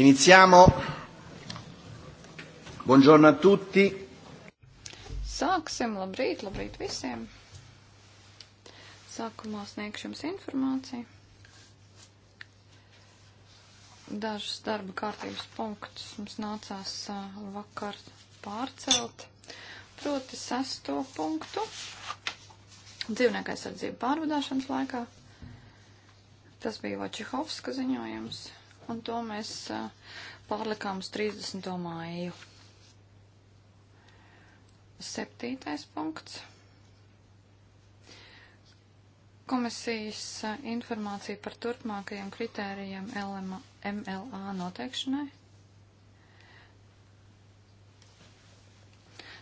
Iniziamo. Buongiorno a tutti. Sāksim, labrīt, labrīt visiem. Sākumā sniegšu jums informāciju. Dažus darba kārtības punktus mums nācās vakar pārcelt. Proti sesto punktu dzīvnieku aizsardzību pārvadāšanas laikā. Tas bija Vačihovska ziņojums un to mēs pārlikām uz 30. māju. Septītais punkts. Komisijas informācija par turpmākajiem kritērijiem LMA, MLA noteikšanai.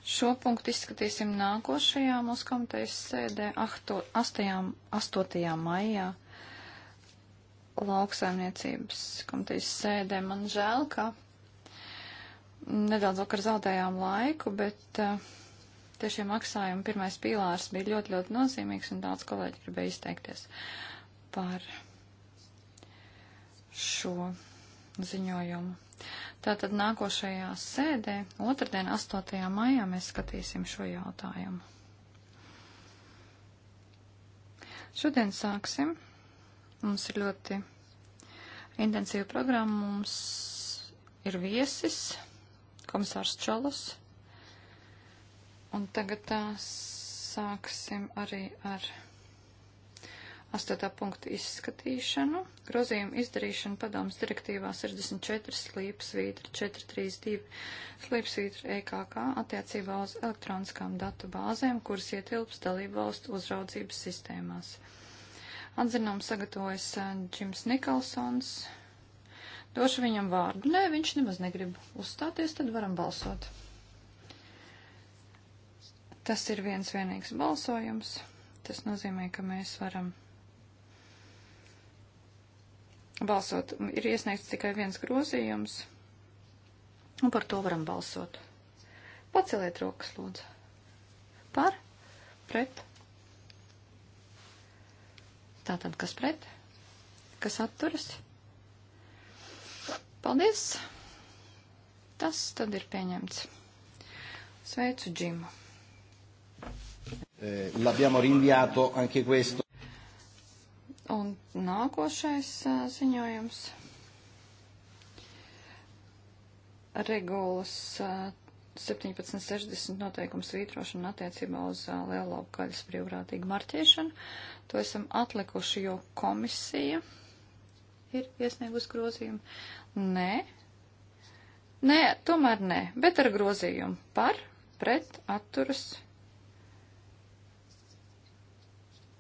Šo punktu izskatīsim nākošajā mūsu komitejas sēdē 8. 8. maijā lauksaimniecības komitejas sēdē. Man žēl, ka nedaudz vakar zaudējām laiku, bet uh, tiešie maksājumi pirmais pīlārs bija ļoti, ļoti nozīmīgs un daudz kolēģi gribēja izteikties par šo ziņojumu. Tātad nākošajā sēdē, otrdien, 8. maijā, mēs skatīsim šo jautājumu. Šodien sāksim Mums ir ļoti intensīva programma. Mums ir viesis, komisārs Čalos. Un tagad tā, sāksim arī ar astotā punktu izskatīšanu. Grozījuma izdarīšana padomas direktīvā 64 slīpas vītra 432 slīpas vītra EKK attiecībā uz elektroniskām datu bāzēm, kuras ietilps dalību valstu uzraudzības sistēmās. Atzinumu sagatavojas Džims Nikolsons. Došu viņam vārdu. Nē, viņš nemaz negrib uzstāties, tad varam balsot. Tas ir viens vienīgs balsojums. Tas nozīmē, ka mēs varam balsot. Ir iesniegts tikai viens grozījums, un par to varam balsot. Paceliet rokas, lūdzu. Par, pret, Tātad, kas pret? Kas atturas? Paldies! Tas tad ir pieņemts. Sveicu Džimu. Eh, L'abbiamo rinviato anche questo. Un nākošais uh, ziņojums. Regulas uh, 1760 noteikums vītrošana attiecībā uz uh, lielaupu gaļas brīvprātīgu marķēšanu. To esam atlikuši, jo komisija ir iesniegus grozījumu. Nē. Nē, tomēr nē, bet ar grozījumu par, pret, atturas.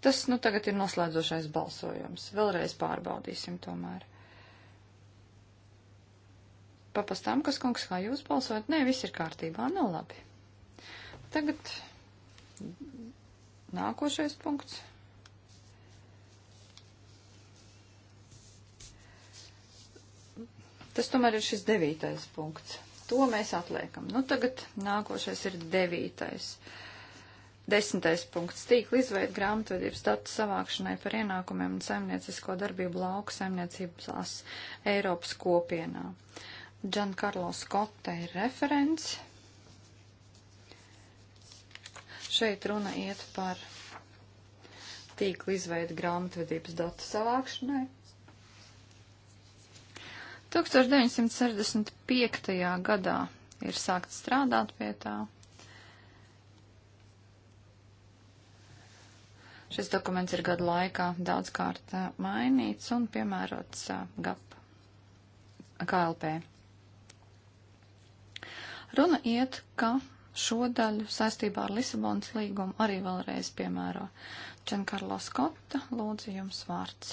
Tas, nu, tagad ir noslēdzošais balsojums. Vēlreiz pārbaudīsim tomēr. Papastām, kas kungs, kā jūs balsojat? Nē, viss ir kārtībā, nav nu labi. Tagad nākošais punkts. Tas tomēr ir šis devītais punkts. To mēs atliekam. Nu, tagad nākošais ir devītais. Desmitais punkts - tīkla izveid grāmatvedības datu savākšanai par ienākumiem un saimniecisko darbību lauku saimniecības Eiropas kopienā. Uh, Giancarlo Skotta ir referents. Šeit runa iet par tīkla izveidu grāmatvedības datu savākšanai. 1965. gadā ir sākt strādāt pie tā. Šis dokuments ir gadu laikā daudzkārt mainīts un piemērots GAP KLP. Runa iet, ka šo daļu saistībā ar Lisabonas līgumu arī vēlreiz piemēro. Čenkarlo Skotta, lūdzu jums vārds.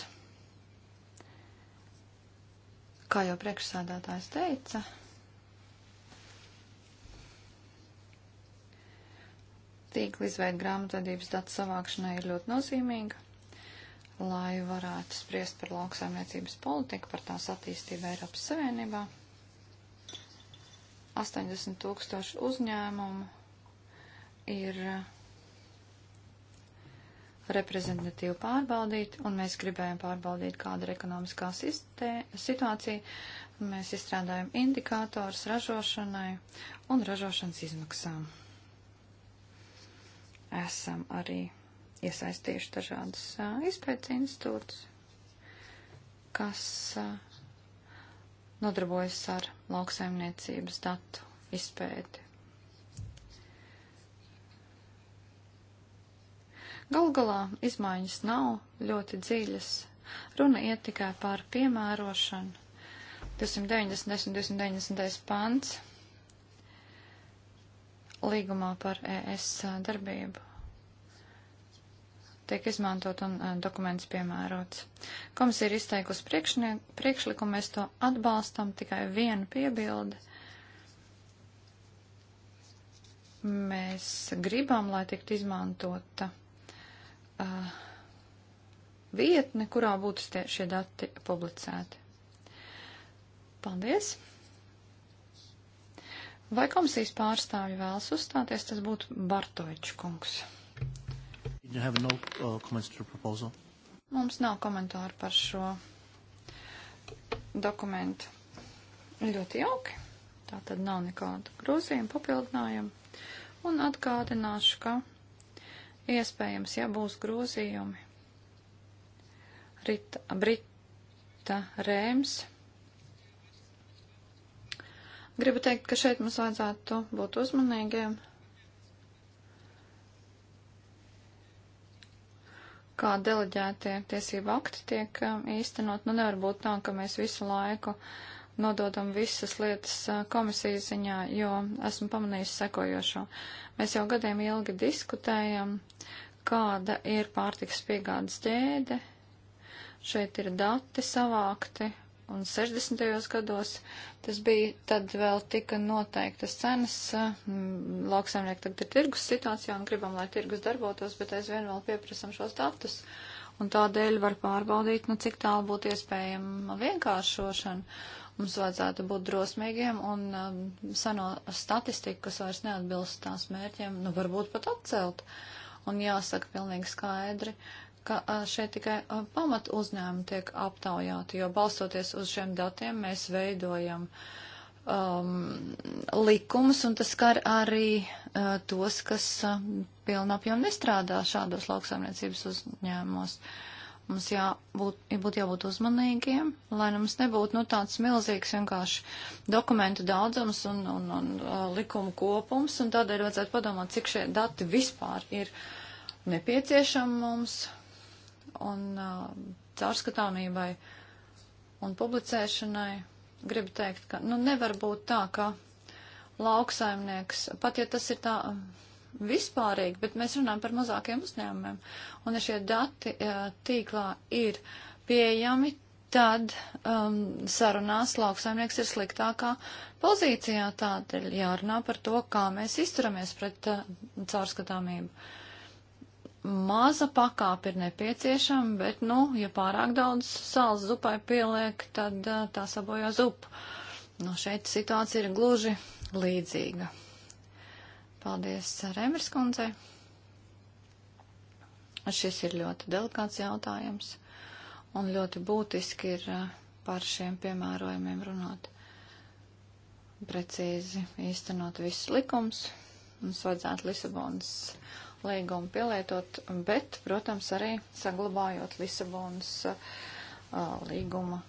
Kā jau priekšsēdētājs teica, tīkla izveida grāmatvedības datu savākšanai ir ļoti nozīmīga, lai varētu spriest par lauksaimniecības politiku, par tās attīstību Eiropas Savienībā. 80 tūkstoši uzņēmumu ir eh, reprezentatīvi pārbaudīti, un mēs gribējām pārbaudīt, kāda ir ekonomiskā sistē, situācija. Mēs izstrādājam indikātors ražošanai un ražošanas izmaksām. Esam arī iesaistījuši dažādas eh, izpētes institūtus, kas a, eh, nodarbojas ar lauksaimniecības datu izpēti. Galu galā izmaiņas nav ļoti dziļas. Runa iet tikai par piemērošanu. 290. un 290. pants līgumā par ES darbību tiek izmantot un uh, dokuments piemērots. Komisija ir izteikusi priekšlikumu, mēs to atbalstam, tikai vienu piebildi. Mēs gribam, lai tiktu izmantota uh, vietne, kurā būtu tie, šie dati publicēti. Paldies! Vai komisijas pārstāvji vēlas uzstāties, tas būtu Bartovičs kungs you have no uh, comments to the proposal? Mums nav komentāru par šo dokumentu. Ļoti jauki. Tā tad nav nekādu grozījumu, papildinājumu. Un atgādināšu, ka iespējams, ja būs grozījumi, Rita, Brita Rēms. Gribu teikt, ka šeit mums vajadzētu būt uzmanīgiem. Ja kā deleģētie tiesību akti tiek um, īstenot. Nu, nevar būt tā, ka mēs visu laiku nododam visas lietas uh, komisijas ziņā, jo esmu pamanījis sekojošo. Mēs jau gadiem ilgi diskutējam, kāda ir pārtiks piegādes ķēde. Šeit ir dati savākti un 60. gados. Tas bija tad vēl tika noteiktas cenas. Lauksaimnieki tagad ir tirgus situācijā un gribam, lai tirgus darbotos, bet aizvien vēl pieprasam šos datus. Un tādēļ var pārbaudīt, nu, cik tālu būtu iespējama vienkāršošana. Mums vajadzētu būt drosmīgiem un um, seno statistiku, kas vairs neatbilst tās mērķiem, nu, varbūt pat atcelt. Un jāsaka pilnīgi skaidri, uh, ka šeit tikai pamat uzņēmumi tiek aptaujāti, jo balstoties uz šiem datiem mēs veidojam um, likumus, un tas skar arī uh, tos, kas uh, pilnapjom nestrādā šādos lauksaimniecības uzņēmumos. Mums jābūt, jābūt, jābūt uzmanīgiem, lai nu mums nebūtu nu, tāds milzīgs vienkārši dokumentu daudzums un, un, un uh, likumu kopums, un tādēļ vajadzētu padomāt, cik šie dati vispār ir nepieciešami mums, un uh, caurskatāmībai un publicēšanai. Gribu teikt, ka nu, nevar būt tā, ka lauksaimnieks, pat ja tas ir tā um, vispārīgi, bet mēs runājam par mazākiem uzņēmumiem, un ja šie dati uh, tīklā ir pieejami, tad um, sarunās lauksaimnieks ir sliktākā pozīcijā. Tādēļ jārunā par to, kā mēs izturamies pret uh, caurskatāmību. Uh, maza pakāpe ir nepieciešama, bet, nu, ja pārāk daudz sāls zupai pieliek, tad uh, tā sabojā zupu. Nu, šeit situācija ir gluži līdzīga. Paldies Remers kundzei. Šis ir ļoti delikāts jautājums un ļoti būtiski ir par šiem piemērojumiem runāt. Precīzi īstenot visus likums. Mums vajadzētu Lisabonas līgumu pielietot, bet, protams, arī saglabājot Lisabonas uh, līguma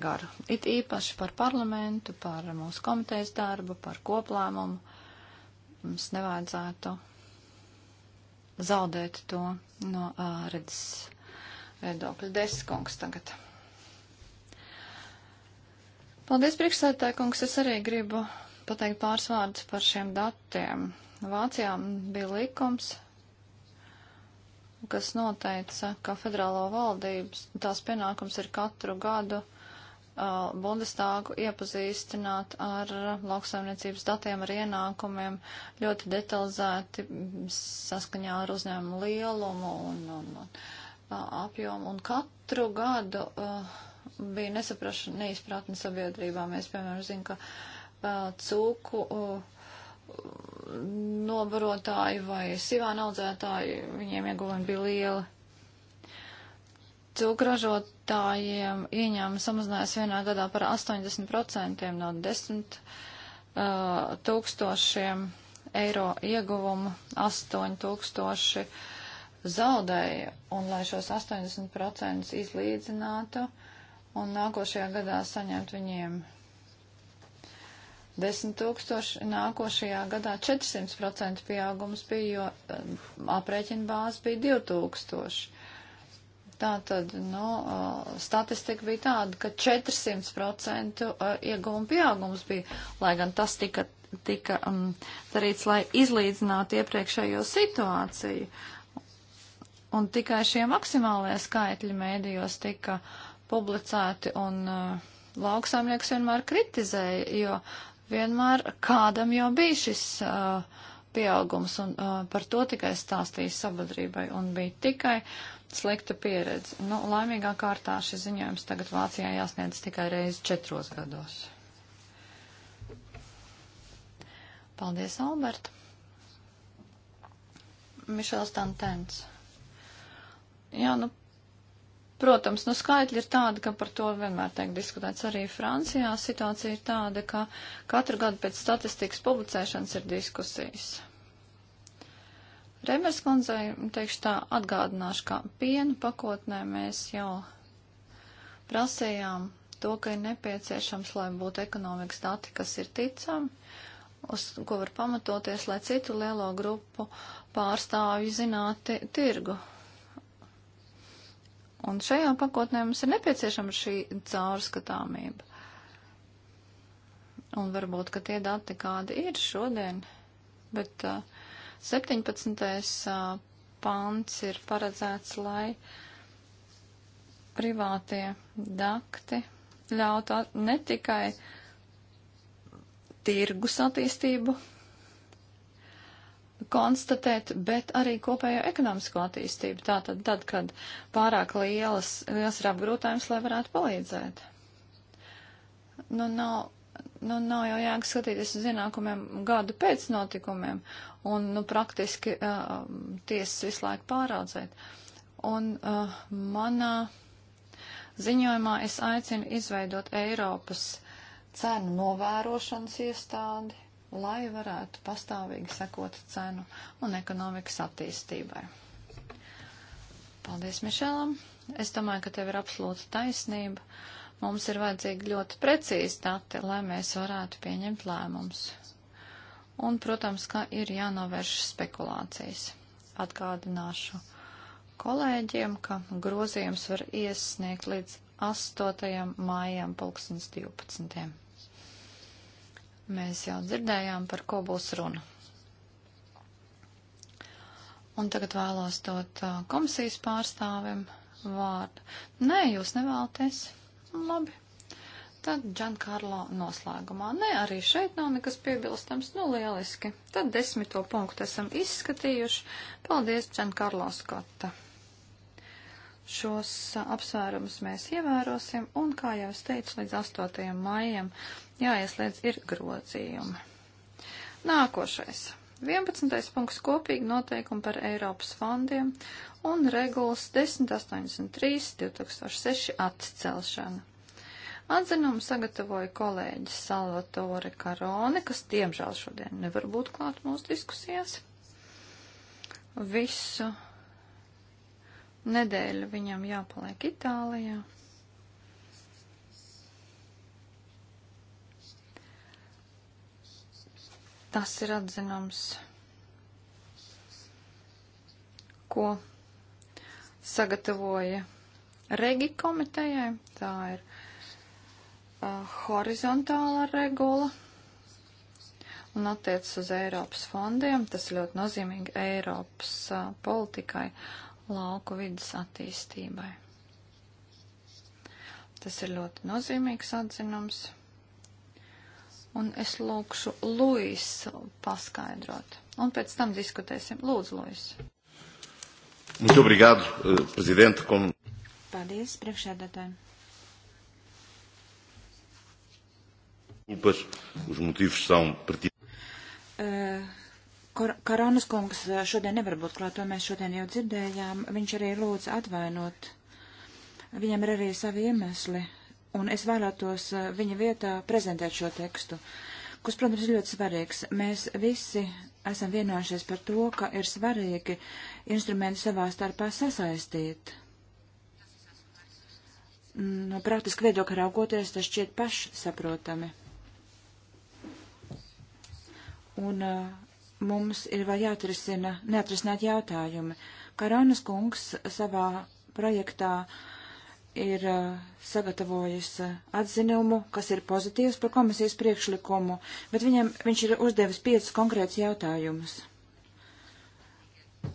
garu. It īpaši par parlamentu, par mūsu komitejas darbu, par koplēmumu. Mums nevajadzētu zaudēt to no uh, redzes viedokļa. Deskungs tagad. Paldies, priekšsētāji kungs. Es arī gribu pateikt pāris vārdus par šiem datiem. Nu, Vācijā bija likums, kas noteica, ka federālo valdības tās pienākums ir katru gadu uh, Bundestāgu iepazīstināt ar lauksaimniecības datiem, ar ienākumiem ļoti detalizēti mm, saskaņā ar uzņēmumu lielumu un, un, un uh, apjomu. Un katru gadu uh, bija nesaprašana, neizpratne sabiedrībā. Mēs, piemēram, zinām, ka uh, cūku. Uh, nobarotāji vai sivāna audzētāji, viņiem ieguvumi bija lieli. Cūkražotājiem ieņēmumi samazinājās vienā gadā par 80% no 10 uh, tūkstošiem eiro ieguvumu 8 tūkstoši zaudēja, un lai šos 80% izlīdzinātu, un nākošajā gadā saņemt viņiem 10 tūkstoši nākošajā gadā 400% pieaugums bija, jo um, aprēķina bāze bija 2000. Tā tad, nu, uh, statistika bija tāda, ka 400% uh, ieguvuma pieaugums bija, lai gan tas tika, tika um, darīts, lai izlīdzinātu iepriekšējo situāciju. Un tikai šie maksimālie skaitļi mēdījos tika publicēti un uh, lauksaimnieks vienmēr kritizēja, jo vienmēr kādam jau bija šis uh, pieaugums, un uh, par to tikai stāstīja sabiedrībai, un bija tikai slikta pieredze. Nu, laimīgā kārtā šis ziņojums tagad Vācijā jāsniedz tikai reizi četros gados. Paldies, Albert. Mišels Tantens. Jā, nu, Protams, nu skaitļi ir tādi, ka par to vienmēr tiek diskutēts. Arī Francijā situācija ir tāda, ka katru gadu pēc statistikas publicēšanas ir diskusijas. Remers kundzei, teikšu tā, atgādināšu, ka pienu pakotnē mēs jau prasījām to, ka ir nepieciešams, lai būtu ekonomikas dati, kas ir ticami, uz ko var pamatoties, lai citu lielo grupu pārstāvju zinātu tirgu Un šajā pakotnē mums ir nepieciešama šī caurskatāmība. Un varbūt, ka tie dati, kādi ir šodien, bet uh, 17. Uh, pants ir paredzēts, lai privātie dakti ļautu ne tikai tirgus attīstību konstatēt, bet arī kopējo ekonomisko attīstību. Tātad tad, kad pārāk lielas, liels ir apgrūtājums, lai varētu palīdzēt. Nu, nav, nu, nav jau jēga skatīties uz ienākumiem gadu pēc notikumiem un, nu, praktiski uh, tiesas visu laiku pāraudzēt. Un uh, manā ziņojumā es aicinu izveidot Eiropas cenu novērošanas iestādi, lai varētu pastāvīgi sekot cenu un ekonomikas attīstībai. Paldies, Mišēlam! Es domāju, ka tev ir absolūta taisnība. Mums ir vajadzīgi ļoti precīzi dati, lai mēs varētu pieņemt lēmumus. Un, protams, ka ir jānovērš spekulācijas. Atgādināšu kolēģiem, ka grozījums var iesniegt līdz 8. maijam 2012. Mēs jau dzirdējām, par ko būs runa. Un tagad vēlos dot uh, komisijas pārstāvim vārdu. Nē, jūs nevēlaties. Labi. Tad Džankarlo noslēgumā. Nē, arī šeit nav nekas piebilstams. Nu, lieliski. Tad desmito punktu esam izskatījuši. Paldies, Džankarlo Skotta. Šos uh, apsvērumus mēs ievērosim, un, kā jau es teicu, līdz 8. maijam jāieslēdz ir grozījumi. Nākošais. 11. punkts kopīgi noteikumi par Eiropas fondiem un regulas 1083 2006 atcelšana. Atzinumu sagatavoja kolēģis Salvatore Karone, kas diemžēl šodien nevar būt klāt mūsu diskusijās. Visu nedēļu viņam jāpaliek Itālijā. Tas ir atzinums, ko sagatavoja Regi komitejai. Tā ir uh, horizontāla regula un attiecas uz Eiropas fondiem. Tas ļoti nozīmīgi Eiropas uh, politikai lauku vidas attīstībai. Tas ir ļoti nozīmīgs atzinums. Un es lūkšu Luisu paskaidrot. Un pēc tam diskutēsim. Lūdzu, Luis. Muito obrigado, eh, Presidente. Com... Paldies, priekšēdētāji. Desculpas, os motivos são pertinentes. Uh... Kor Karanas kungs eh, šodien nevar būt klāt, to mēs šodien jau dzirdējām. Viņš arī lūdz atvainot. Viņam ir arī savi iemesli, un es vēlētos eh, viņa vietā prezentēt šo tekstu, kas, protams, ir ļoti svarīgs. Mēs visi esam vienojušies par to, ka ir svarīgi instrumenti savā starpā sasaistīt. No praktiski viedokļa raugoties, tas šķiet pašsaprotami. Un uh, mums ir vēl jāatrisina neatrisināt jautājumi. Karonas kungs savā projektā uh, ir sagatavojusi atzinumu, kas ir pozitīvs par komisijas priekšlikumu, bet viņam, viņš ir uzdevis piecus konkrētus jautājumus.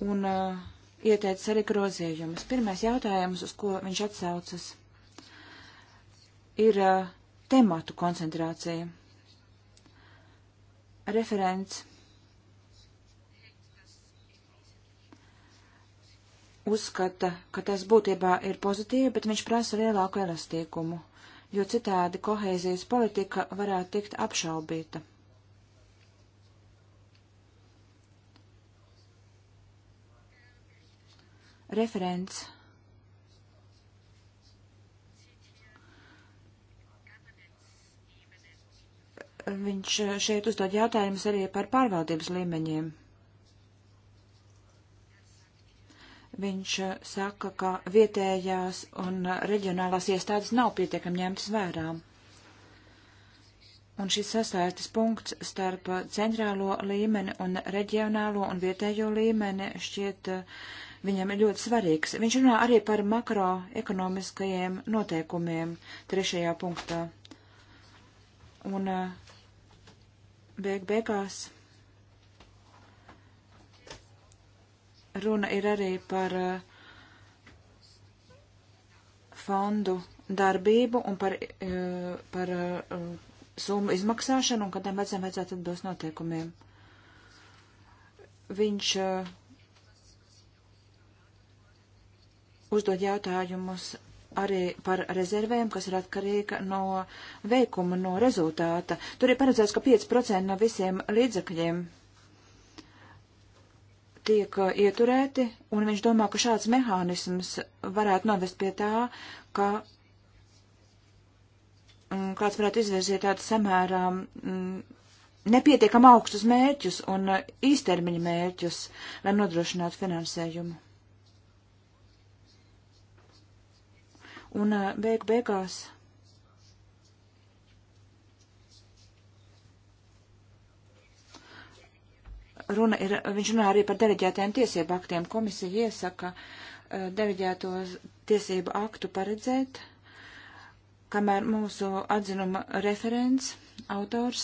Un uh, ieteicis arī grozījumus. Pirmais jautājums, uz ko viņš atsaucas, ir uh, tematu koncentrācija. Referents uzskata, ka tas būtībā ir pozitīvi, bet viņš prasa lielāku elastīgumu, jo citādi kohēzijas politika varētu tikt apšaubīta. Referents. Viņš šeit uzdod jautājumus arī par pārvaldības līmeņiem. Viņš eh, saka, ka vietējās un reģionālās iestādes nav pietiekami ņemtas vērā. Un šis sasaistes punkts starp centrālo līmeni un reģionālo un vietējo līmeni šķiet eh, viņam ir ļoti svarīgs. Viņš runā arī par makroekonomiskajiem noteikumiem trešajā punktā. Un eh, beig beigās runa ir arī par eh, fondu darbību un par, eh, par eh, summu izmaksāšanu un kādām vecām vajadzētu atbilst noteikumiem. Viņš uzdod jautājumus arī par rezervēm, kas ir atkarīga no veikuma, no rezultāta. Tur ir paredzēts, ka 5% no visiem līdzekļiem tiek uh, ieturēti, un viņš domā, ka šāds mehānisms varētu novest pie tā, ka mm, kāds varētu izvirzīt tādu samērā mm, nepietiekam augstus mērķus un uh, īstermiņa mērķus, lai nodrošinātu finansējumu. Un uh, beigu beigās runa ir, viņš runā arī par deleģētajiem tiesību aktiem. Komisija iesaka eh, deleģēto tiesību aktu paredzēt, kamēr mūsu atzinuma referents, autors,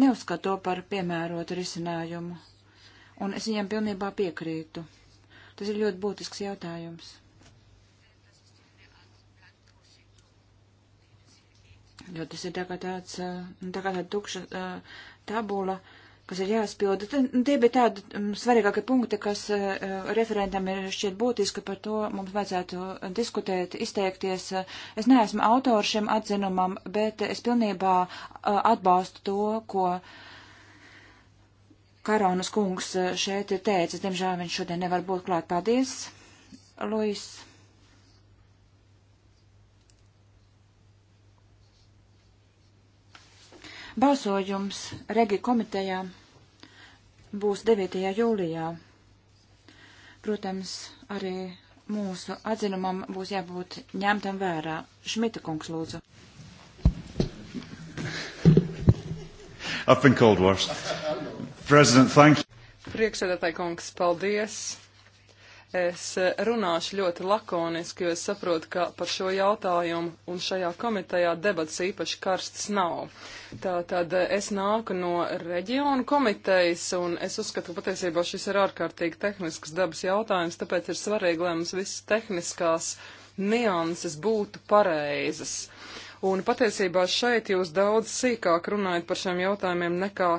neuzskata to par piemērotu risinājumu. Un es viņiem pilnībā piekrītu. Tas ir ļoti būtisks jautājums. Jo tas ir tā kā tāds, eh, nu, tā kā tāda tukša eh, tabula. Tā kas ir jāizpilda. Tie bija tādi mm, svarīgākie punkti, kas eh, referentam ir šķiet būtiski, par to mums vajadzētu diskutēt, izteikties. Es neesmu autors šim atzinumam, bet es pilnībā eh, atbalstu to, ko Karonas kungs eh, šeit ir teicis. Diemžēl viņš šodien nevar būt klāt. Paldies, Luis. Balsojums Regi komitejā būs 9. jūlijā. Protams, arī mūsu atzinumam būs jābūt ņemtam vērā. Šmita kungs, lūdzu. Priekšsēdētāji kungs, paldies! Es runāšu ļoti lakoniski, jo es saprotu, ka par šo jautājumu un šajā komitejā debats īpaši karsts nav. Tātad es nāku no reģionu komitejas un es uzskatu, ka patiesībā šis ir ārkārtīgi tehnisks dabas jautājums, tāpēc ir svarīgi, lai mums visas tehniskās nianses būtu pareizas. Un patiesībā šeit jūs daudz sīkāk runājat par šiem jautājumiem nekā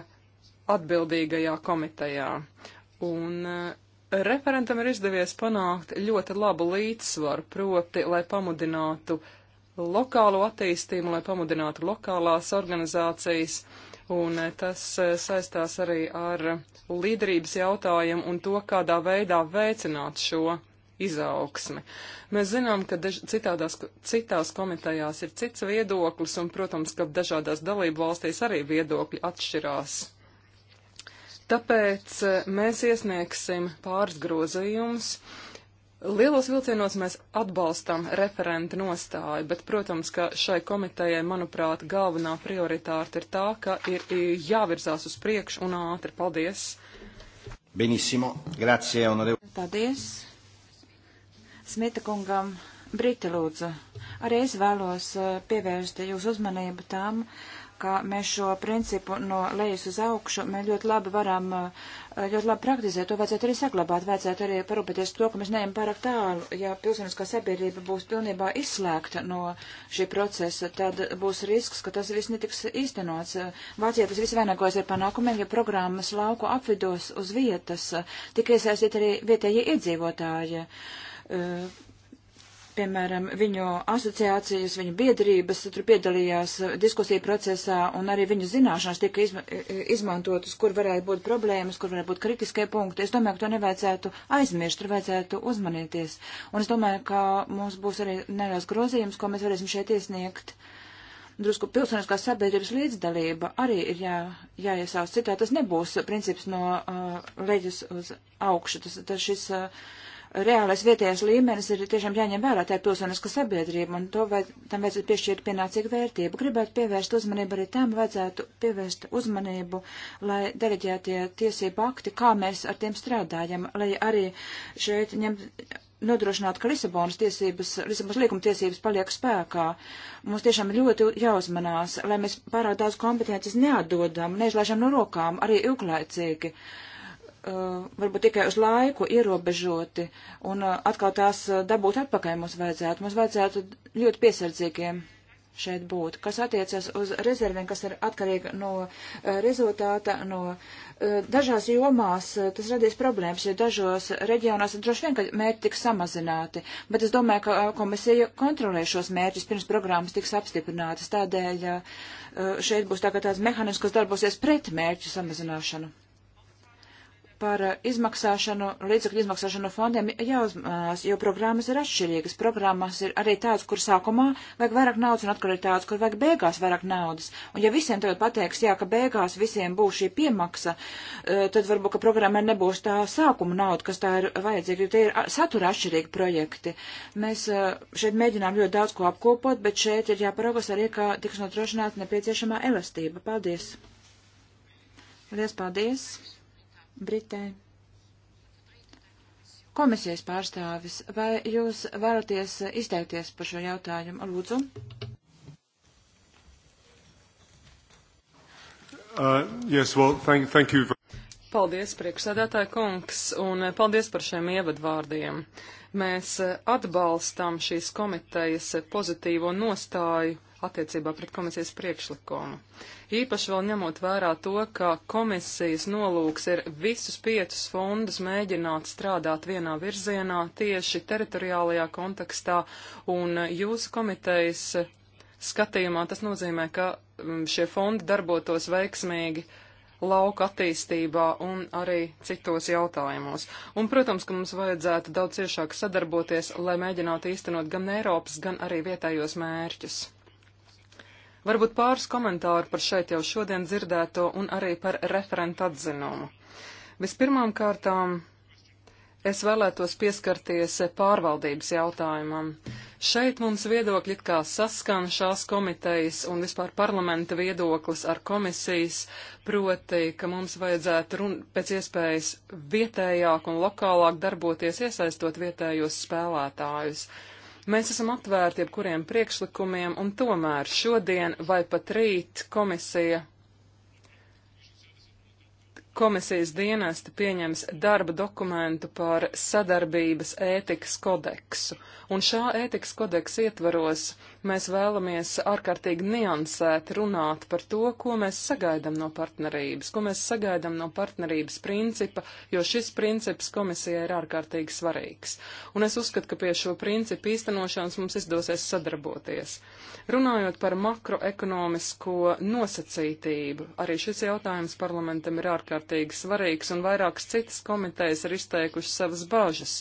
atbildīgajā komitejā. Un Referentam ir izdevies panākt ļoti labu līdzsvaru, proti, lai pamudinātu lokālo attīstību, lai pamudinātu lokālās organizācijas, un eh, tas eh, saistās arī ar līderības jautājumu un to, kādā veidā veicināt šo izaugsmi. Mēs zinām, ka daž, citādās, citās komitejās ir cits viedoklis, un, protams, ka dažādās dalību valstīs arī viedokļi atšķirās Tāpēc e, mēs iesniegsim pāris grozījumus. Lielos vilcienos mēs atbalstam referenta nostāju, bet, protams, ka šai komitejai, manuprāt, galvenā prioritāte ir tā, ka ir jāvirzās uz priekšu un ātri. Paldies! Benissimo, grazie, onorevole. Paldies! Smita kungam, Brita lūdzu, arī es vēlos e, pievērst jūsu uzmanību tām uh, ka mēs šo principu no lejas uz augšu, mēs ļoti labi varam, eh, ļoti labi praktizēt, to vajadzētu arī saglabāt, vajadzētu arī parūpēties to, ka mēs neejam pārāk tālu, ja pilsoniskā sabiedrība būs pilnībā izslēgta no šī procesa, tad būs risks, ka tas viss netiks īstenots. Vācijā tas viss vainagojas ar panākumiem, ja programmas lauku apvidos uz vietas, tik iesaistīt arī vietējie iedzīvotāji eh, piemēram, viņu asociācijas, viņu biedrības tur piedalījās eh, diskusiju procesā un arī viņu zināšanas tika izma e, e, izmantotas, kur varēja būt problēmas, kur varēja būt kritiskie punkti. Es domāju, ka to nevajadzētu aizmirst, tur vajadzētu uzmanīties. Un es domāju, ka mums būs arī neliels grozījums, ko mēs varēsim šeit iesniegt. Drusku pilsoniskās sabiedrības līdzdalība arī ir jā, jāiesauc citā. Tas nebūs princips no uh, leģis uz augšu. Tas, tas šis, uh, reālais vietējais līmenis ir tiešām jāņem vērā tā ir pilsoniska sabiedrība, un to vai, tam vajadzētu piešķirt pienācīgu vērtību. Gribētu pievērst uzmanību arī tam, vajadzētu pievērst uzmanību, lai deleģētie tiesību akti, kā mēs ar tiem strādājam, lai arī šeit ņemt nodrošināt, ka Lisabonas tiesības, Lisabonas līguma tiesības paliek spēkā. Mums tiešām ļoti jāuzmanās, lai mēs pārāk daudz kompetences neatdodam, neizlaižam no rokām, arī ilglaicīgi. Uh, uh, varbūt tikai uz laiku ierobežoti, un uh, atkal tās uh, dabūt atpakaļ mums vajadzētu. Mums vajadzētu ļoti piesardzīgiem šeit būt, kas attiecas uz rezerviem, kas ir atkarīgi no uh, rezultāta, no uh, dažās jomās uh, tas radīs problēmas, jo dažos reģionos droši vien, ka mērķi tiks samazināti, bet es domāju, ka uh, komisija kontrolē šos mērķus pirms programmas tiks apstiprinātas, tādēļ uh, šeit būs tā kā tāds mehānisms, kas darbosies pret mērķu samazināšanu par eh, izmaksāšanu, līdzekļu izmaksāšanu fondiem jāuzmanās, jo programmas ir atšķirīgas. Programmas ir arī tādas, kur sākumā vajag vairāk naudas, un atkal ir tādas, kur vajag beigās vairāk naudas. Un ja visiem tagad pateiks, jā, ka beigās visiem būs šī piemaksa, eh, tad varbūt, ka programmai nebūs tā sākuma nauda, kas tā ir vajadzīga, jo tie ir satura atšķirīgi projekti. Mēs eh, šeit mēģinām ļoti daudz ko apkopot, bet šeit ir jāparaugas arī, kā tiks nodrošināta nepieciešamā elastība. Paldies! Liels paldies! Britē. Komisijas pārstāvis, vai jūs vēlaties izteikties par šo jautājumu? Lūdzu. Uh, yes, well, thank, thank you. Paldies, priekšsēdētāja kungs, un uh, paldies par šiem ievadvārdiem. Mēs uh, atbalstam šīs komitejas uh, pozitīvo nostāju attiecībā pret komisijas priekšlikumu. Īpaši vēl ņemot vērā to, ka komisijas nolūks ir visus piecus fondus mēģināt strādāt vienā virzienā tieši teritoriālajā kontekstā, un jūsu komitejas skatījumā tas nozīmē, ka mm, šie fondi darbotos veiksmīgi lauka attīstībā un arī citos jautājumos. Un, protams, ka mums vajadzētu daudz ciešāk sadarboties, lai mēģinātu īstenot gan Eiropas, gan arī vietējos mērķus. Varbūt pāris komentāru par šeit jau šodien dzirdēto un arī par referentu atzinumu. Vispirmām kārtām es vēlētos pieskarties pārvaldības jautājumam. Šeit mums viedokļi kā saskan šās komitejas un vispār parlamenta viedoklis ar komisijas, proti, ka mums vajadzētu run, pēc iespējas vietējāk un lokālāk darboties, iesaistot vietējos spēlētājus. Uh, Mēs esam atvērti jebkuriem priekšlikumiem, un tomēr šodien vai pat rīt komisija, komisijas dienesti pieņems darba dokumentu par sadarbības ētikas kodeksu, un šā ētikas kodeksa ietvaros Mēs vēlamies ārkārtīgi niansēt runāt par to, ko mēs sagaidām no partnerības, ko mēs sagaidām no partnerības principa, jo šis princips komisijai ir ārkārtīgi svarīgs. Un es uzskatu, ka pie šo principu īstenošanas mums izdosies sadarboties. Runājot par makroekonomisko nosacītību, arī šis jautājums parlamentam ir ārkārtīgi svarīgs, un vairākas citas komitejas ir izteikušas savas bažas.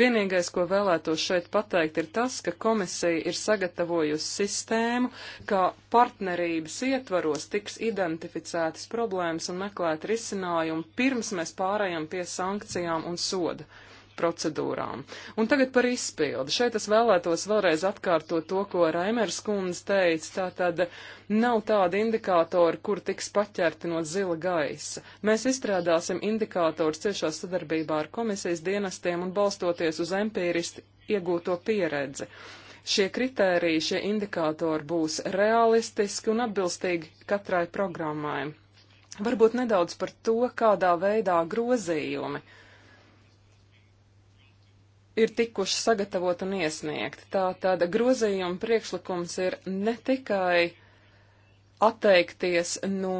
Vienīgais, ko vēlētos šeit pateikt, ir tas, ka komisija ir sagatavojusi sistēmu, kā partnerības ietvaros tiks identificētas problēmas un meklēt risinājumu pirms mēs pārējām pie sankcijām un soda procedūrām. Un tagad par izpildi. Šeit es vēlētos vēlreiz atkārtot to, ko Raimers kundze teica. Tātad nav tāda indikātora, kur tiks paķerti no zila gaisa. Mēs izstrādāsim indikātors ciešā sadarbībā ar komisijas dienestiem un balstoties uz empīristi iegūto pieredzi. Šie kritēriji, šie indikātori būs realistiski un atbilstīgi katrai programmai. Varbūt nedaudz par to, kādā veidā grozījumi ir tikuši sagatavot un iesniegt. Tā tad grozījuma priekšlikums ir ne tikai atteikties no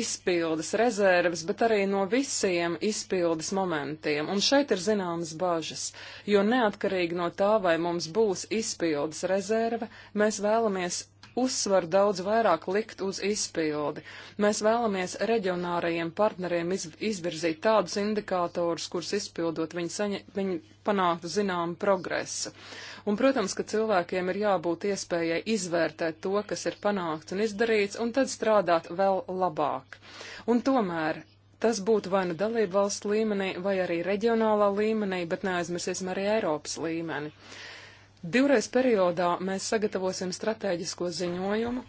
izpildes rezerves, bet arī no visiem izpildes momentiem. Un šeit ir zināmas bažas, jo neatkarīgi no tā, vai mums būs izpildes rezerve, mēs vēlamies uzsvaru daudz vairāk likt uz izpildi. Mēs vēlamies reģionārajiem partneriem iz, izvirzīt tādus indikātorus, kurus izpildot viņi, saņa, viņi panāktu zināmu progresu. Un, protams, ka cilvēkiem ir jābūt iespējai izvērtēt to, kas ir panākts un izdarīts, un tad strādāt vēl labāk. Un tomēr tas būtu vai nu dalību valsts līmenī, vai arī reģionālā līmenī, bet neaizmirsīsim arī Eiropas līmeni. Divreiz periodā mēs sagatavosim stratēģisko ziņojumu,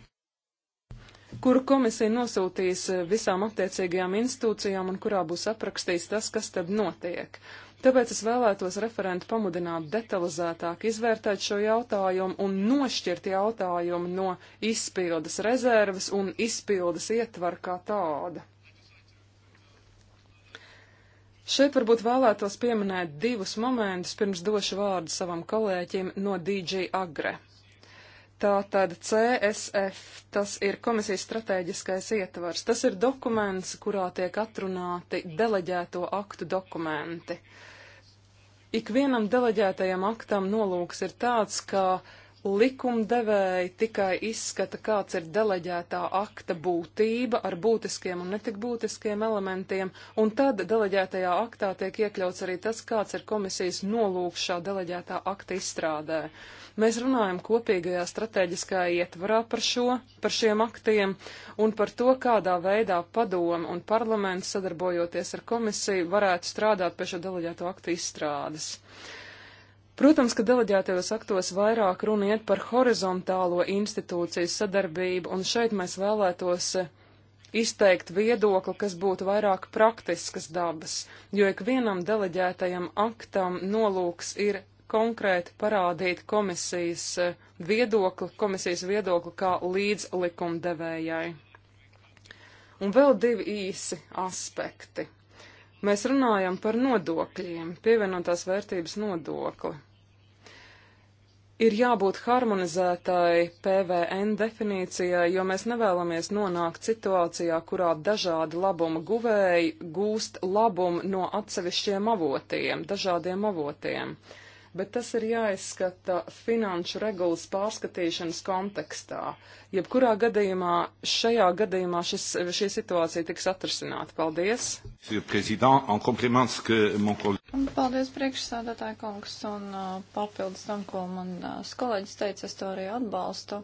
kuru komisija nosūtīs visām attiecīgajām institūcijām un kurā būs aprakstīts tas, kas tad notiek. Tāpēc es vēlētos referentu pamudināt detalizētāk izvērtēt šo jautājumu un nošķirt jautājumu no izpildes rezerves un izpildes ietvar kā tāda. Šeit varbūt vēlētos pieminēt divus momentus, pirms došu vārdu savam kolēģim no DJ Agre. Tātad CSF, tas ir komisijas strateģiskais ietvars. Tas ir dokuments, kurā tiek atrunāti deleģēto aktu dokumenti. Ikvienam deleģētajam aktam nolūks ir tāds, ka uh, likumdevēji tikai izskata, kāds ir deleģētā akta būtība ar būtiskiem un netik būtiskiem elementiem, un tad deleģētajā aktā tiek iekļauts arī tas, kāds ir komisijas nolūks šā deleģētā akta izstrādē. Mēs runājam kopīgajā strateģiskajā ietvarā par šo, par šiem aktiem un par to, kādā veidā padome un parlaments sadarbojoties ar komisiju varētu strādāt pie šo deleģēto aktu izstrādes. Thank you. Protams, ka deleģētajos aktos vairāk runa iet par horizontālo institūciju sadarbību, un šeit mēs vēlētos eh, izteikt viedokli, kas būtu vairāk praktiskas dabas, jo ikvienam deleģētajam aktam nolūks ir konkrēti parādīt komisijas eh, viedokli, komisijas viedokli kā līdzlikumdevējai. Un vēl divi īsi aspekti. Mēs runājam par nodokļiem, pievienotās vērtības nodokli. Ir jābūt harmonizētai PVN definīcijai, jo mēs nevēlamies nonākt situācijā, kurā dažādi labuma guvēji gūst labumu no atsevišķiem avotiem, dažādiem avotiem. Uh, bet tas ir jāizskata finanšu regulas pārskatīšanas kontekstā. Jebkurā gadījumā, šajā gadījumā šis, šī situācija tiks atrisināta. Paldies! Un paldies priekšsādātāju kungs un uh, papildus tam, ko man uh, kolēģis teica, es to arī atbalstu.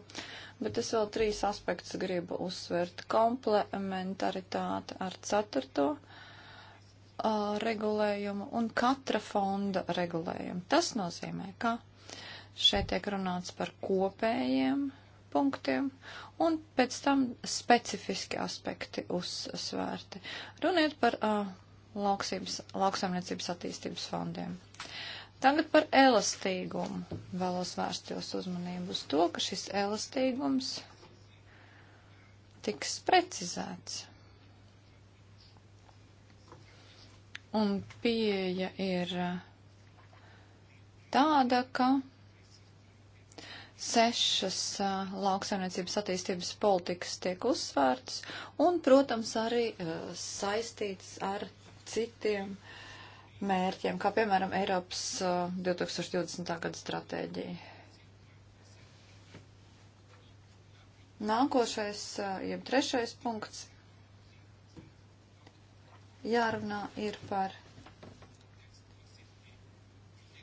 Bet es vēl trīs aspektus gribu uzsvērt. Komplementaritāte ar ceturto uh, regulējumu un katra fonda regulējumu. Tas nozīmē, ka šeit tiek runāts par kopējiem punktiem un pēc tam specifiski aspekti uzsvērti. Runiet par uh, lauksaimniecības attīstības fondiem. Tagad par elastīgumu. Vēlos vērst jūs uzmanību uz to, ka šis elastīgums tiks precizēts. Un pieeja ir uh, tāda, ka sešas uh, lauksaimniecības attīstības politikas tiek uzsvērtas un, protams, arī uh, saistītas ar citiem mērķiem, kā piemēram Eiropas uh, 2020. gada stratēģija. Nākošais, uh, jeb trešais punkts jārunā ir par,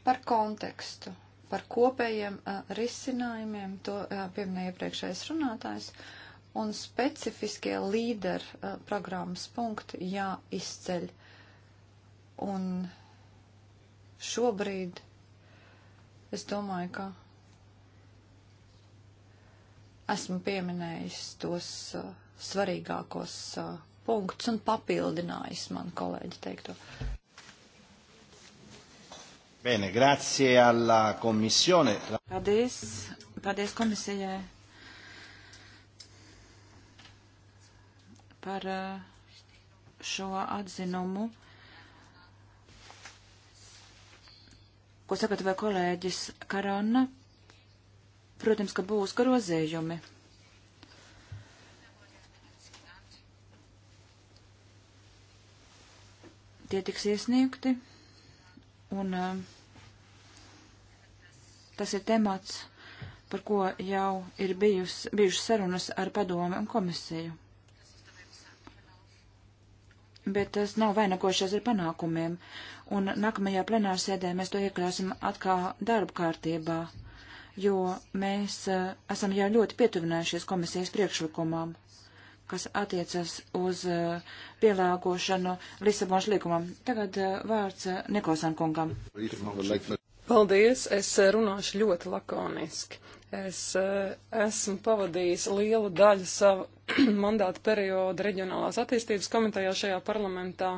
par kontekstu, par kopējiem uh, risinājumiem, to uh, pieminēja iepriekšējais runātājs, un specifiskie līderu uh, programmas punkti jāizceļ. Un šobrīd es domāju, ka esmu pieminējis tos uh, svarīgākos uh, punkts un papildinājis man kolēģi teikto. Bene, grazie alla komisione. Paldies, paldies komisijai par eh, šo atzinumu, ko sagatavoja kolēģis Karana. Protams, ka būs grozējumi. Ka tie tiks iesniegti. Un um, tas ir temats, par ko jau ir bijus, bijušas sarunas ar padomu un komisiju. Bet tas nav vainagošies ar panākumiem, un nākamajā plenārsēdē mēs to iekļausim atkal darba kārtībā, jo mēs uh, esam jau ļoti pietuvinājušies komisijas priekšlikumām kas attiecas uz eh, pielāgošanu Lisabonas līgumam. Tagad eh, vārds eh, Nikolsan kungam. Paldies, es runāšu ļoti lakoniski. Es esmu pavadījis lielu daļu savu mandātu periodu reģionālās attīstības komitejā šajā parlamentā.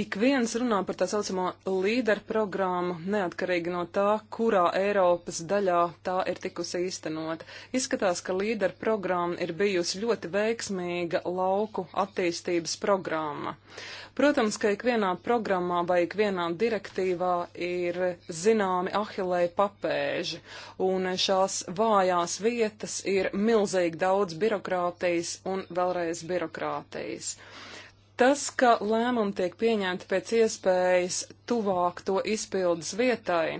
Ik viens runā par tā saucamo līderu programmu, neatkarīgi no tā, kurā Eiropas daļā tā ir tikusi īstenota. Izskatās, ka līderu programma ir bijusi ļoti veiksmīga lauku attīstības programma. Protams, ka ikvienā programmā vai ikvienā direktīvā ir zināmi ahilēja papēži, un šās vājās vietas ir milzīgi daudz birokrātijas un vēlreiz birokrātijas. Tas, ka lēmumi tiek pieņemti pēc iespējas tuvāk to izpildes vietai,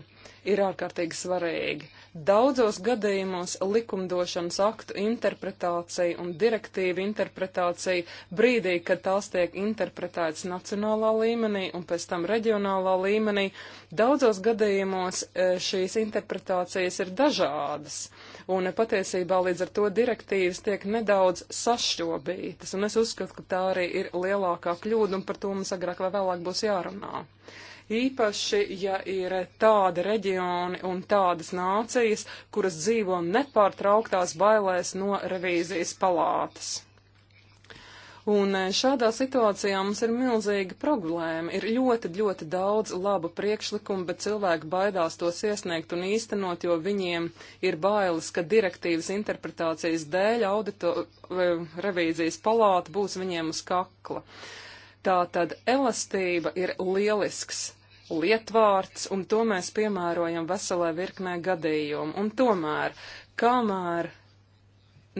ir ārkārtīgi svarīgi. Daudzos gadījumos likumdošanas aktu interpretācija un direktīva interpretācija brīdī, kad tās tiek interpretētas nacionālā līmenī un pēc tam reģionālā līmenī, daudzos gadījumos eh, šīs interpretācijas ir dažādas un patiesībā līdz ar to direktīvas tiek nedaudz sašķobītas, un es uzskatu, ka tā arī ir lielākā kļūda, un par to mums agrāk vai vēlāk būs jārunā. Īpaši, ja ir tādi reģioni un tādas nācijas, kuras dzīvo nepārtrauktās bailēs no revīzijas palātas. Un e, šādā situācijā mums ir milzīga problēma. Ir ļoti, ļoti daudz labu priekšlikumu, bet cilvēki baidās tos iesniegt un īstenot, jo viņiem ir bailes, ka direktīvas interpretācijas dēļ audito e, revīzijas palāta būs viņiem uz kakla. Tātad elastība ir lielisks lietvārds, un to mēs piemērojam veselē virknē gadījumu. Un tomēr, kamēr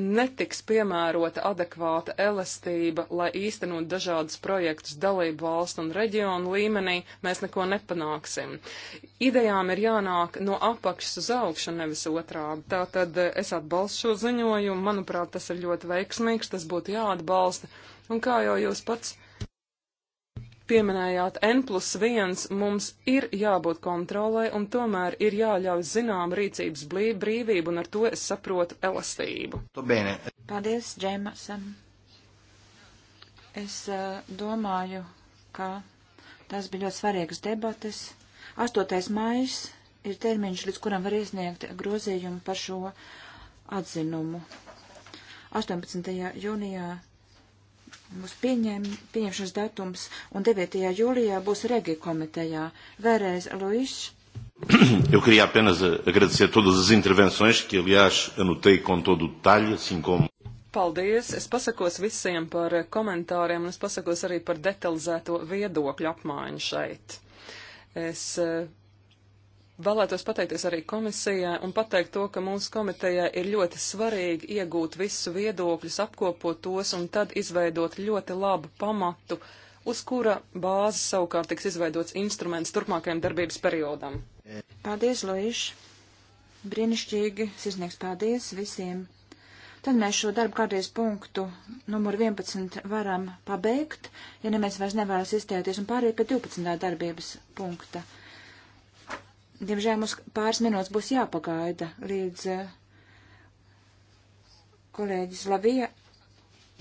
netiks piemērota adekvāta elastība, lai īstenot dažādus projektus dalību valstu un reģionu līmenī, mēs neko nepanāksim. Idejām ir jānāk no apakšas uz augšu, nevis otrādi. Tātad eh, es atbalstu šo ziņojumu, manuprāt, tas ir ļoti veiksmīgs, tas būtu jāatbalsta. Un kā jau jūs pats pieminējāt N plus 1, mums ir jābūt kontrolē un tomēr ir jāļauj zinām rīcības brīvību un ar to es saprotu elastību. Paldies, Džeimasam. Es uh, domāju, ka tās bija ļoti svarīgas debates. 8. maijs ir termiņš, līdz kuram var iesniegt grozījumu par šo atzinumu. 18. jūnijā Mums pieņem, pieņemšanas datums un 9. jūlijā būs Regi komitejā. Vēlreiz, Luis. Eu queria apenas eh, agradecer todas as intervenções, que aliás anotei com todo o detalhe, assim como. Paldies! Es pasakos visiem par komentāriem, un es pasakos arī par detalizēto viedokļu apmaiņu šeit. Es eh, Vēlētos pateikties arī komisijai un pateikt to, ka mūsu komitejai ir ļoti svarīgi iegūt visu viedokļus, apkopot tos un tad izveidot ļoti labu pamatu, uz kura bāzes savukārt tiks izveidots instruments turpmākajam darbības periodam. Paldies, Lojiš! Brīnišķīgi, sirsnieks paldies visiem! Tad mēs šo darbu kārtības punktu numur 11 varam pabeigt, ja nemēs vairs nevēlas izteikties un pāriet pie 12. darbības punkta. Diemžēl mums pāris minūtes būs jāpagaida, līdz eh, kolēģis Lavija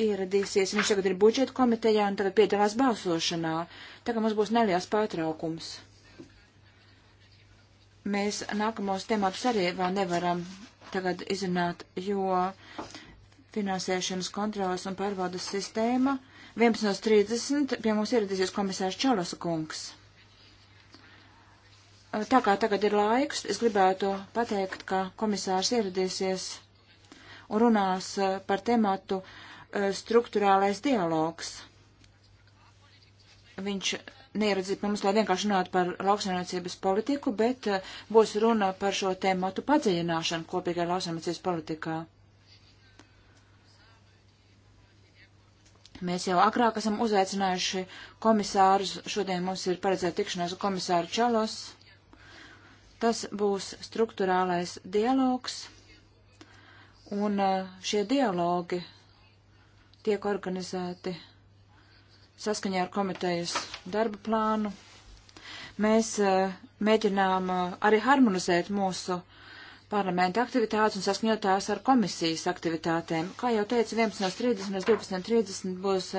ieradīsies. Viņš tagad ir budžeta komitejā un tagad piedalās balsošanā. Tagad mums būs neliels pārtraukums. Mēs nākamos tematus arī vēl nevaram tagad izrunāt, jo finansēšanas kontrolas un pārvaldes sistēma 11.30 pie mums ieradīsies komisārs Čalas kungs tā kā tagad ir laiks, es gribētu pateikt, ka komisārs ieradīsies un runās par tematu struktūrālais dialogs. Viņš neieradzīja pie mums, lai vienkārši runātu par lauksaimniecības politiku, bet būs runa par šo tēmatu padziļināšanu kopīgā lauksaimniecības politikā. Mēs jau agrāk esam uzaicinājuši komisārus, šodien mums ir paredzēta tikšanās ar komisāru Čalos Tas būs struktūrālais dialogs, un šie dialogi tiek organizēti saskaņā ar komitejas darba plānu. Mēs mēģinām arī harmonizēt mūsu parlamenta aktivitātes un saskaņot tās ar komisijas aktivitātēm. Kā jau teicu, 11.30 līdz 12.30 būs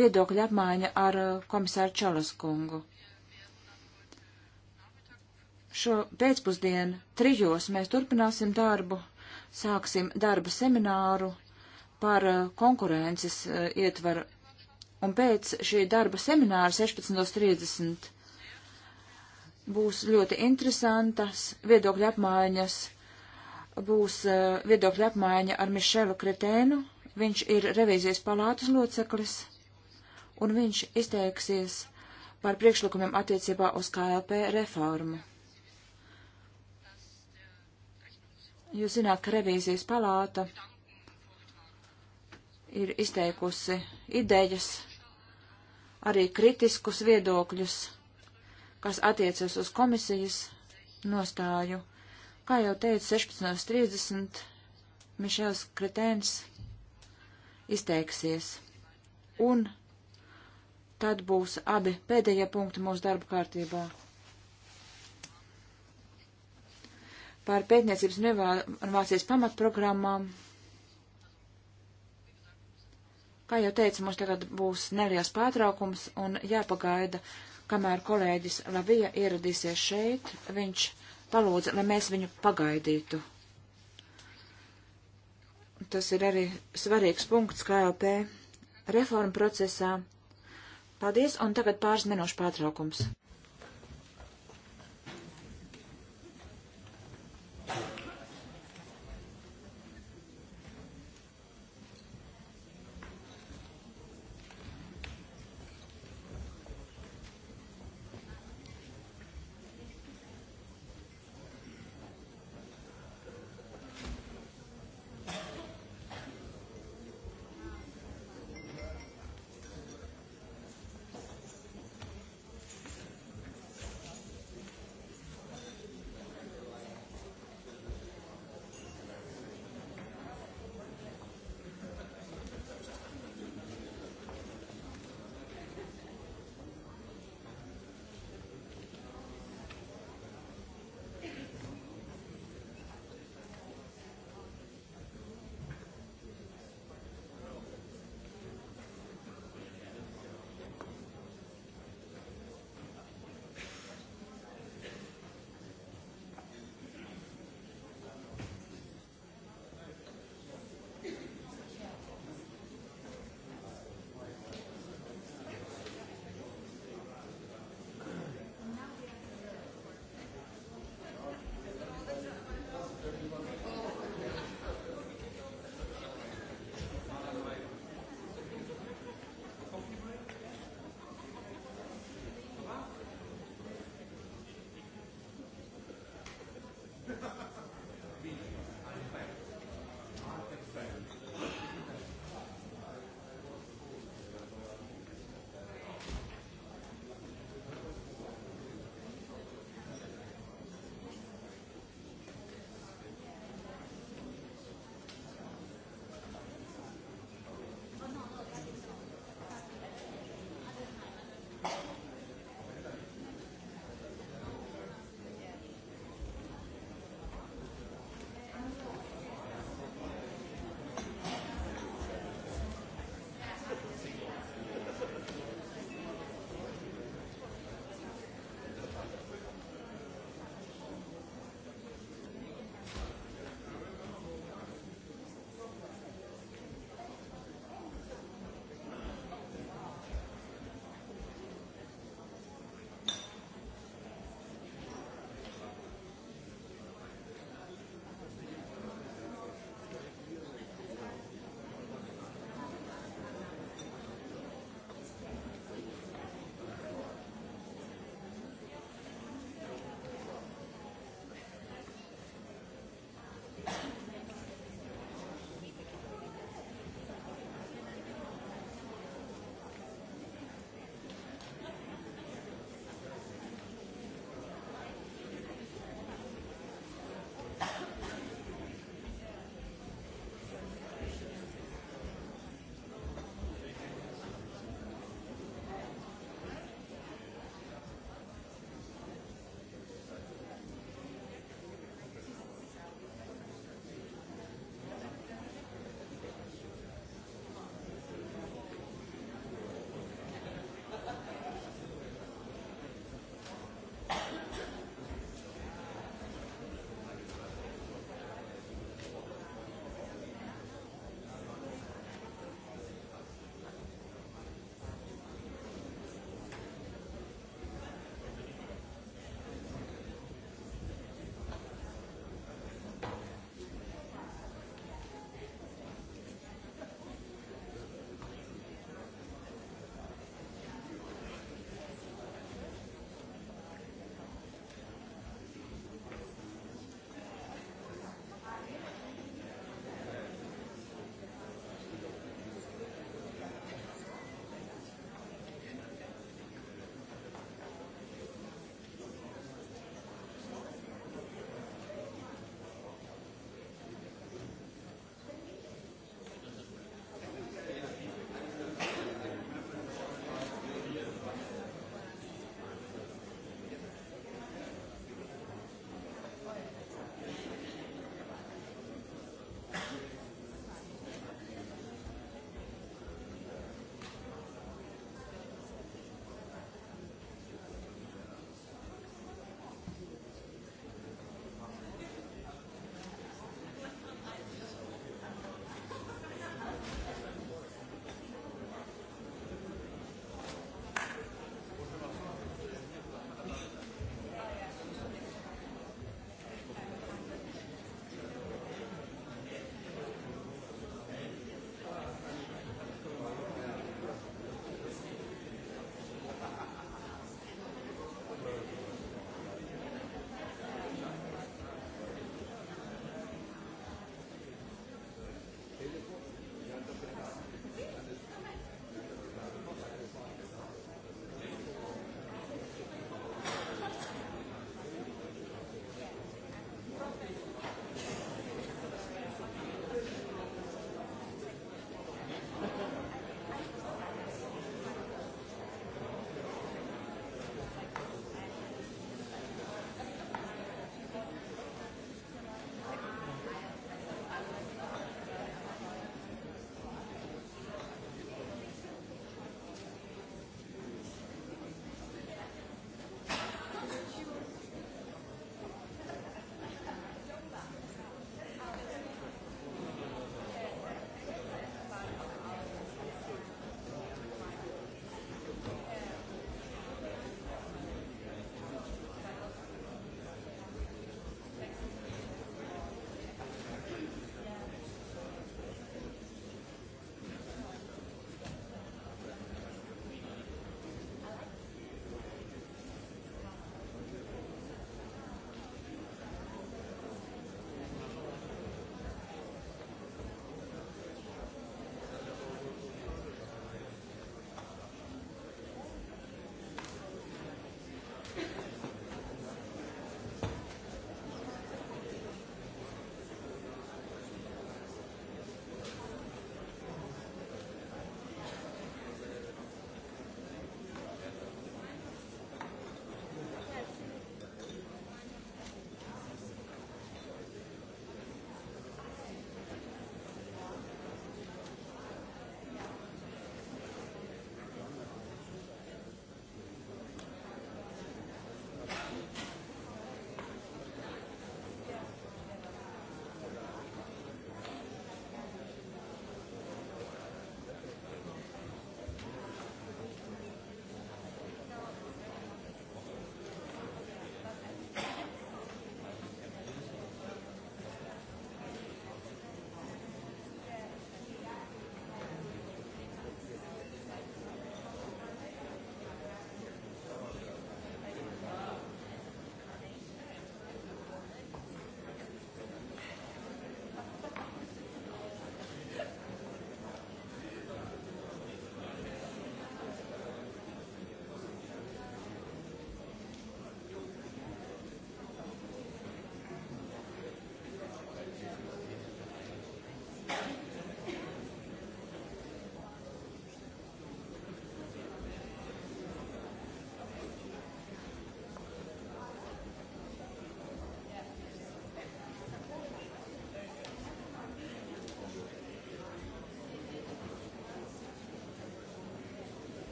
viedokļa apmaiņa ar komisāru Čalaskungu. Šo pēcpusdienu trijos mēs turpināsim darbu, sāksim darba semināru par eh, konkurences eh, ietvaru, un pēc šī darba semināra 16.30 būs ļoti interesantas viedokļa apmaiņas, būs eh, viedokļa apmaiņa ar Mišelu Kretēnu, viņš ir revīzijas palātas loceklis, un viņš izteiksies par priekšlikumiem attiecībā uz KLP reformu. Jūs zināt, ka revīzijas palāta ir izteikusi idejas, arī kritiskus viedokļus, kas attiecas uz komisijas nostāju. Kā jau teicu, 16.30 Mišels Kretēns izteiksies. Un tad būs abi pēdējie punkti mūsu darba kārtībā. par pētniecības un mācības pamatprogrammām. Kā jau teicu, mums tagad būs neliels pārtraukums un jāpagaida, kamēr kolēģis Lavija ieradīsies šeit. Viņš palūdza, lai mēs viņu pagaidītu. Tas ir arī svarīgs punkts KLP reformu procesā. Paldies, un tagad pāris minūšu pārtraukums.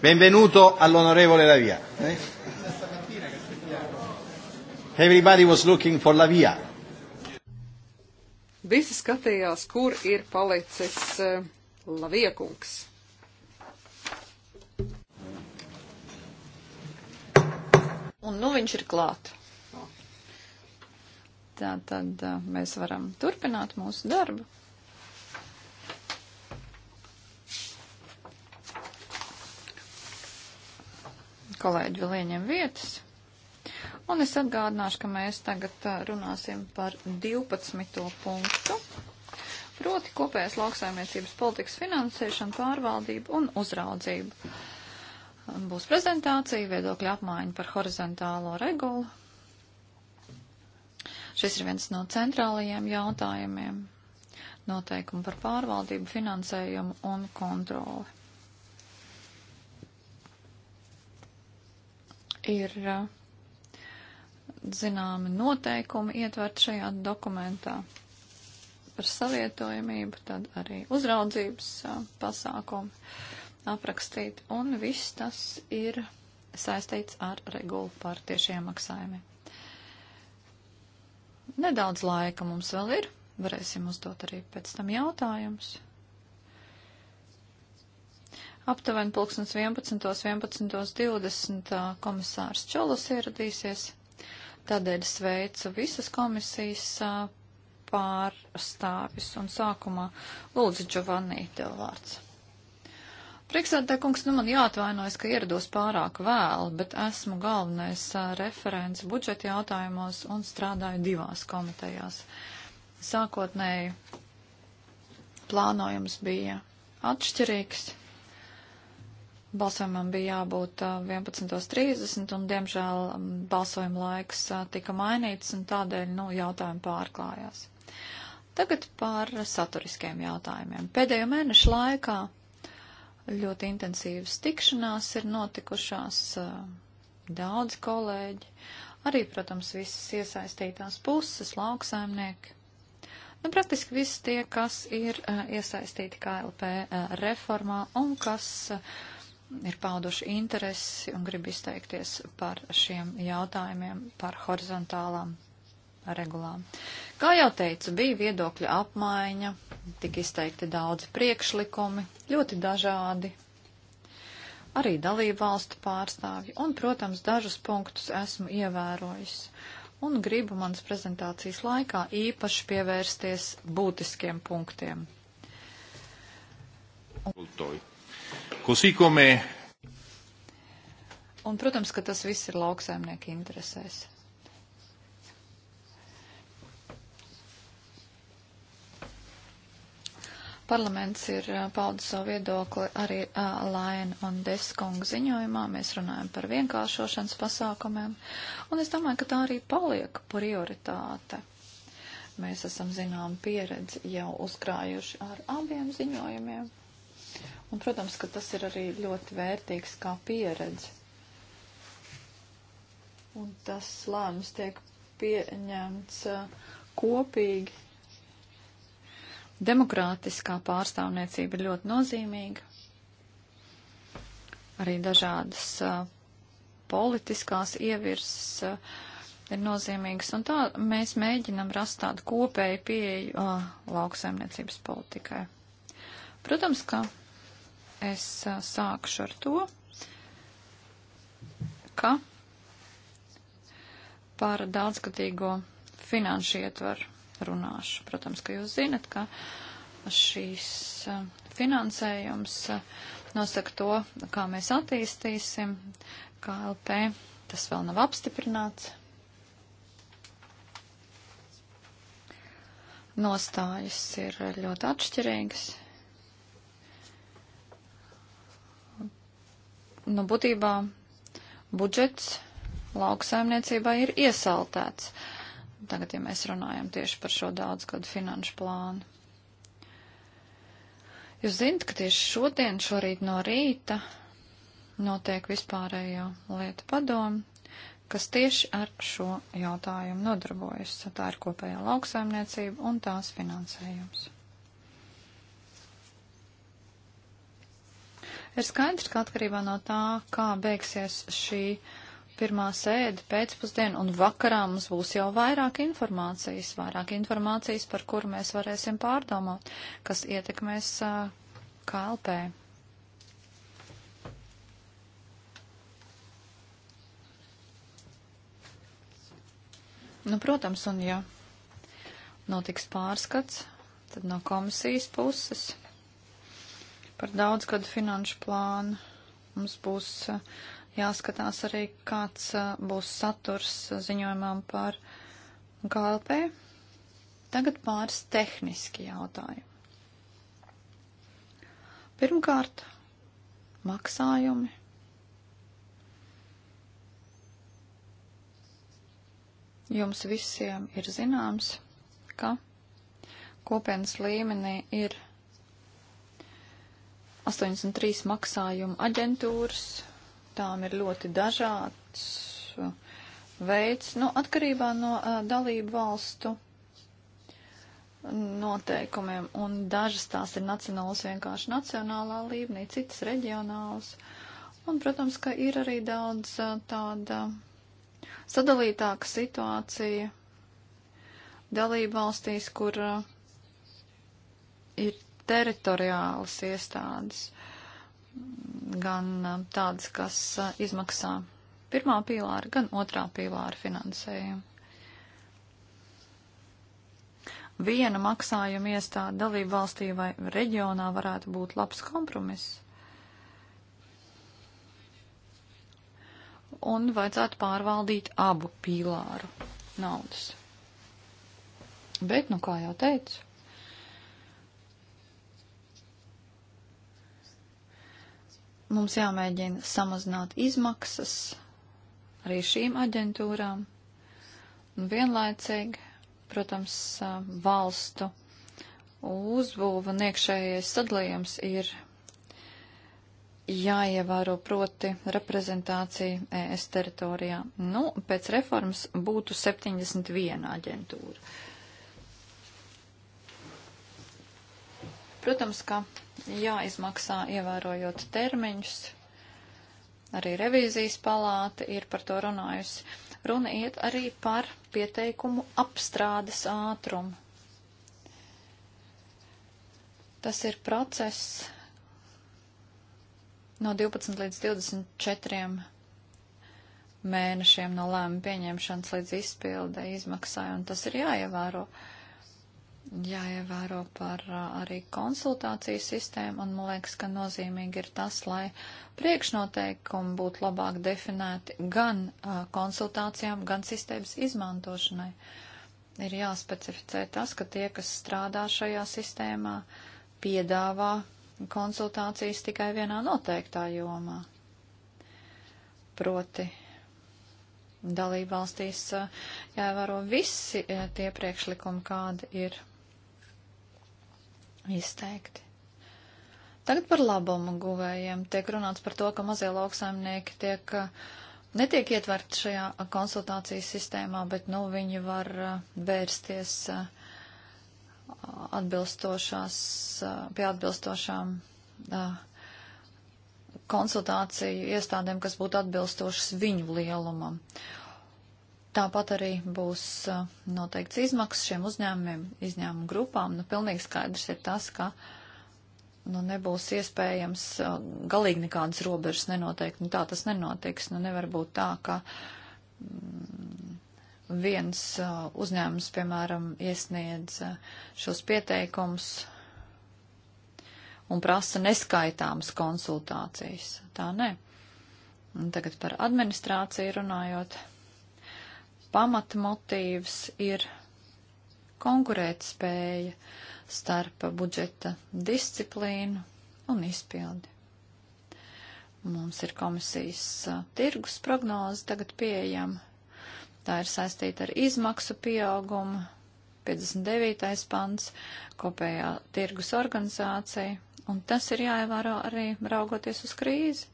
Benvenuto all'onorevole Lavia. Eh? Everybody was looking for Lavia. Visi skatījās, kur ir palicis uh, Lavia kungs. Un nu viņš ir klāt. Tā tad uh, mēs varam turpināt mūsu darbu. kolēģi vēl ieņem vietas. Un es atgādināšu, ka mēs tagad runāsim par 12. punktu. Proti kopējās lauksaimniecības politikas finansēšana, pārvaldība un uzraudzība. Būs prezentācija, viedokļa apmaiņa par horizontālo regulu. Šis ir viens no centrālajiem jautājumiem noteikumu par pārvaldību, finansējumu un kontroli. ir zināmi noteikumi ietvert šajā dokumentā par savietojamību, tad arī uzraudzības pasākumi aprakstīt, un viss tas ir saistīts ar regulu par tiešiem maksājumiem. Nedaudz laika mums vēl ir, varēsim uzdot arī pēc tam jautājumus. Aptuveni pulksnes 11.11.20 11. komisārs Čolus ieradīsies. Tādēļ sveicu visas komisijas pārstāvis un sākumā lūdzu Giovanni tev vārds. Priekšsēdētāj kungs, nu man jāatvainojas, ka ierados pārāk vēlu, bet esmu galvenais referents budžeta jautājumos un strādāju divās komitejās. Sākotnēji plānojums bija atšķirīgs. Balsojumam bija jābūt 11.30 un, diemžēl, balsojuma laiks tika mainīts un tādēļ, nu, jautājumi pārklājās. Tagad par saturiskiem jautājumiem. Pēdējo mēnešu laikā ļoti intensīvas tikšanās ir notikušās, daudzi kolēģi, arī, protams, visas iesaistītās puses, lauksaimnieki. Nu, praktiski visi tie, kas ir iesaistīti KLP reformā un kas uh, ir pauduši interesi un grib izteikties par šiem jautājumiem, par horizontālām regulām. Kā jau teicu, bija viedokļa apmaiņa, tika izteikti daudzi priekšlikumi, ļoti dažādi, arī dalību valstu pārstāvji, un, protams, dažus punktus esmu ievērojis. Un gribu manas prezentācijas laikā īpaši pievērsties būtiskiem punktiem. Un... Così come. Un, protams, ka tas viss ir lauksaimnieki interesēs. Parlaments ir paudis savu viedokli arī uh, Laina un Deskunga ziņojumā. Mēs runājam par vienkāršošanas pasākumiem. Un es domāju, ka tā arī paliek prioritāte mēs esam zinām pieredzi jau uzkrājuši ar abiem ziņojumiem. Un, protams, ka tas ir arī ļoti vērtīgs kā pieredze. Un tas lēmums tiek pieņemts kopīgi. Demokrātiskā pārstāvniecība ir ļoti nozīmīga. Arī dažādas politiskās ievirzes uh, ir nozīmīgas, un tā mēs mēģinam rast tādu kopēju pieeju uh, lauksaimniecības politikai. Protams, ka Es sākšu ar to, ka par daudzgadīgo finanšu ietvaru runāšu. Protams, ka jūs zinat, ka šīs finansējums nosaka to, kā mēs attīstīsim KLP. Tas vēl nav apstiprināts. Nostājas ir ļoti atšķirīgas. nu, būtībā budžets lauksaimniecībai ir iesaltēts. Tagad, ja mēs runājam tieši par šo daudzgadu finanšu plānu. Jūs zinat, ka tieši šodien, šorīt no rīta notiek vispārējo lietu padomu, kas tieši ar šo jautājumu nodarbojas. Tā ir kopējā lauksaimniecība un tās finansējums. Ir skaidrs, ka atkarībā no tā, kā beigsies šī pirmā sēde pēcpusdienu un vakarā mums būs jau vairāk informācijas, vairāk informācijas, par kuru mēs varēsim pārdomāt, kas ietekmēs uh, KLP. Nu, protams, un ja notiks pārskats, tad no komisijas puses par daudzgadu finanšu plānu. Mums būs eh, jāskatās arī, kāds eh, būs saturs eh, ziņojumam par KLP. Tagad pāris tehniski jautājumi. Pirmkārt, maksājumi. Jums visiem ir zināms, ka kopienas līmenī ir 83 maksājumu aģentūras, tām ir ļoti dažāds uh, veids, nu, atkarībā no uh, dalību valstu noteikumiem, un dažas tās ir nacionālas vienkārši nacionālā līmenī, citas reģionālas, un, protams, ka ir arī daudz uh, tāda sadalītāka situācija dalību valstīs, kur uh, ir teritoriālas iestādes, gan um, tādas, kas uh, izmaksā pirmā pīlāra, gan otrā pīlāra finansējumu. Viena maksājuma iestāde dalību valstī vai reģionā varētu būt labs kompromiss. Un vajadzētu pārvaldīt abu pīlāru naudas. Bet, nu, kā jau teicu, Mums jāmēģina samazināt izmaksas arī šīm aģentūrām un vienlaicīgi, protams, valstu uzbūva un iekšējais sadalījums ir jāievēro proti reprezentācija ES teritorijā. Nu, pēc reformas būtu 71 aģentūra. Protams, ka jāizmaksā ievērojot termiņus. Arī revīzijas palāta ir par to runājusi. Runa iet arī par pieteikumu apstrādes ātrumu. Tas ir process no 12 līdz 24 mēnešiem no lēma pieņemšanas līdz izpilde izmaksai, un tas ir jāievēro. Uh, jāievēro par arī konsultāciju sistēmu, un man liekas, ka nozīmīgi ir tas, lai priekšnoteikumi būtu labāk definēti gan konsultācijām, gan sistēmas izmantošanai. Ir jāspecificē tas, ka tie, kas strādā šajā sistēmā, piedāvā konsultācijas tikai vienā noteiktā jomā. Proti dalībvalstīs jāievēro visi tie priekšlikumi, kādi ir izteikti. Tagad par labumu guvējiem tiek runāts par to, ka mazie lauksaimnieki tiek, uh, netiek ietverti šajā konsultācijas sistēmā, bet, nu, viņi var uh, vērsties uh, atbilstošās, pie atbilstošām konsultāciju iestādēm, kas būtu atbilstošas viņu lielumam. Uh, Tāpat arī būs noteikts izmaksas šiem uzņēmumiem, izņēmumu grupām. Nu, pilnīgi skaidrs ir tas, ka nu, nebūs iespējams galīgi nekādas robežas nenoteikt. Nu, tā tas nenotiks. Nu, nevar būt tā, ka mm, viens uzņēmums, piemēram, iesniedz šos pieteikumus un prasa neskaitāmas konsultācijas. Tā nē. Tagad par administrāciju runājot pamatmotīvs ir konkurētspēja starp budžeta disciplīnu un izpildi. Mums ir komisijas uh, tirgus prognoze tagad pieejama. Tā ir saistīta ar izmaksu pieaugumu, 59. pants, kopējā tirgus organizācija, un tas ir jāievēro arī raugoties uz krīzi.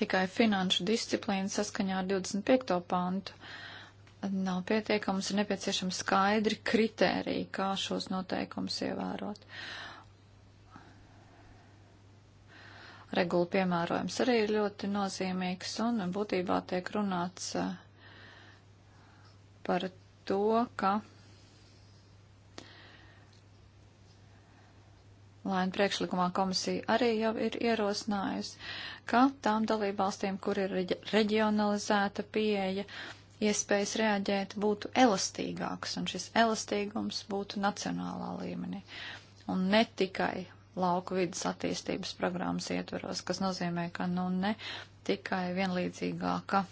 Tikai finanšu disciplīna saskaņā ar 25. pantu nav pietiekams, ir nepieciešams skaidri kritēriji, kā šos noteikumus ievērot. Regula piemērojums arī ir ļoti nozīmīgs un būtībā tiek runāts eh, par to, ka Lēna priekšlikumā komisija arī jau ir ierosinājusi, ka tām dalībvalstīm, kur ir reģionalizēta pieeja, iespējas reaģēt būtu elastīgākas, un šis elastīgums būtu nacionālā līmenī. Un ne tikai lauku vidas attīstības programmas ietveros, kas nozīmē, ka nu ne tikai vienlīdzīgāka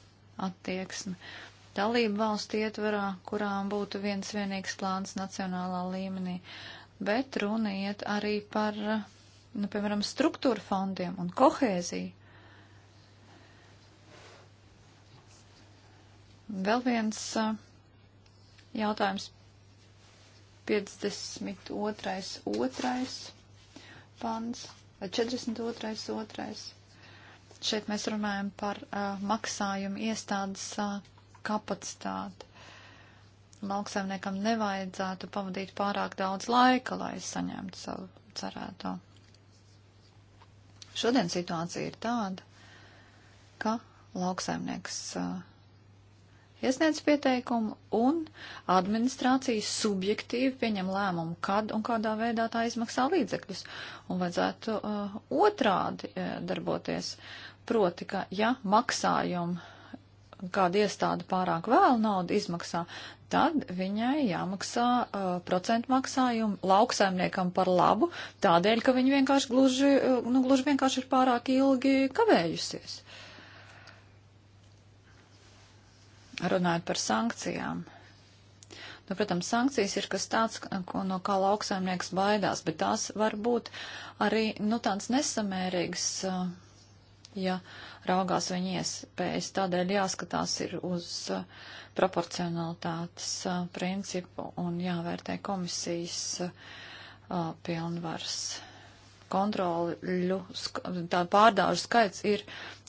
attieksme dalību valstu ietverā, kurām būtu viens vienīgs plāns nacionālā līmenī, uh, bet runa iet arī par, nu, piemēram, struktūra fondiem un kohēziju. Vēl viens jautājums 52. otrais pants vai 42. otrais. Šeit mēs runājam par uh, maksājumu iestādes uh, kapacitāti lauksaimniekam nevajadzētu pavadīt pārāk daudz laika, lai saņemtu savu cerēto. Šodien situācija ir tāda, ka lauksaimnieks uh, iesniedz pieteikumu un administrācija subjektīvi pieņem lēmumu, kad un kādā veidā tā izmaksā līdzekļus. Un vajadzētu uh, otrādi uh, darboties. Proti, ka ja maksājumu kāda iestāde pārāk vēl naudu izmaksā, tad viņai jāmaksā uh, procentu maksājumu lauksaimniekam par labu, tādēļ, ka viņa vienkārši gluži, uh, nu, gluži vienkārši ir pārāk ilgi kavējusies. Runājot par sankcijām. Nu, protams, sankcijas ir kas tāds, ko, no kā lauksaimnieks baidās, bet tās var būt arī, nu, tāds nesamērīgs. Uh, ja raugās viņa iespējas. Tādēļ jāskatās ir uz uh, proporcionalitātes uh, principu un jāvērtē komisijas uh, pilnvars. Kontroļu, tā pārdāžu skaits ir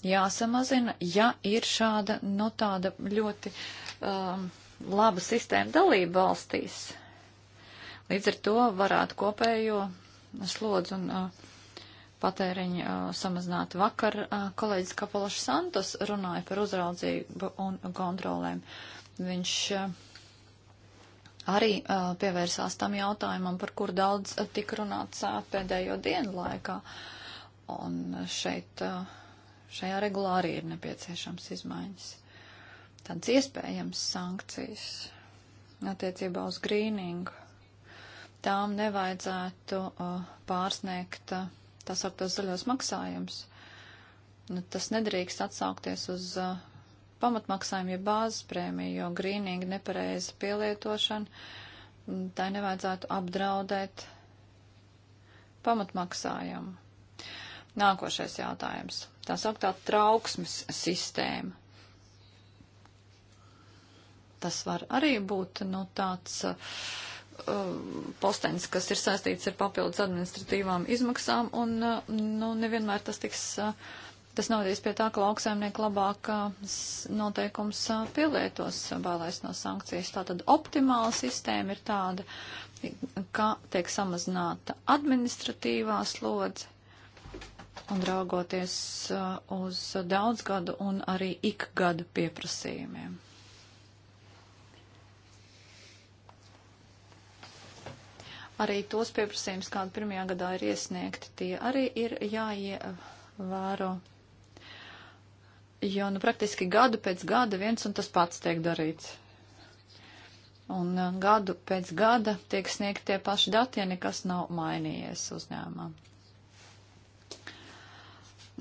jāsamazina, ja ir šāda, no nu, tāda ļoti um, laba sistēma dalība valstīs. Līdz ar to varētu kopējo slodzi un uh, patēriņu uh, samazināt. Vakar uh, kolēģis Kapolašs Santos runāja par uzraudzību un kontrolēm. Uh, Viņš eh, arī eh, pievērsās tam jautājumam, par kur daudz eh, tika runāts pēdējo dienu laikā. Un šeit, šajā regulāri ir nepieciešams izmaiņas. Tāds iespējams sankcijas attiecībā uz grīningu. Tām nevajadzētu pārsniegt tā sauktos zaļos maksājums. Nu, tas nedrīkst atsaukties uz uh, pamatmaksājumu, ja bāzes prēmiju, jo grīnīgi nepareiza pielietošana, tai nevajadzētu apdraudēt pamatmaksājumu. Nākošais jautājums. Tā sauktā trauksmes sistēma. Tas var arī būt, nu, tāds uh, postenis, kas ir saistīts ar papildus administratīvām izmaksām, un, uh, nu, nevienmēr tas tiks uh, Tas novadīs pie tā, ka lauksaimnieku labāk noteikums pielietos bālēs no sankcijas. Tātad optimāla sistēma ir tāda, ka tiek samazināta administratīvā slodze un raugoties uz daudzgadu un arī ikgadu pieprasījumiem. arī tos pieprasījums, kādu pirmajā gadā ir iesniegti, tie arī ir jāievēro jo nu, praktiski gadu pēc gada viens un tas pats tiek darīts. Un uh, gadu pēc gada tiek sniegt tie paši dati, ja nekas nav mainījies uzņēmumā.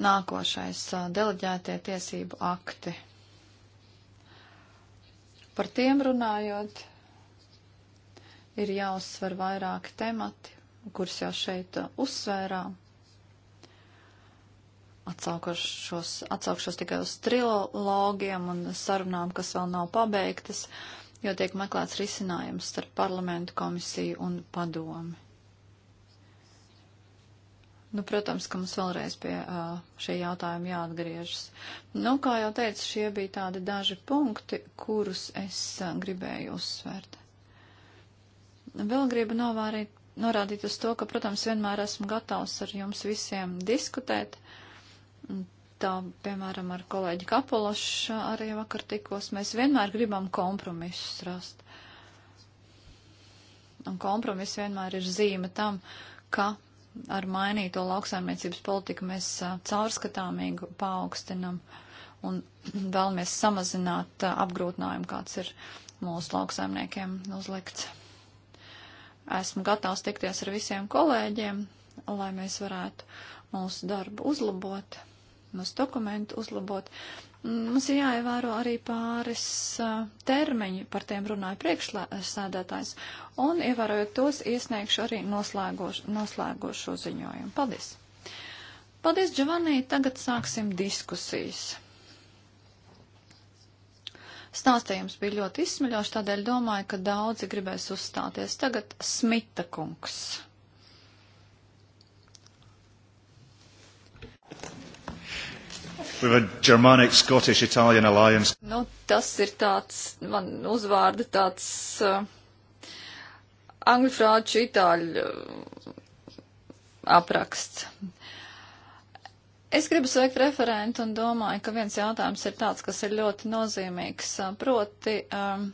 Nākošais uh, - deleģētie tiesību akti. Par tiem runājot, ir jāuzsver vairāki temati, kurus jau šeit uh, uzsvērām atsaukšos, atsaukšos tikai uz trilogiem un sarunām, kas vēl nav pabeigtas, jo tiek meklēts risinājums starp parlamentu komisiju un padomi. Nu, protams, ka mums vēlreiz pie uh, šī jautājuma jāatgriežas. Nu, kā jau teicu, šie bija tādi daži punkti, kurus es uh, gribēju uzsvērt. Vēl gribu novārīt, norādīt uz to, ka, protams, vienmēr esmu gatavs ar jums visiem diskutēt. Tā, piemēram, ar kolēģi Kapološu arī vakar tikos. Mēs vienmēr gribam kompromisus rast. Un kompromiss vienmēr ir zīme tam, ka ar mainīto lauksaimniecības politiku mēs caurskatāmīgu paaugstinam un vēlamies samazināt apgrūtinājumu, kāds ir mūsu lauksaimniekiem uzlikts. Esmu gatavs tikties ar visiem kolēģiem, lai mēs varētu mūsu darbu uzlabot vismaz dokumentu uzlabot. Mm, Mums ir jāievēro arī pāris uh, termiņi, par tiem runāja priekšsēdētājs, un ievērojot tos, iesniegšu arī noslēgošo, noslēgošo ziņojumu. Paldies! Paldies, Giovanni! Tagad sāksim diskusijas. Stāstījums bija ļoti izsmeļošs, tādēļ domāju, ka daudzi gribēs uzstāties. Tagad Smita kungs. Germanic, Scottish, Italian alliance. Nu, tas ir tāds, man uzvārda tāds uh, angļu, frāču, itāļu uh, apraksts. Es gribu sveikt referentu un domāju, ka viens jautājums ir tāds, kas ir ļoti nozīmīgs, uh, proti um,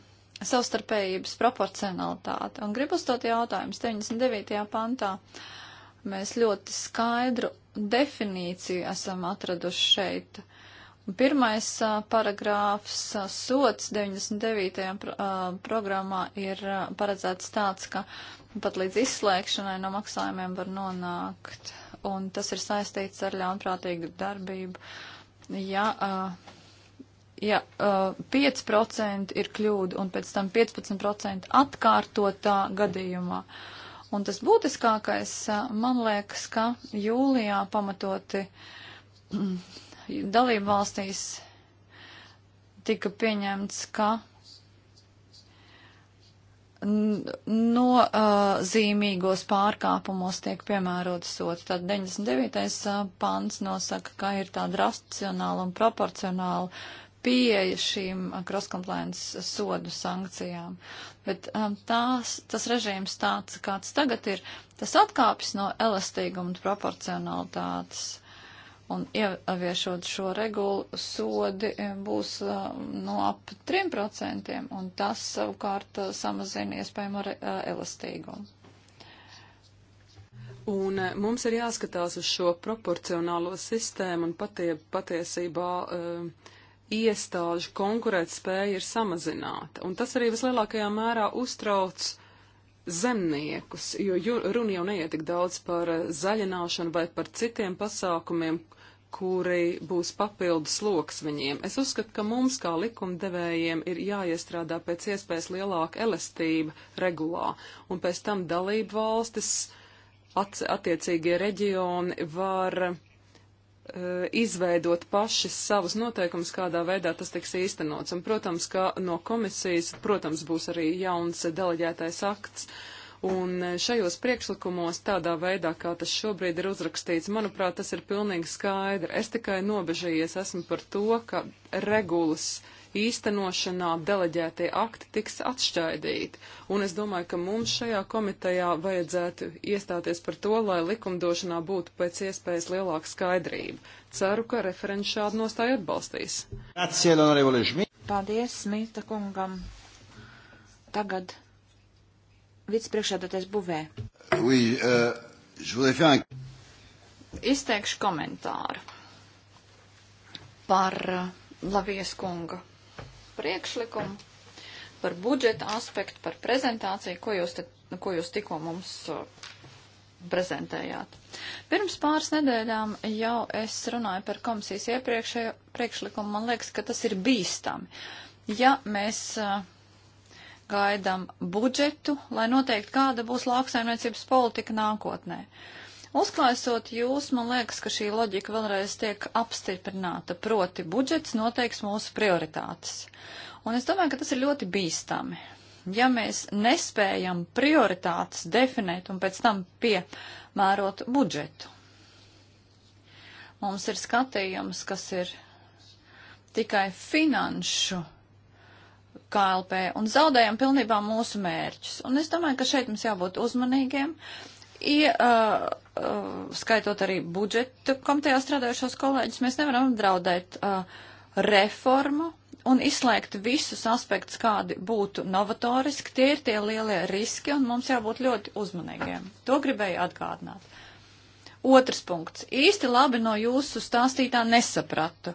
savstarpējības proporcionalitāte. Un gribu uzdot jautājumus 99. pantā. Uh, Mēs ļoti skaidru definīciju esam atraduši šeit. Pirmais a, paragrāfs a, sots 99. Pro, a, programmā ir paredzēts tāds, ka pat līdz izslēgšanai no maksājumiem var nonākt, un tas ir saistīts ar ļaunprātīgu darbību. Ja, ja 5% ir kļūda un pēc tam 15% atkārtotā gadījumā, uh, Un tas būtiskākais, man liekas, ka jūlijā pamatoti mm, dalību valstīs tika pieņemts, ka nozīmīgos uh, pārkāpumos tiek piemērota sots. Tad 99. pants nosaka, ka ir tāda racionāla un proporcionāla pieeja šīm uh, cross-compliance sodu sankcijām. Bet um, tās, tas režīms tāds, kāds tagad ir, tas atkāpjas no elastīguma un proporcionalitātes. Un ieviešot šo regulu, sodi eh, būs um, no ap 3%, un tas savukārt uh, samazina iespējamo uh, elastīgumu. Un eh, mums ir jāskatās uz šo proporcionālo sistēmu un patie, patiesībā. Uh, iestāžu konkurētspēja ir samazināta, un tas arī vislielākajā mērā uztrauc zemniekus, jo runa jau neiet tik daudz par eh, zaļināšanu vai par citiem pasākumiem, kuri būs papildus sloks viņiem. Es uzskatu, ka mums kā likumdevējiem ir jāiestrādā pēc iespējas lielāka elastība regulā, un pēc tam dalību valstis, attiecīgie reģioni var Eh, izveidot paši savus noteikumus, kādā veidā tas tiks īstenots. Un, protams, ka no komisijas, protams, būs arī jauns deleģētais akts. Un eh, šajos priekšlikumos tādā veidā, kā tas šobrīd ir uzrakstīts, manuprāt, tas ir pilnīgi skaidri. Es tikai nobežījies esmu par to, ka regulas īstenošanā deleģētie akti tiks atšķaidīti. Un es domāju, ka mums šajā komitejā vajadzētu iestāties par to, lai likumdošanā būtu pēc iespējas lielāka skaidrība. Ceru, ka referents šādu nostāju atbalstīs. Paldies, Smita kungam. Tagad vicepriekšādātais buvē. Oui, uh, Izteikšu komentāru par Lavijas kunga priekšlikumu, par budžeta aspektu, par prezentāciju, ko jūs, te, ko jūs tikko mums uh, prezentējāt. Pirms pāris nedēļām jau es runāju par komisijas iepriekšējo priekšlikumu. Man liekas, ka tas ir bīstami. Ja mēs uh, gaidām budžetu, lai noteikti kāda būs lauksaimniecības politika nākotnē. Uh, Uzklausot jūs, man liekas, ka šī loģika vēlreiz tiek apstiprināta, proti budžets noteiks mūsu prioritātes. Un es domāju, ka tas ir ļoti bīstami. Ja mēs nespējam prioritātes definēt un pēc tam piemērot budžetu, mums ir skatījums, kas ir tikai finanšu KLP un zaudējam pilnībā mūsu mērķus. Un es domāju, ka šeit mums jābūt uzmanīgiem, ie, uh, uh, skaitot arī budžetu komitejā strādājušos kolēģis, mēs nevaram draudēt uh, reformu un izslēgt visus aspektus, kādi būtu novatoriski. Tie ir tie lielie riski, un mums jābūt ļoti uzmanīgiem. To gribēju atgādināt. Otrs punkts. Īsti labi no jūsu stāstītā nesapratu.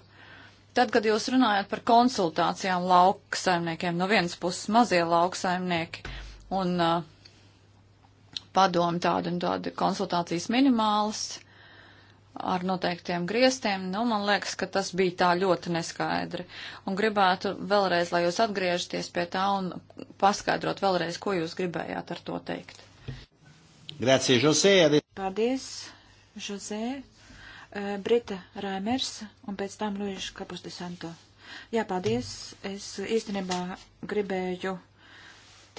Tad, kad jūs runājat par konsultācijām lauksaimniekiem, no vienas puses mazie lauksaimnieki un uh, padomu tādu un tādu konsultācijas minimālas ar noteiktiem griestiem, nu, man liekas, ka tas bija tā ļoti neskaidri. Un gribētu vēlreiz, lai jūs atgriežaties pie tā un paskaidrot vēlreiz, ko jūs gribējāt ar to teikt. Grācija, Žosē. Paldies, Žosē. Eh, Brita Rēmers un pēc tam Luīša Kapustisanto. Jā, paldies. Es īstenībā gribēju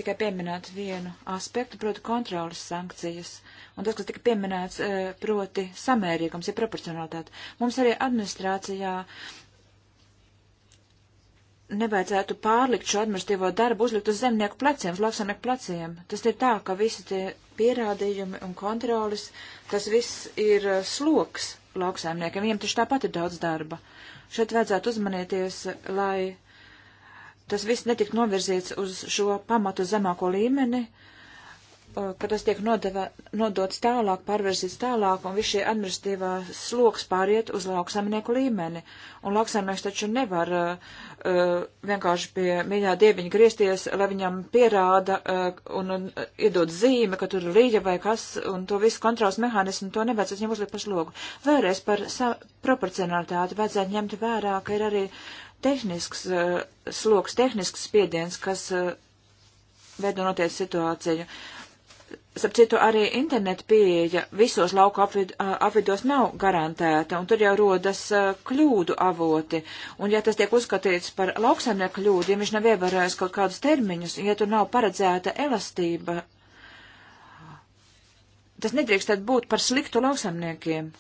tikai pieminēt vienu aspektu, proti kontrolas sankcijas. Un tas, kas tika pieminēts, e, proti samērīgums, ir proporcionalitāte. Mums arī administrācijā nevajadzētu pārlikt šo administratīvo darbu, uzlikt uz zemnieku pleciem, uz lauksaimnieku pleciem. Tas ir tā, ka visi tie pierādījumi un kontrolas, tas viss ir e, sloks lauksaimniekiem. Viņiem taču tāpat ir daudz darba. Šeit vajadzētu uzmanieties, lai tas viss netika novirzīts uz šo pamatu zemāko līmeni, uh, ka tas tiek nodeva, nodots tālāk, pārvirzīts tālāk, un viss šie administratīvā sloks pāriet uz lauksaimnieku līmeni. Un lauksaimnieks taču nevar uh, uh vienkārši pie mīļā dieviņa griezties, lai viņam pierāda uh, un uh, iedod zīme, ka tur ir līja vai kas, un to visu kontrols mehānismu, to nevajadzētu viņam uzlikt par slogu. Vēlreiz par proporcionalitāti vajadzētu ņemt vērā, ka ir arī uh, tehnisks uh, sloks, tehnisks spiediens, kas uh, veido notiek situāciju. Starp citu, arī interneta pieeja visos lauka apvid, eh, apvidos nav garantēta, un tur jau rodas uh, kļūdu avoti. Un ja tas tiek uzskatīts par lauksaimnieku kļūdu, ja viņš nav ievērojis kaut kādus termiņus, ja tur nav paredzēta elastība, tas nedrīkst būt par sliktu lauksaimniekiem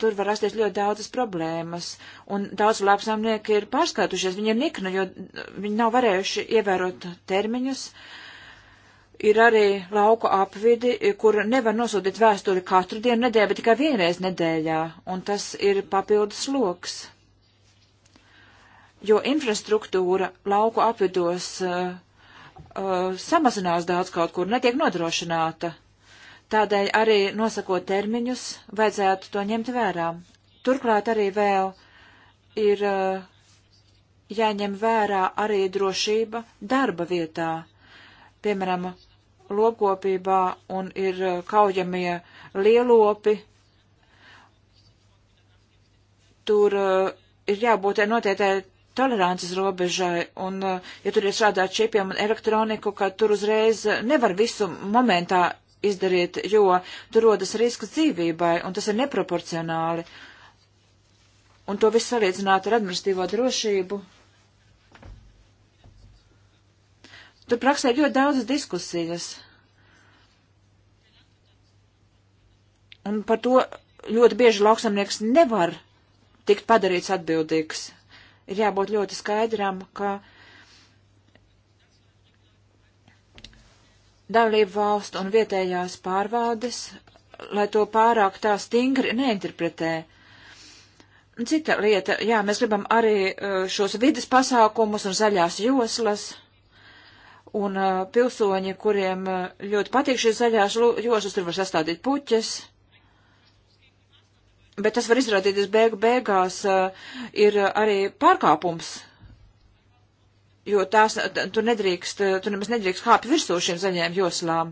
tur var rasties ļoti daudzas problēmas, un daudz labsamnieki ir pārskatušies, viņiem niknu, jo viņi nav varējuši ievērot termiņus. Ir arī lauku apvidi, kur nevar nosūtīt vēstuli katru dienu nedēļā, bet tikai vienreiz nedēļā, un tas ir papildus sloks. Jo infrastruktūra lauku apvidos uh, uh, samazinās daudz kaut kur, netiek nodrošināta Tādēļ arī nosakot termiņus, vajadzētu to ņemt vērā. Turklāt arī vēl ir eh, jāņem vērā arī drošība darba vietā. Piemēram, lopkopībā un ir eh, kaujamie lielopi. Tur uh, ir jābūt noteiktai tolerances robežai, un ja tur ir šādā čipiem un elektroniku, ka tur uzreiz nevar visu momentā izdarīt, jo tur rodas risks dzīvībai, un tas ir neproporcionāli. Un to visu salīdzināt ar administratīvo drošību. Tur praksē ļoti daudzas diskusijas. Un par to ļoti bieži lauksamnieks nevar tikt padarīts atbildīgs. Ir jābūt ļoti skaidram, ka dalību valstu un vietējās pārvaldes, lai to pārāk tā stingri neinterpretē. Cita lieta, jā, mēs gribam arī e, šos vidas pasākumus un zaļās joslas, un e, pilsoņi, kuriem e, ļoti patīk šīs zaļās joslas, tur var sastādīt puķes, bet tas var izrādīties beigu beigās, ir arī pārkāpums jo tās, tur nedrīkst, tur nemaz nedrīkst kāpt virsū šiem zaļajiem joslām.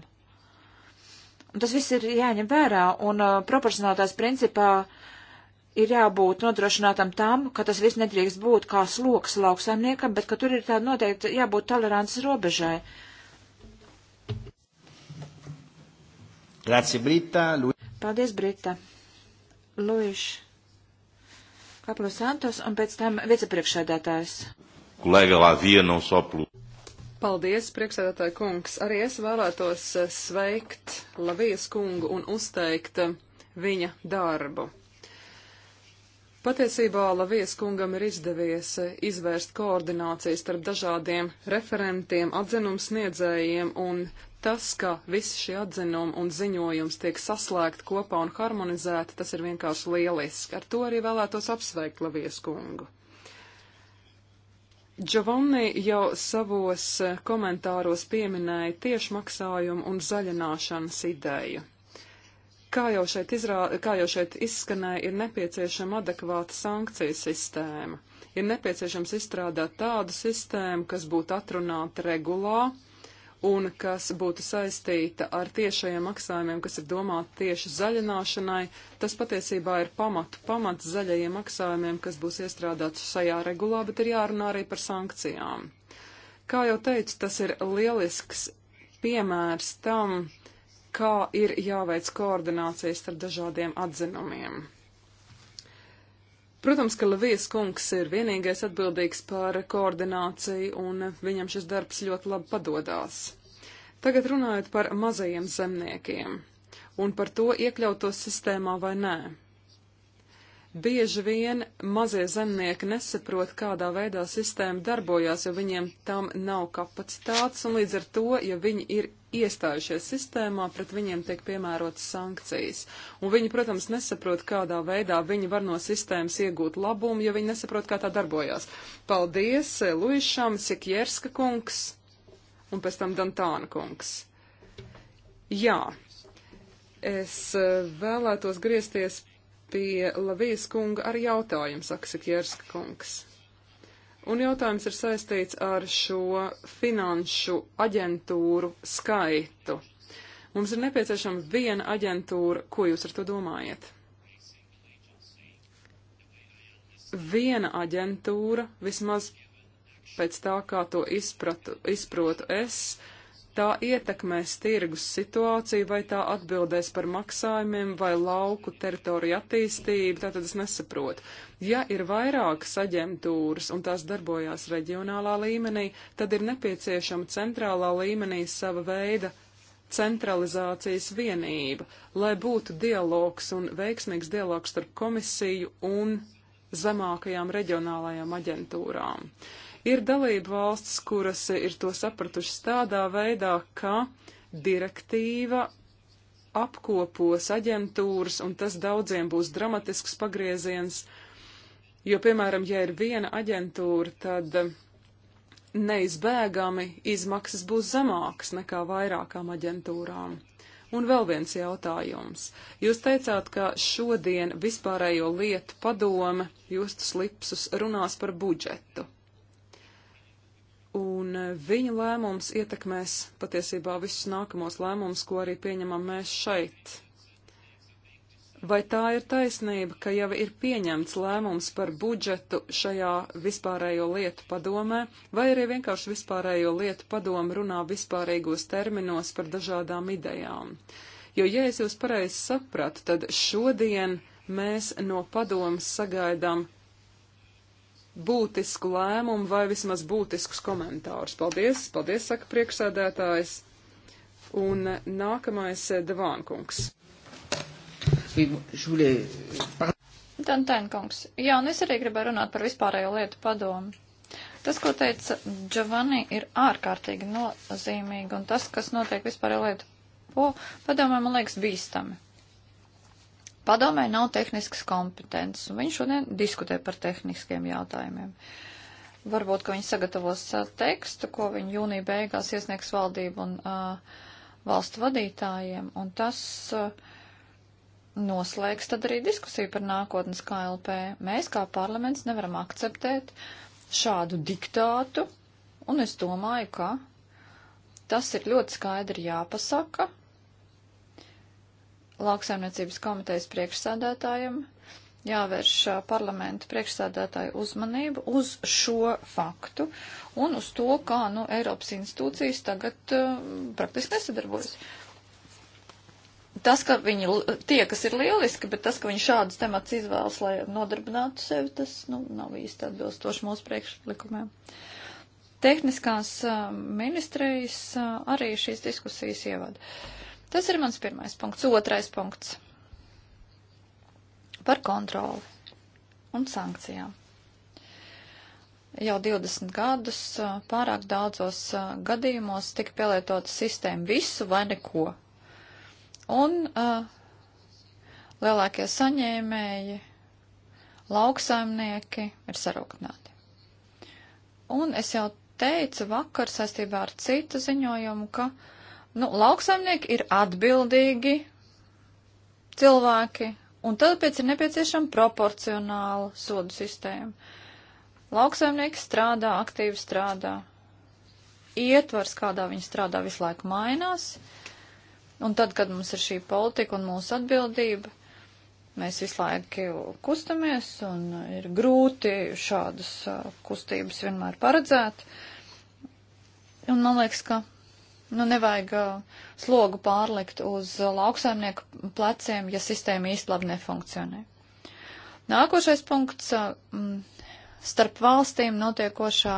Un tas viss ir jāņem vērā, un uh, proporcionātās principā ir jābūt nodrošinātam tam, ka tas viss nedrīkst būt kā sloks lauksaimniekam, bet ka tur ir tāda noteikti jābūt tolerants robežai. Grazie, Brita. Lu... Paldies, Brita. Luīš. Kaplu Santos un pēc tam vicepriekšēdētājs colega Lavia, não só pelo. Paldies, priekšsēdētāji kungs. Arī es vēlētos eh, sveikt Lavijas kungu un uzteikt eh, viņa darbu. Patiesībā Lavijas kungam ir izdevies eh, izvērst koordināciju starp dažādiem referentiem, atzinums sniedzējiem, un tas, ka visi šie atzinumi un ziņojums tiek saslēgt kopā un harmonizēti, tas ir vienkārši lieliski. Ar to arī vēlētos apsveikt Lavijas kungu. Giovanni jau savos eh, komentāros pieminēja tiešmaksājumu un zaļināšanas ideju. Kā jau, šeit izrā, kā jau šeit izskanēja, ir nepieciešama adekvāta sankciju sistēma. Ir nepieciešams izstrādāt tādu sistēmu, kas būtu atrunāta regulā, uh, un kas būtu saistīta ar tiešajiem maksājumiem, kas ir domāti tieši zaļināšanai, tas patiesībā ir pamatu pamats zaļajiem maksājumiem, kas būs iestrādāts šajā regulā, bet ir jārunā arī par sankcijām. Kā jau teicu, tas ir lielisks piemērs tam, kā ir jāveic koordinācijas starp dažādiem atzinumiem. Protams, ka Lavijas kungs ir vienīgais atbildīgs par koordināciju, un viņam šis darbs ļoti labi padodās. Tagad runājot par mazajiem zemniekiem un par to iekļautos sistēmā vai nē. Bieži vien mazie zemnieki nesaprot, kādā veidā sistēma darbojās, jo viņiem tam nav kapacitātes, un līdz ar to, ja viņi ir iestājušies sistēmā, pret viņiem tiek piemērotas sankcijas. Un viņi, protams, nesaprot, kādā veidā viņi var no sistēmas iegūt labumu, jo viņi nesaprot, kā tā darbojās. Paldies Luišam, Sikjerska kungs un pēc tam Dantāna kungs. Jā, es eh, vēlētos griezties pie Lavijas kunga ar jautājumu, saka Sikierska kungs. Un jautājums ir saistīts ar šo finanšu aģentūru skaitu. Mums ir nepieciešama viena aģentūra. Ko jūs ar to domājat? Viena aģentūra, vismaz pēc tā, kā to izpratu, izprotu es, uh, tā ietekmēs tirgus situāciju, vai tā atbildēs par maksājumiem vai lauku teritoriju attīstību, tātad es nesaprotu. Ja ir vairākas aģentūras un tās darbojās reģionālā līmenī, tad ir nepieciešama centrālā līmenī sava veida centralizācijas vienība, lai būtu dialogs un veiksmīgs dialogs starp komisiju un zemākajām reģionālajām aģentūrām. Uh, Ir dalība valsts, kuras ir to sapratušas tādā veidā, ka direktīva apkopos aģentūras, un tas daudziem būs dramatisks pagrieziens, jo, piemēram, ja ir viena aģentūra, tad neizbēgami izmaksas būs zemākas nekā vairākām aģentūrām. Un vēl viens jautājums. Jūs teicāt, ka šodien vispārējo lietu padome Justus Lipsus runās par budžetu un e, viņu lēmums ietekmēs patiesībā visus nākamos lēmumus, ko arī pieņemam mēs šeit. Vai tā ir taisnība, ka jau ir pieņemts lēmums par budžetu šajā vispārējo lietu padomē, vai arī vienkārši vispārējo lietu padomu runā vispārīgos terminos par dažādām idejām? Jo, ja es jūs pareizi sapratu, tad šodien mēs no padomas sagaidām būtisku lēmumu vai vismaz būtiskus komentārus. Paldies, paldies, saka priekšsēdētājs. Un nākamais eh, Devānkungs. Dantēnkungs. Jā, un es arī gribēju runāt par vispārējo lietu padomu. Tas, ko teica Giovanni, ir ārkārtīgi nozīmīgi, un tas, kas notiek vispārējo lietu padomē, man liekas, bīstami. Padomē nav tehniskas kompetences, un viņi šodien diskutē par tehniskiem jautājumiem. Varbūt, ka viņi sagatavos uh, tekstu, ko viņi jūnija beigās iesniegs valdību un uh, valstu vadītājiem, un tas uh, noslēgs tad arī diskusiju par nākotnes KLP. Mēs kā parlaments nevaram akceptēt šādu diktātu, un es domāju, ka tas ir ļoti skaidri jāpasaka, lauksaimniecības komitejas priekšsādātājiem jāvērš parlamenta priekšsādātāju uzmanību uz šo faktu un uz to, kā nu, Eiropas institūcijas tagad uh, praktiski nesadarbojas. Tas, ka viņi tie, kas ir lieliski, bet tas, ka viņi šādas temats izvēlas, lai nodarbinātu sevi, tas nu, nav īsti atbilstoši mūsu priekšlikumiem. Tehniskās uh, ministrijas uh, arī šīs diskusijas ievada. Uh, Tas ir mans pirmais punkts. Otrais punkts par kontroli un sankcijām. Jau 20 gadus pārāk daudzos gadījumos tika pielietota sistēma visu vai neko. Un uh, lielākie saņēmēji, lauksaimnieki ir sarūknāti. Un es jau teicu vakar saistībā ar citu ziņojumu, ka uh, Nu, lauksaimnieki ir atbildīgi cilvēki, un tāpēc ir nepieciešama proporcionāla sodu sistēma. Lauksaimnieki strādā, aktīvi strādā. Ietvars, kādā viņi strādā, visu laiku mainās. Un tad, kad mums ir šī politika un mūsu atbildība, mēs visu laiku kustamies un ir grūti šādas kustības vienmēr paredzēt. Un man liekas, ka Nu, nevajag uh, slogu pārlikt uz lauksaimnieku pleciem, ja sistēma īsti labi nefunkcionē. Nākošais punkts uh, - starp valstīm notiekošā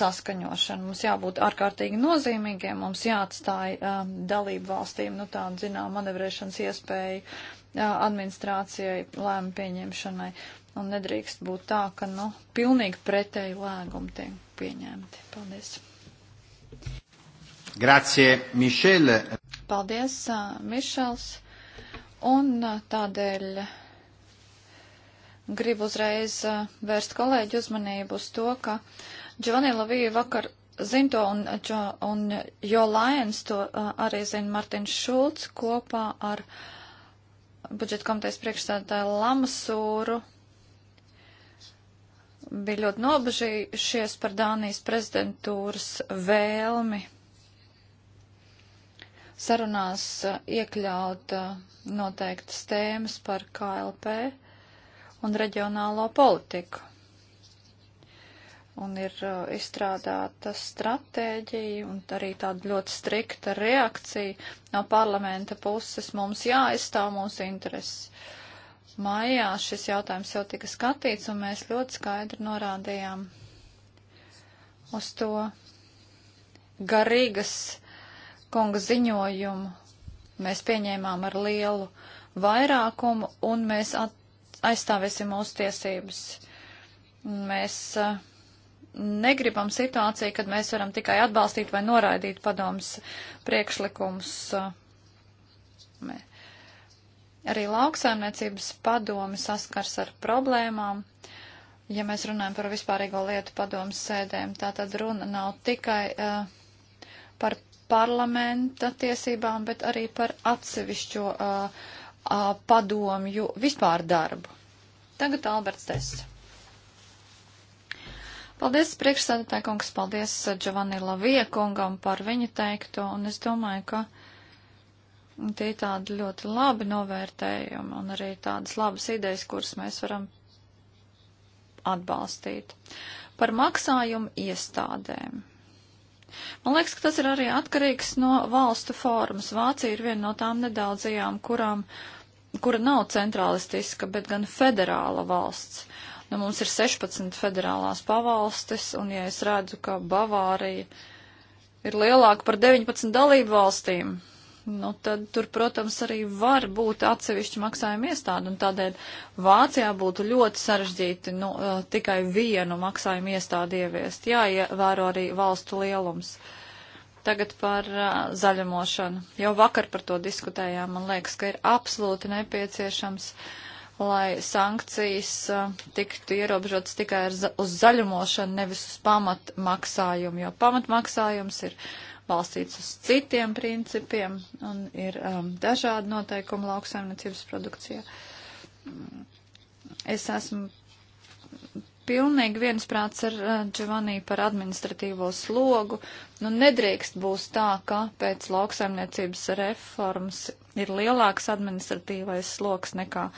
saskaņošana. Mums jābūt ārkārtīgi nozīmīgiem, mums jāatstāj um, dalību valstīm, nu tāda, zinām, manevrēšanas iespēja uh, administrācijai, lēmu pieņemšanai. Un nedrīkst būt tā, ka, nu, pilnīgi pretēji lēgumi tiek pieņemti. Paldies! Grazie, Mišel. Paldies, Mišels. Un tādēļ gribu uzreiz vērst kolēģi uzmanību uz to, ka Giovanni Lavija vakar zina to, un, un Jo Lions to arī zina Martins Šulcs kopā ar budžeta komitejas priekšstādātāju Lamasūru bija ļoti nobežījušies par Dānijas prezidentūras vēlmi sarunās eh, iekļaut eh, noteiktas tēmas par KLP un reģionālo politiku. Un ir eh, izstrādāta stratēģija un arī tāda ļoti strikta reakcija no parlamenta puses. Mums jāaizstāv mūsu intereses. Mājā šis jautājums jau tika skatīts, un mēs ļoti skaidri norādījām uz to garīgas kunga ziņojumu. Mēs pieņēmām ar lielu vairākumu un mēs aizstāvēsim mūsu tiesības. Mēs uh, negribam situāciju, kad mēs varam tikai atbalstīt vai noraidīt padomus priekšlikumus. Eh, Arī lauksaimniecības padomi saskars ar problēmām. Ja mēs runājam par vispārīgo lietu padomus sēdēm, tā tad runa nav tikai uh, par parlamenta tiesībām, bet arī par atsevišķo uh, uh, padomju vispār darbu. Tagad Alberts Tests. Paldies, priekšsēdētāji kungs, paldies uh, Giovanni Lavie kungam par viņu teikto, un es domāju, ka tie tādi ļoti labi novērtējumi un arī tādas labas idejas, kuras mēs varam atbalstīt. Par maksājumu iestādēm. Man liekas, ka tas ir arī atkarīgs no valstu formas. Vācija ir viena no tām nedaudzajām, kurām, kura nav centralistiska, bet gan federāla valsts. Nu, mums ir 16 federālās pavalstis, un ja es redzu, ka Bavārija ir lielāka par 19 dalību valstīm, nu tad tur, protams, arī var būt atsevišķi maksājuma iestāde, un tādēļ Vācijā būtu ļoti sarežģīti nu, tikai vienu maksājuma iestādi ieviest. Jāievēro arī valstu lielums. Tagad par uh, zaļumošanu. Jau vakar par to diskutējām. Man liekas, ka ir absolūti nepieciešams, lai sankcijas uh, tiktu ierobežotas tikai ar, uz zaļumošanu, nevis uz pamatmaksājumu, jo pamatmaksājums ir balstīts uz citiem principiem un ir um, dažādi noteikumi lauksaimniecības produkcijā. Mm. Es esmu pilnīgi viensprāts ar uh, Giovanni par administratīvo slogu. Nu, nedrīkst būs tā, ka pēc lauksaimniecības reformas ir lielāks administratīvais sloks nekā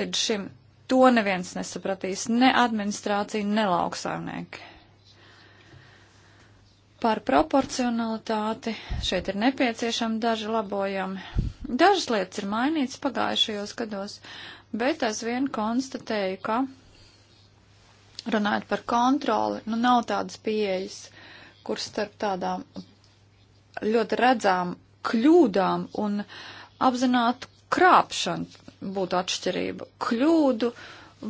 līdz šim. To neviens nesapratīs, ne administrācija, ne lauksaimnieki. Par proporcionalitāti šeit ir nepieciešami daži labojumi. Dažas lietas ir mainītas pagājušajos gados, bet aizvien konstatēju, ka runājot par kontroli, nu nav tādas pieejas, kur starp tādām ļoti redzām kļūdām un apzinātu krāpšanu būtu atšķirība. Kļūdu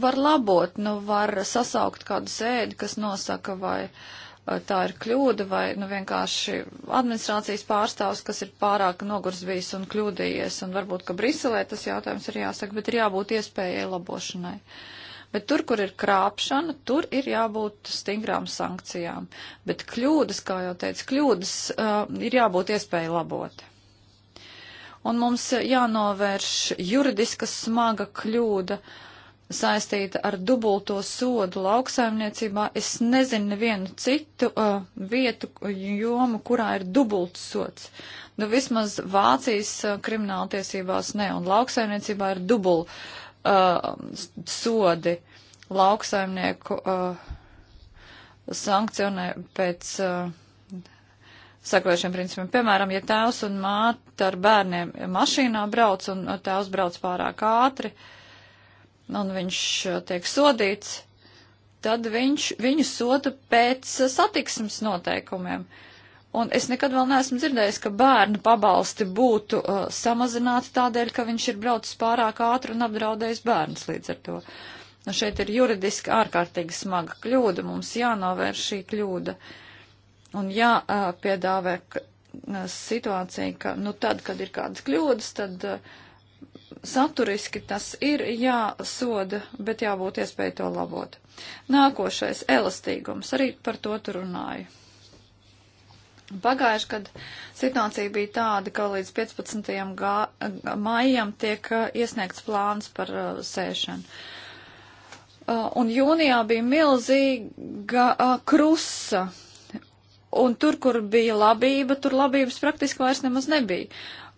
var labot, nu var sasaukt kādu sēdi, kas nosaka vai uh, tā ir kļūda vai nu, vienkārši administrācijas pārstāvs, kas ir pārāk nogurs bijis un kļūdījies. Un varbūt, ka Briselē tas jautājums ir jāsaka, bet ir jābūt iespējai labošanai. Bet tur, kur ir krāpšana, tur ir jābūt stingrām sankcijām. Bet kļūdas, kā jau teicu, kļūdas uh, ir jābūt iespēja labot. Un mums jānovērš juridiska smaga kļūda. Uh, saistīta ar dubulto sodu lauksaimniecībā. Es nezinu nevienu citu uh, vietu, jomu, kurā ir dubults sods. Nu, vismaz Vācijas uh, krimināltiesībās ne, un lauksaimniecībā ir dubul uh, sodi lauksaimnieku uh, sankcionē pēc. Uh, sakojušiem principiem. Piemēram, ja tēvs un māte ar bērniem mašīnā brauc un uh, tēvs brauc pārāk ātri, uh, un viņš eh, tiek sodīts, tad viņš viņu soda pēc eh, satiksmes noteikumiem. Un es nekad vēl neesmu dzirdējis, ka bērnu pabalsti būtu uh, samazināti tādēļ, ka viņš ir braucis pārāk ātri un apdraudējis bērns līdz ar to. Nu, šeit ir juridiski ārkārtīgi smaga kļūda, mums jānovērš šī kļūda un jāpiedāvē uh, situācija, ka, nu, tad, kad ir kādas kļūdas, tad uh, saturiski tas ir jāsoda, bet jābūt iespēja to labot. Nākošais - elastīgums. Arī par to tur runāju. Pagājuši, kad situācija bija tāda, ka līdz 15. Gā, maijam tiek uh, iesniegts plāns par uh, sēšanu. Uh, un jūnijā bija milzīga uh, krusa. Un tur, kur bija labība, tur labības praktiski vairs nemaz nebija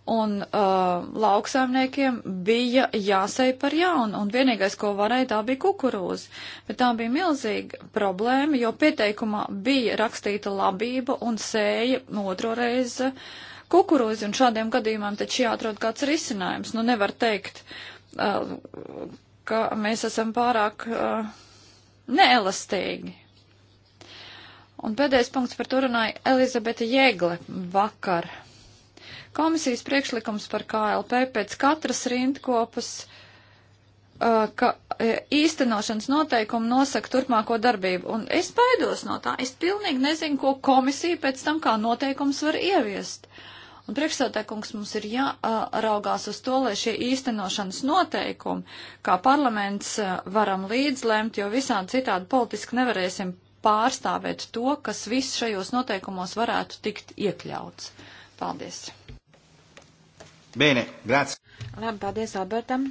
un uh, lauksaimniekiem bija jāsei par jaunu, un vienīgais, ko varēja, tā bija kukurūza. Bet tā bija milzīga problēma, jo pieteikumā bija rakstīta labība un sēja otro reizi kukurūzi, un šādiem gadījumam taču jāatrod kāds risinājums. Nu, nevar teikt, uh, ka mēs esam pārāk uh, neelastīgi. Un pēdējais punkts par to runāja Elizabete Jēgle vakar Komisijas priekšlikums par KLP pēc katras rindkopas, uh, ka īstenošanas noteikumi nosaka turpmāko darbību. Un es baidos no tā. Es pilnīgi nezinu, ko komisija pēc tam kā noteikums var ieviest. Un priekšsēdētājs mums ir jāraugās uz to, lai šie īstenošanas noteikumi, kā parlaments varam līdzlemt, jo visādi citādi politiski nevarēsim pārstāvēt to, kas viss šajos noteikumos varētu tikt iekļauts. Paldies! Bene, grāts. Labi, paldies Albertam.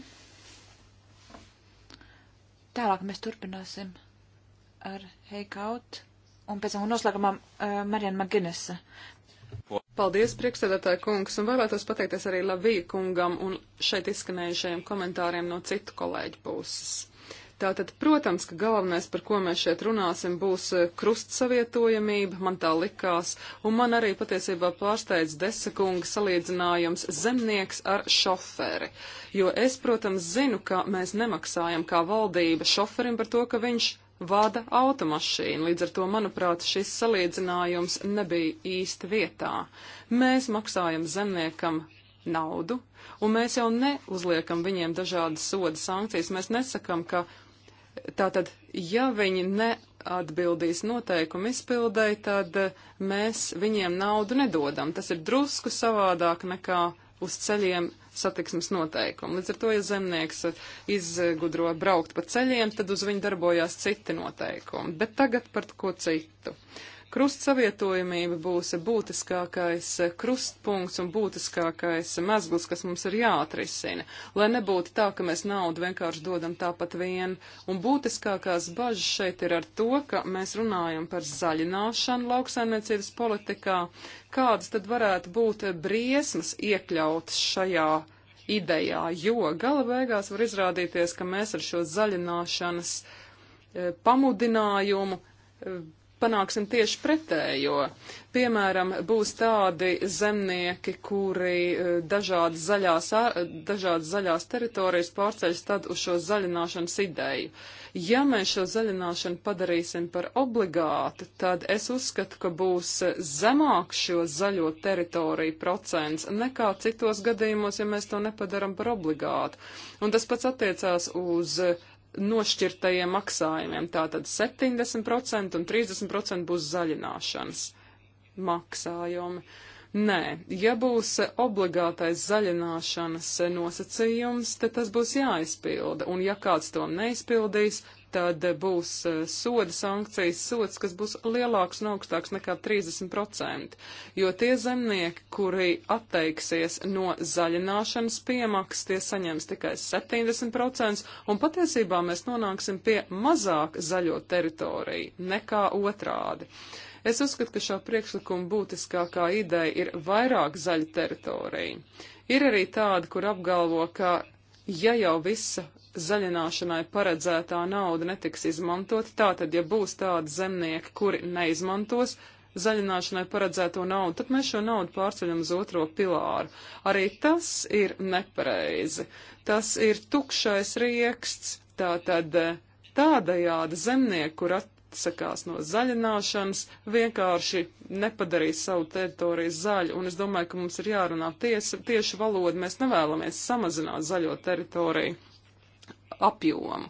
Tālāk mēs turpināsim ar Heikaut un pēc tam noslēgumā uh, eh, Marijana Maginesa. Paldies, priekšsēdētāja kungs, un vēlētos pateikties arī Lavija kungam un šeit izskanējušajiem komentāriem no citu kolēģu puses. Tātad, protams, ka galvenais, par ko mēs šeit runāsim, būs e, krustsavietojamība, man tā likās, un man arī patiesībā pārsteidz desekunga salīdzinājums zemnieks ar šoferi. Jo es, protams, zinu, ka mēs nemaksājam kā valdība šoferim par to, ka viņš vada automašīnu, līdz ar to, manuprāt, šis salīdzinājums nebija īsti vietā. Mēs maksājam zemniekam naudu, un mēs jau neuzliekam viņiem dažādas soda sankcijas. Mēs nesakam, ka Tātad, ja viņi neatbildīs noteikumu izpildēji, tad eh, mēs viņiem naudu nedodam. Tas ir drusku savādāk nekā uz ceļiem satiksmes noteikumi. Līdz ar to, ja zemnieks eh, izgudro braukt pa ceļiem, tad uz viņu darbojās citi noteikumi. Bet tagad par ko citu. Uh, Krustsavietojamība būs būtiskākais krustpunkts un būtiskākais mezgls, kas mums ir jāatrisina, lai nebūtu tā, ka mēs naudu vienkārši dodam tāpat vien. Un būtiskākās bažas šeit ir ar to, ka mēs runājam par zaļināšanu lauksaimniecības politikā, kādas tad varētu būt briesmas iekļautas šajā idejā, jo gala beigās var izrādīties, ka mēs ar šo zaļināšanas e, pamudinājumu e, panāksim tieši pretējo. Piemēram, būs tādi zemnieki, kuri eh, dažādas zaļās, dažādas zaļās teritorijas pārceļas tad uz šo zaļināšanas ideju. Ja mēs šo zaļināšanu padarīsim par obligātu, tad es uzskatu, ka būs zemāk šo zaļo teritoriju procents nekā citos gadījumos, ja mēs to nepadaram par obligātu. Un tas pats attiecās uz nošķirtajiem maksājumiem. Tātad 70% un 30% būs zaļināšanas maksājumi. Nē, ja būs obligātais zaļināšanas nosacījums, tad tas būs jāizpilda, un ja kāds to neizpildīs, tad būs eh, soda sankcijas sods, kas būs lielāks un augstāks nekā 30%, jo tie zemnieki, kuri atteiksies no zaļināšanas piemaksas, tie saņems tikai 70%, un patiesībā mēs nonāksim pie mazāk zaļo teritoriju nekā otrādi. Es uzskatu, ka šā priekšlikuma būtiskākā ideja ir vairāk zaļa teritorija. Ir arī tāda, kur apgalvo, ka ja jau visa zaļināšanai paredzētā nauda netiks izmantota. Tātad, ja būs tādi zemnieki, kuri neizmantos zaļināšanai paredzēto naudu, tad mēs šo naudu pārceļam uz otro pilāru. Arī tas ir nepareizi. Tas ir tukšais rieksts. Tātad tādajādi zemnieki, kur atsakās no zaļināšanas, vienkārši nepadarīs savu teritoriju zaļu. Un es domāju, ka mums ir jārunā ties, tieši valoda. Mēs nevēlamies samazināt zaļo teritoriju apjomu.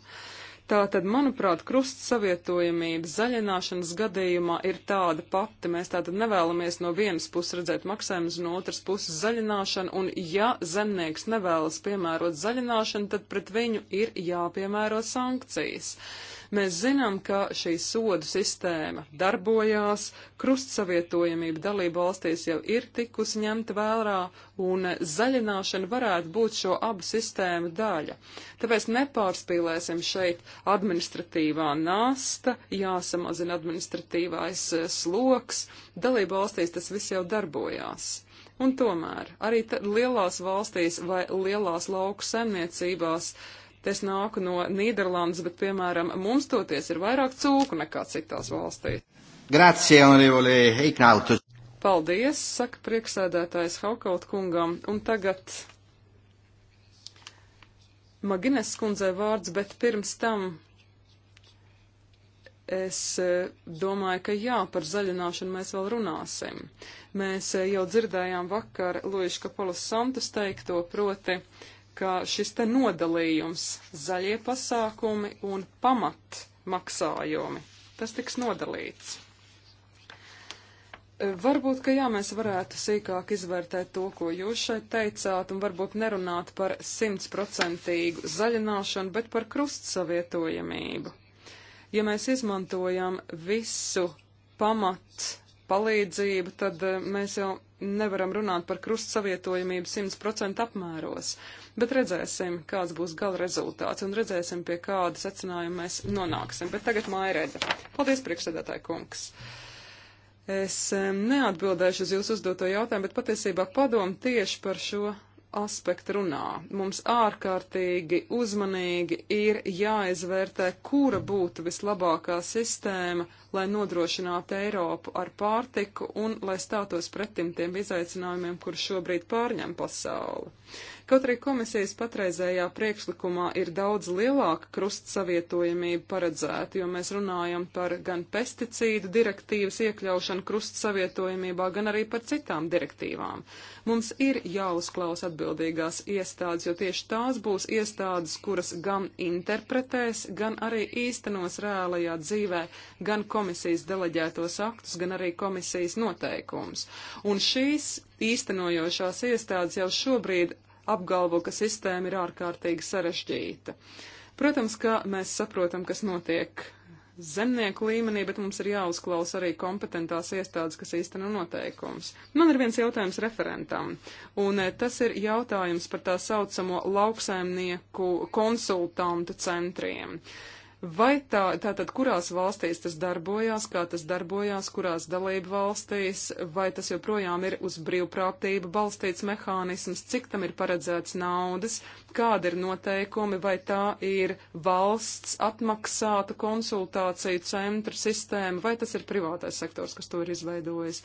Tātad, manuprāt, krusts savietojamība zaļināšanas gadījumā ir tāda pati. Mēs tātad nevēlamies no vienas puses redzēt maksājumus, no otras puses zaļināšanu, un ja zemnieks nevēlas piemērot zaļināšanu, tad pret viņu ir jāpiemēro sankcijas. Uh, Mēs zinām, ka šī sodu sistēma darbojās, krustsavietojamība dalību valstīs jau ir tikusi ņemta vērā, un zaļināšana varētu būt šo abu sistēmu daļa. Tāpēc nepārspīlēsim šeit administratīvā nasta, jāsamazina administratīvais eh, sloks, dalību valstīs tas viss jau darbojās. Un tomēr arī lielās valstīs vai lielās lauku saimniecībās uh, Es nāku no Nīderlandes, bet, piemēram, mums toties ir vairāk cūku nekā citās valstīs. Grazie, onorevole Heiknaut. Paldies, saka prieksēdētājs Haukaut kungam. Un tagad Magines skundzē vārds, bet pirms tam es eh, domāju, ka jā, par zaļināšanu mēs vēl runāsim. Mēs eh, jau dzirdējām vakar Luīša Kapolas Santus teikto proti, uh, ka šis te nodalījums zaļie pasākumi un pamat maksājumi, tas tiks nodalīts. E, varbūt, ka jā, mēs varētu sīkāk izvērtēt to, ko jūs šeit teicāt, un varbūt nerunāt par simtprocentīgu zaļināšanu, bet par krustsavietojamību. Ja mēs izmantojam visu pamat palīdzību, tad e, mēs jau nevaram runāt par krustsavietojamību simtprocentu apmēros. Uh, bet redzēsim, kāds būs gala rezultāts un redzēsim, pie kāda secinājuma mēs nonāksim. Bet tagad mājrēda. Paldies, priekšsēdētāji kungs! Es neatbildēšu uz jūsu uzdoto jautājumu, bet patiesībā padomu tieši par šo aspektu runā. Mums ārkārtīgi uzmanīgi ir jāizvērtē, kura būtu vislabākā sistēma, lai nodrošinātu Eiropu ar pārtiku un lai stātos pretim tiem izaicinājumiem, kur šobrīd pārņem pasauli. Kaut arī komisijas patreizējā priekšlikumā ir daudz lielāka krustsavietojamība paredzēta, jo mēs runājam par gan pesticīdu direktīvas iekļaušanu krustsavietojamībā, gan arī par citām direktīvām. Mums ir jāuzklaus atbildīgās iestādes, jo tieši tās būs iestādes, kuras gan interpretēs, gan arī īstenos reālajā dzīvē gan komisijas deleģētos aktus, gan arī komisijas noteikumus. Un šīs īstenojošās iestādes jau šobrīd apgalvo, ka sistēma ir ārkārtīgi sarežģīta. Protams, ka mēs saprotam, kas notiek zemnieku līmenī, bet mums ir jāuzklausa arī kompetentās iestādes, kas īsteno noteikums. Man ir viens jautājums referentam, un e, tas ir jautājums par tā saucamo lauksaimnieku konsultantu centriem. Vai tā, tātad kurās valstīs tas darbojās, kā tas darbojās, kurās dalību valstīs, vai tas joprojām ir uz brīvprātību balstīts mehānisms, cik tam ir paredzēts naudas, kāda ir noteikumi, vai tā ir valsts atmaksāta konsultāciju centra sistēma, vai tas ir privātais sektors, kas to ir izveidojis.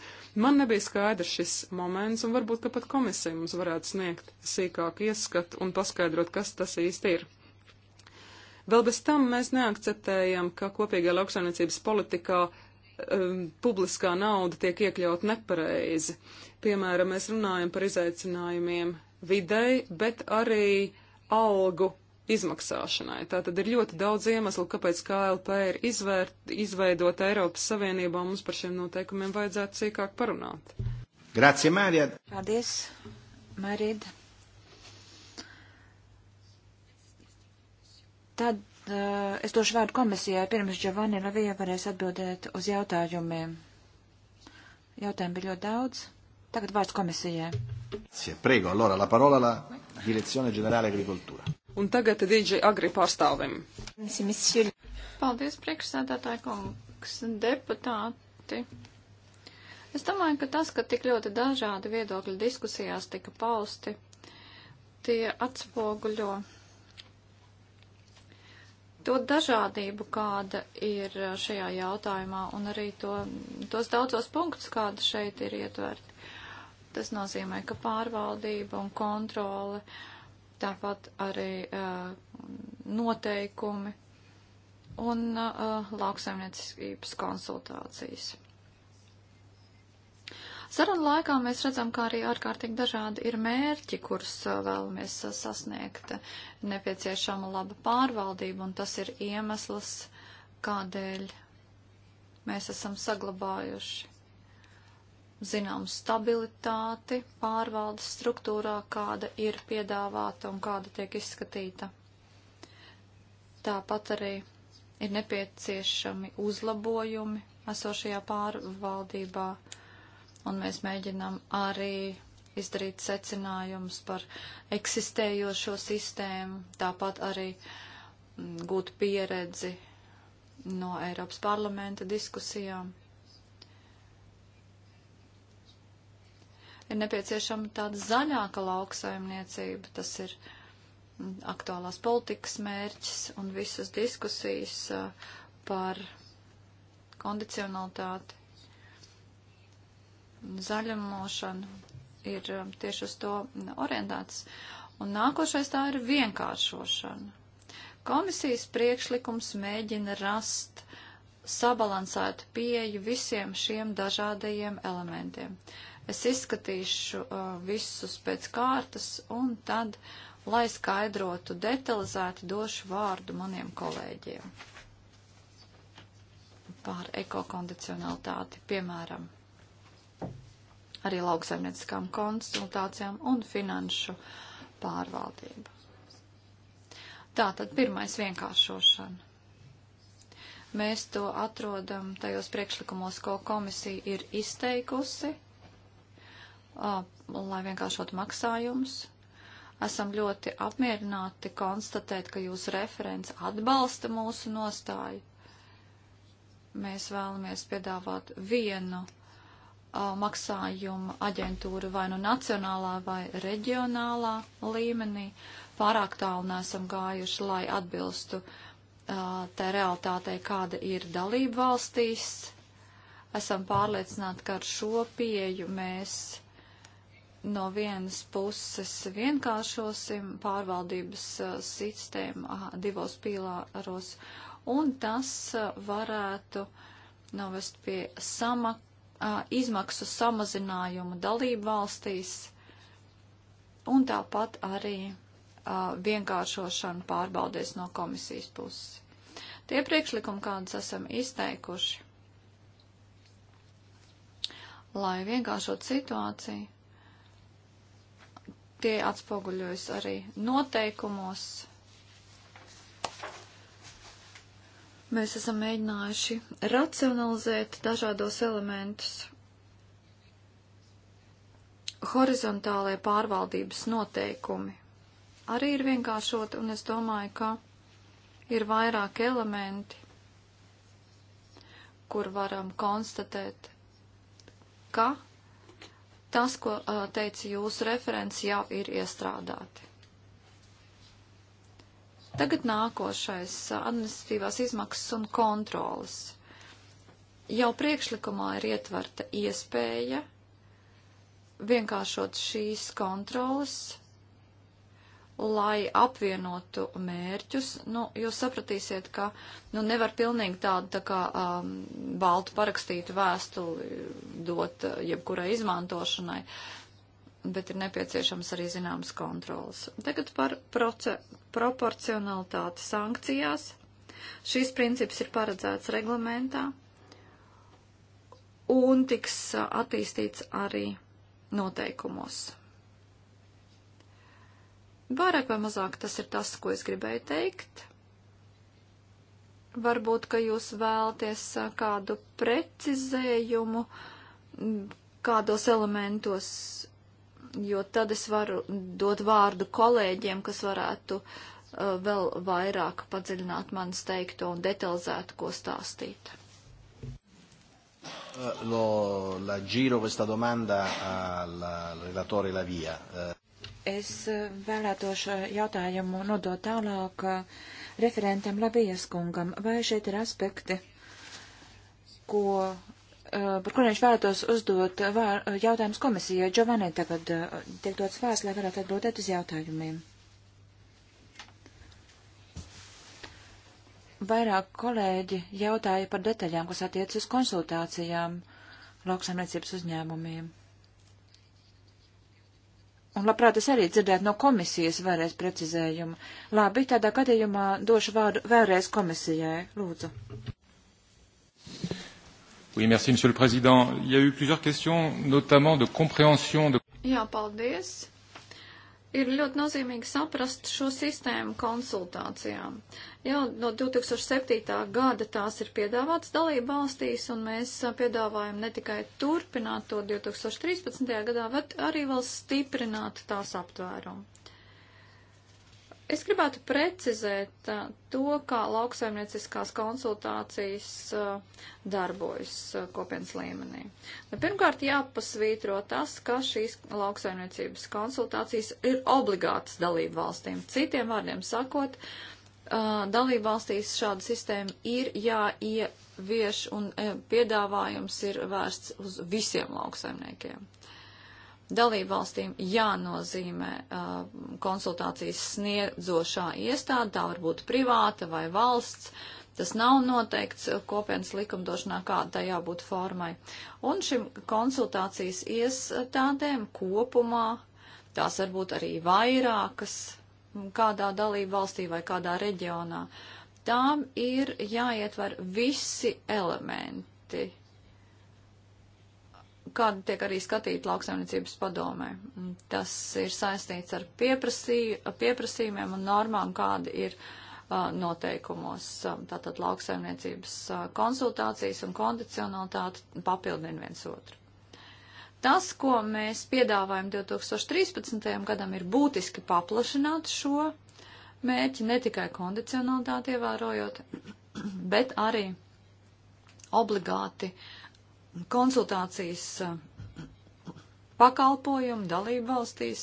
Man nebija skaidrs šis moments, un varbūt, ka pat komisija mums varētu sniegt sīkāku ieskatu un paskaidrot, kas tas īsti ir. Vēl bez tam mēs neakceptējam, ka kopīgā lauksaimniecības politikā um, publiskā nauda tiek iekļaut nepareizi. Piemēram, mēs runājam par izaicinājumiem videi, bet arī algu izmaksāšanai. Tā tad ir ļoti daudz iemeslu, kāpēc KLP ir izvērt, izveidot Eiropas Savienībā, mums par šiem noteikumiem vajadzētu sīkāk parunāt. Grācija, Mērija! Paldies, Mērija! Tad uh, es došu vārdu komisijai pirms Giovanni Lavija varēs atbildēt uz jautājumiem. Jautājumu bija ļoti daudz. Tagad vārds komisijai. Sie, prego, allora la parola la Direzione Generale Agricoltura. Un tagad DJ Agri pārstāvim. Paldies, priekšsēdētāji kungs, deputāti. Es domāju, ka tas, ka tik ļoti dažādi viedokļi diskusijās tika pausti, tie atspoguļo to dažādību, kāda ir uh, šajā jautājumā, un arī to, tos daudzos punktus, kāda šeit ir ietverti. Tas nozīmē, ka pārvaldība un kontrole, tāpat arī uh, noteikumi un uh, lauksaimniecības konsultācijas. Sarunu laikā mēs redzam, kā arī ārkārtīgi dažādi ir mērķi, kurus uh, vēlamies uh, sasniegt. Nepieciešama laba pārvaldība, un tas ir iemesls, kādēļ mēs esam saglabājuši zinām stabilitāti pārvaldes struktūrā, kāda ir piedāvāta un kāda tiek izskatīta. Tāpat arī ir nepieciešami uzlabojumi esošajā pārvaldībā un mēs mēģinām arī izdarīt secinājumus par eksistējošo sistēmu, tāpat arī mm, gūt pieredzi no Eiropas parlamenta diskusijām. Ir nepieciešama tāda zaļāka lauksaimniecība, tas ir mm, aktuālās politikas mērķis un visas diskusijas par kondicionalitāti zaļumošanu ir um, tieši uz to orientēts. Un nākošais tā ir vienkāršošana. Komisijas priekšlikums mēģina rast sabalansētu pieju visiem šiem dažādajiem elementiem. Es izskatīšu uh, visus pēc kārtas un tad, lai skaidrotu detalizēti, došu vārdu maniem kolēģiem par ekokondicionalitāti, piemēram arī lauksaimnieciskām konsultācijām un finanšu pārvaldību. Tātad pirmais vienkāršošana. Mēs to atrodam tajos priekšlikumos, ko komisija ir izteikusi, uh, lai vienkāršot maksājumus. Esam ļoti apmierināti konstatēt, ka jūsu referents atbalsta mūsu nostāju. Mēs vēlamies piedāvāt vienu maksājuma aģentūra vai nu nacionālā vai reģionālā līmenī. Pārāk tālu nesam gājuši, lai atbilstu uh, tā realitātei, kāda ir dalība valstīs. Esam pārliecināti, ka ar šo pieju mēs no vienas puses vienkāršosim pārvaldības uh, sistēmu uh, divos pīlāros, un tas varētu novest pie samak uh, izmaksu samazinājumu dalību valstīs un tāpat arī uh, vienkāršošanu pārbaudēs no komisijas puses. Tie priekšlikumi, kādus esam izteikuši, lai vienkāršot situāciju, tie atspoguļojas arī noteikumos Mēs esam mēģinājuši racionalizēt dažādos elementus. Horizontālajie pārvaldības noteikumi arī ir vienkāršot, un es domāju, ka ir vairāk elementi, kur varam konstatēt, ka tas, ko teica jūsu referents, jau ir iestrādāti. Tagad nākošais - administratīvās izmaksas un kontrolas. Jau priekšlikumā ir ietverta iespēja vienkāršot šīs kontrolas, lai apvienotu mērķus. Nu, jūs sapratīsiet, ka nu, nevar pilnīgi tādu tā kā um, baltu parakstītu vēstuli dot jebkurai izmantošanai. Uh, bet ir nepieciešams arī zināmas kontrolas. Tagad par proce, proporcionalitāti sankcijās. Šis princips ir paredzēts reglamentā un tiks attīstīts arī noteikumos. Vairāk vai mazāk tas ir tas, ko es gribēju teikt. Varbūt, ka jūs vēlaties kādu precizējumu, kādos elementos jo tad es varu dot vārdu kolēģiem, kas varētu uh, vēl vairāk padziļināt manis teikto un detalizēt, ko stāstīt. Uh, lo, la giro questa domanda al relatore Lavia. Uh. Es uh, vēlētos jautājumu nodot tālāk referentam Lavijas kungam. Vai šeit ir aspekti, ko Uh, par kuriem viņš vēlētos uzdot uh, uh, jautājumus komisijai. Giovanni tagad tiek dots vārds, lai varētu atbildēt uz jautājumiem. Vairāk kolēģi jautāja par detaļām, kas attiec uz konsultācijām lauksaimniecības uzņēmumiem. Un labprāt es arī dzirdētu no komisijas vēlreiz precizējumu. Labi, tādā gadījumā došu vārdu vēlreiz komisijai. Lūdzu. Oui, merci, Monsieur le Président. Il y a eu plusieurs questions, notamment de compréhension de. Jā, paldies. Ir ļoti nozīmīgi saprast šo sistēmu konsultācijām. Jau no 2007. gada tās ir piedāvāts dalība valstīs, un mēs piedāvājam ne tikai turpināt to 2013. gadā, bet arī vēl stiprināt tās aptvērumu. Es gribētu precizēt uh, to, kā lauksaimnieciskās konsultācijas uh, darbojas uh, kopienas līmenī. Nu, pirmkārt, jāpasvītro tas, ka šīs lauksaimniecības konsultācijas ir obligātas dalību valstīm. Citiem vārdiem sakot, dalību valstīs šāda sistēma ir jāievieš un piedāvājums ir vērsts uz visiem lauksaimniekiem. Dalībvalstīm jānozīmē uh, konsultācijas sniedzošā iestāde, tā var būt privāta vai valsts. Tas nav noteikts uh, kopienas likumdošanā, kāda tai jābūt formai. Un šim konsultācijas iestādēm kopumā, tās varbūt arī vairākas, mm, kādā dalību valstī vai kādā reģionā, tām ir jāietver visi elementi kāda tiek arī skatīta lauksaimniecības padomē. Tas ir saistīts ar pieprasī, pieprasījumiem un normām, kāda ir uh, noteikumos. Tātad lauksaimniecības konsultācijas un kondicionalitāte papildina viens otru. Tas, ko mēs piedāvājam 2013. gadam, ir būtiski paplašināt šo mērķi ne tikai kondicionalitāti ievērojot, bet arī obligāti uh, konsultācijas eh, pakalpojumu dalību valstīs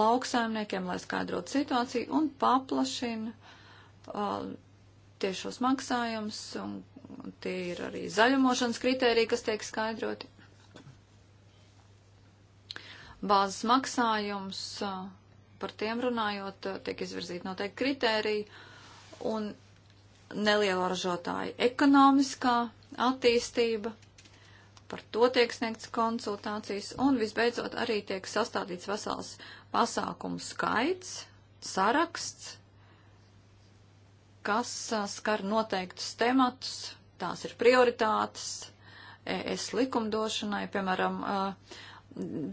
lauksaimniekiem, lai skaidrotu situāciju un paplašina uh, eh, tiešos maksājumus, un tie ir arī zaļumošanas kritēriji, kas tiek skaidroti. Bāzes maksājums, uh, par tiem runājot, uh, tiek izvirzīti noteikti kritēriji, un nelielo ražotāju ekonomiskā attīstība par to tiek sniegts konsultācijas, un visbeidzot arī tiek sastādīts vesels pasākumu skaits, saraksts, kas skar noteiktus tematus, tās ir prioritātes, es likumdošanai, piemēram,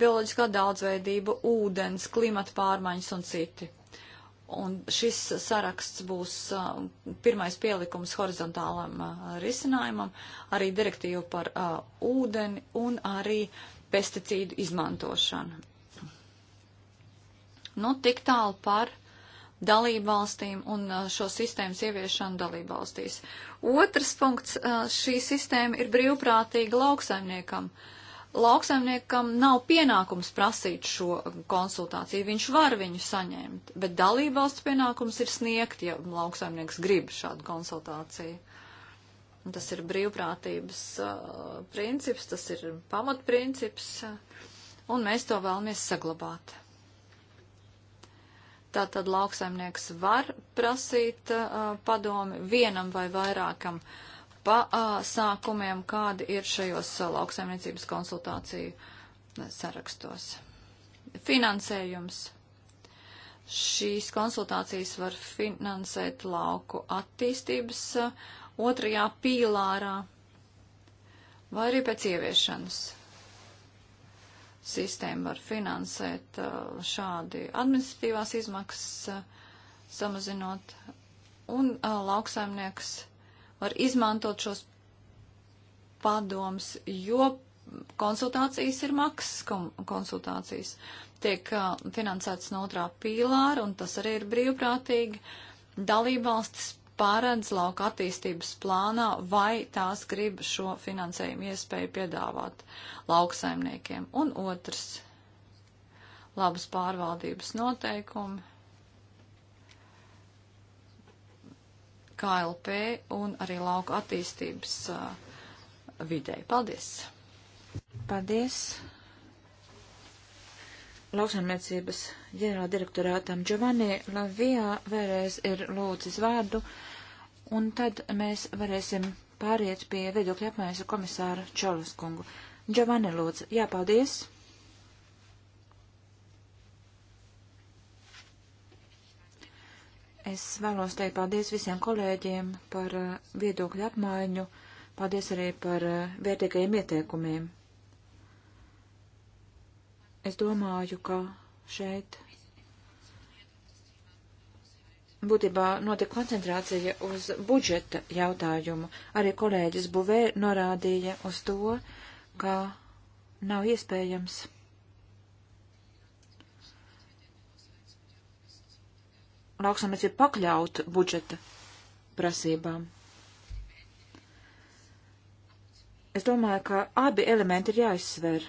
bioloģiskā daudzveidība, ūdens, klimata pārmaiņas un citi. Un šis saraksts būs uh, pirmais pielikums horizontālam uh, risinājumam, arī direktīva par uh, ūdeni un arī pesticīdu izmantošanu. Nu, tik tālu par dalību valstīm un uh, šo sistēmas ieviešanu dalību valstīs. Otrs punkts, uh, šī sistēma ir brīvprātīga lauksaimniekam. Uh, lauksaimniekam nav pienākums prasīt šo konsultāciju. Viņš var viņu saņemt, bet dalībvalsts pienākums ir sniegt, ja lauksaimnieks grib šādu konsultāciju. Tas ir brīvprātības uh, princips, tas ir pamatprincips, uh, un mēs to vēlamies saglabāt. Tātad lauksaimnieks var prasīt uh, padomi vienam vai vairākam uh, pasākumiem, kādi ir šajos lauksaimniecības konsultāciju sarakstos. Finansējums. Šīs konsultācijas var finansēt lauku attīstības otrajā pīlārā vai arī pēc ieviešanas. Sistēma var finansēt šādi administratīvās izmaksas samazinot un lauksaimnieks var izmantot šos padomus, jo konsultācijas ir maksas konsultācijas. Tiek uh, finansētas no otrā pīlāra, un tas arī ir brīvprātīgi. Dalībvalstis pārēdz lauka attīstības plānā, vai tās grib šo finansējumu iespēju piedāvāt lauksaimniekiem. Un otrs - labas pārvaldības noteikumi KLP un arī lauka attīstības uh, videi. Paldies! Paldies! Lauksaimniecības ģenerāla direktorātam Giovanni Lavijā vēlreiz ir lūdzis vārdu, un tad mēs varēsim pāriet pie viedokļa apmaiņas komisāra Čolaskungu. Giovanni lūdzu, jāpaldies! Es vēlos teikt paldies visiem kolēģiem par uh, viedokļu apmaiņu, paldies arī par uh, vērtīgajiem ieteikumiem. Es domāju, ka šeit būtībā notika koncentrācija uz budžeta jautājumu. Arī kolēģis Buvē norādīja uz to, ka nav iespējams lauksamniecība pakļaut budžeta prasībām. Es domāju, ka abi elementi ir jāizsver.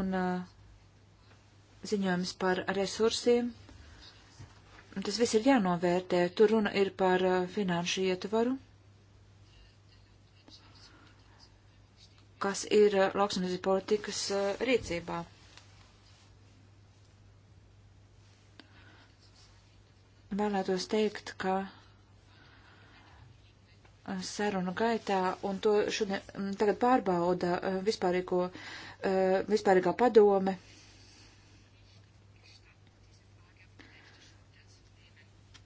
Un uh, ziņojums par resursiem. Tas viss ir jānovērtē. Tur runa ir par uh, finanšu ietvaru, kas ir uh, lauksamniecības politikas uh, rīcībā. vēlētos teikt, ka eh, sarunu gaitā, un to šodien mm, tagad pārbauda eh, vispārīgo, eh, vispārīgā padome.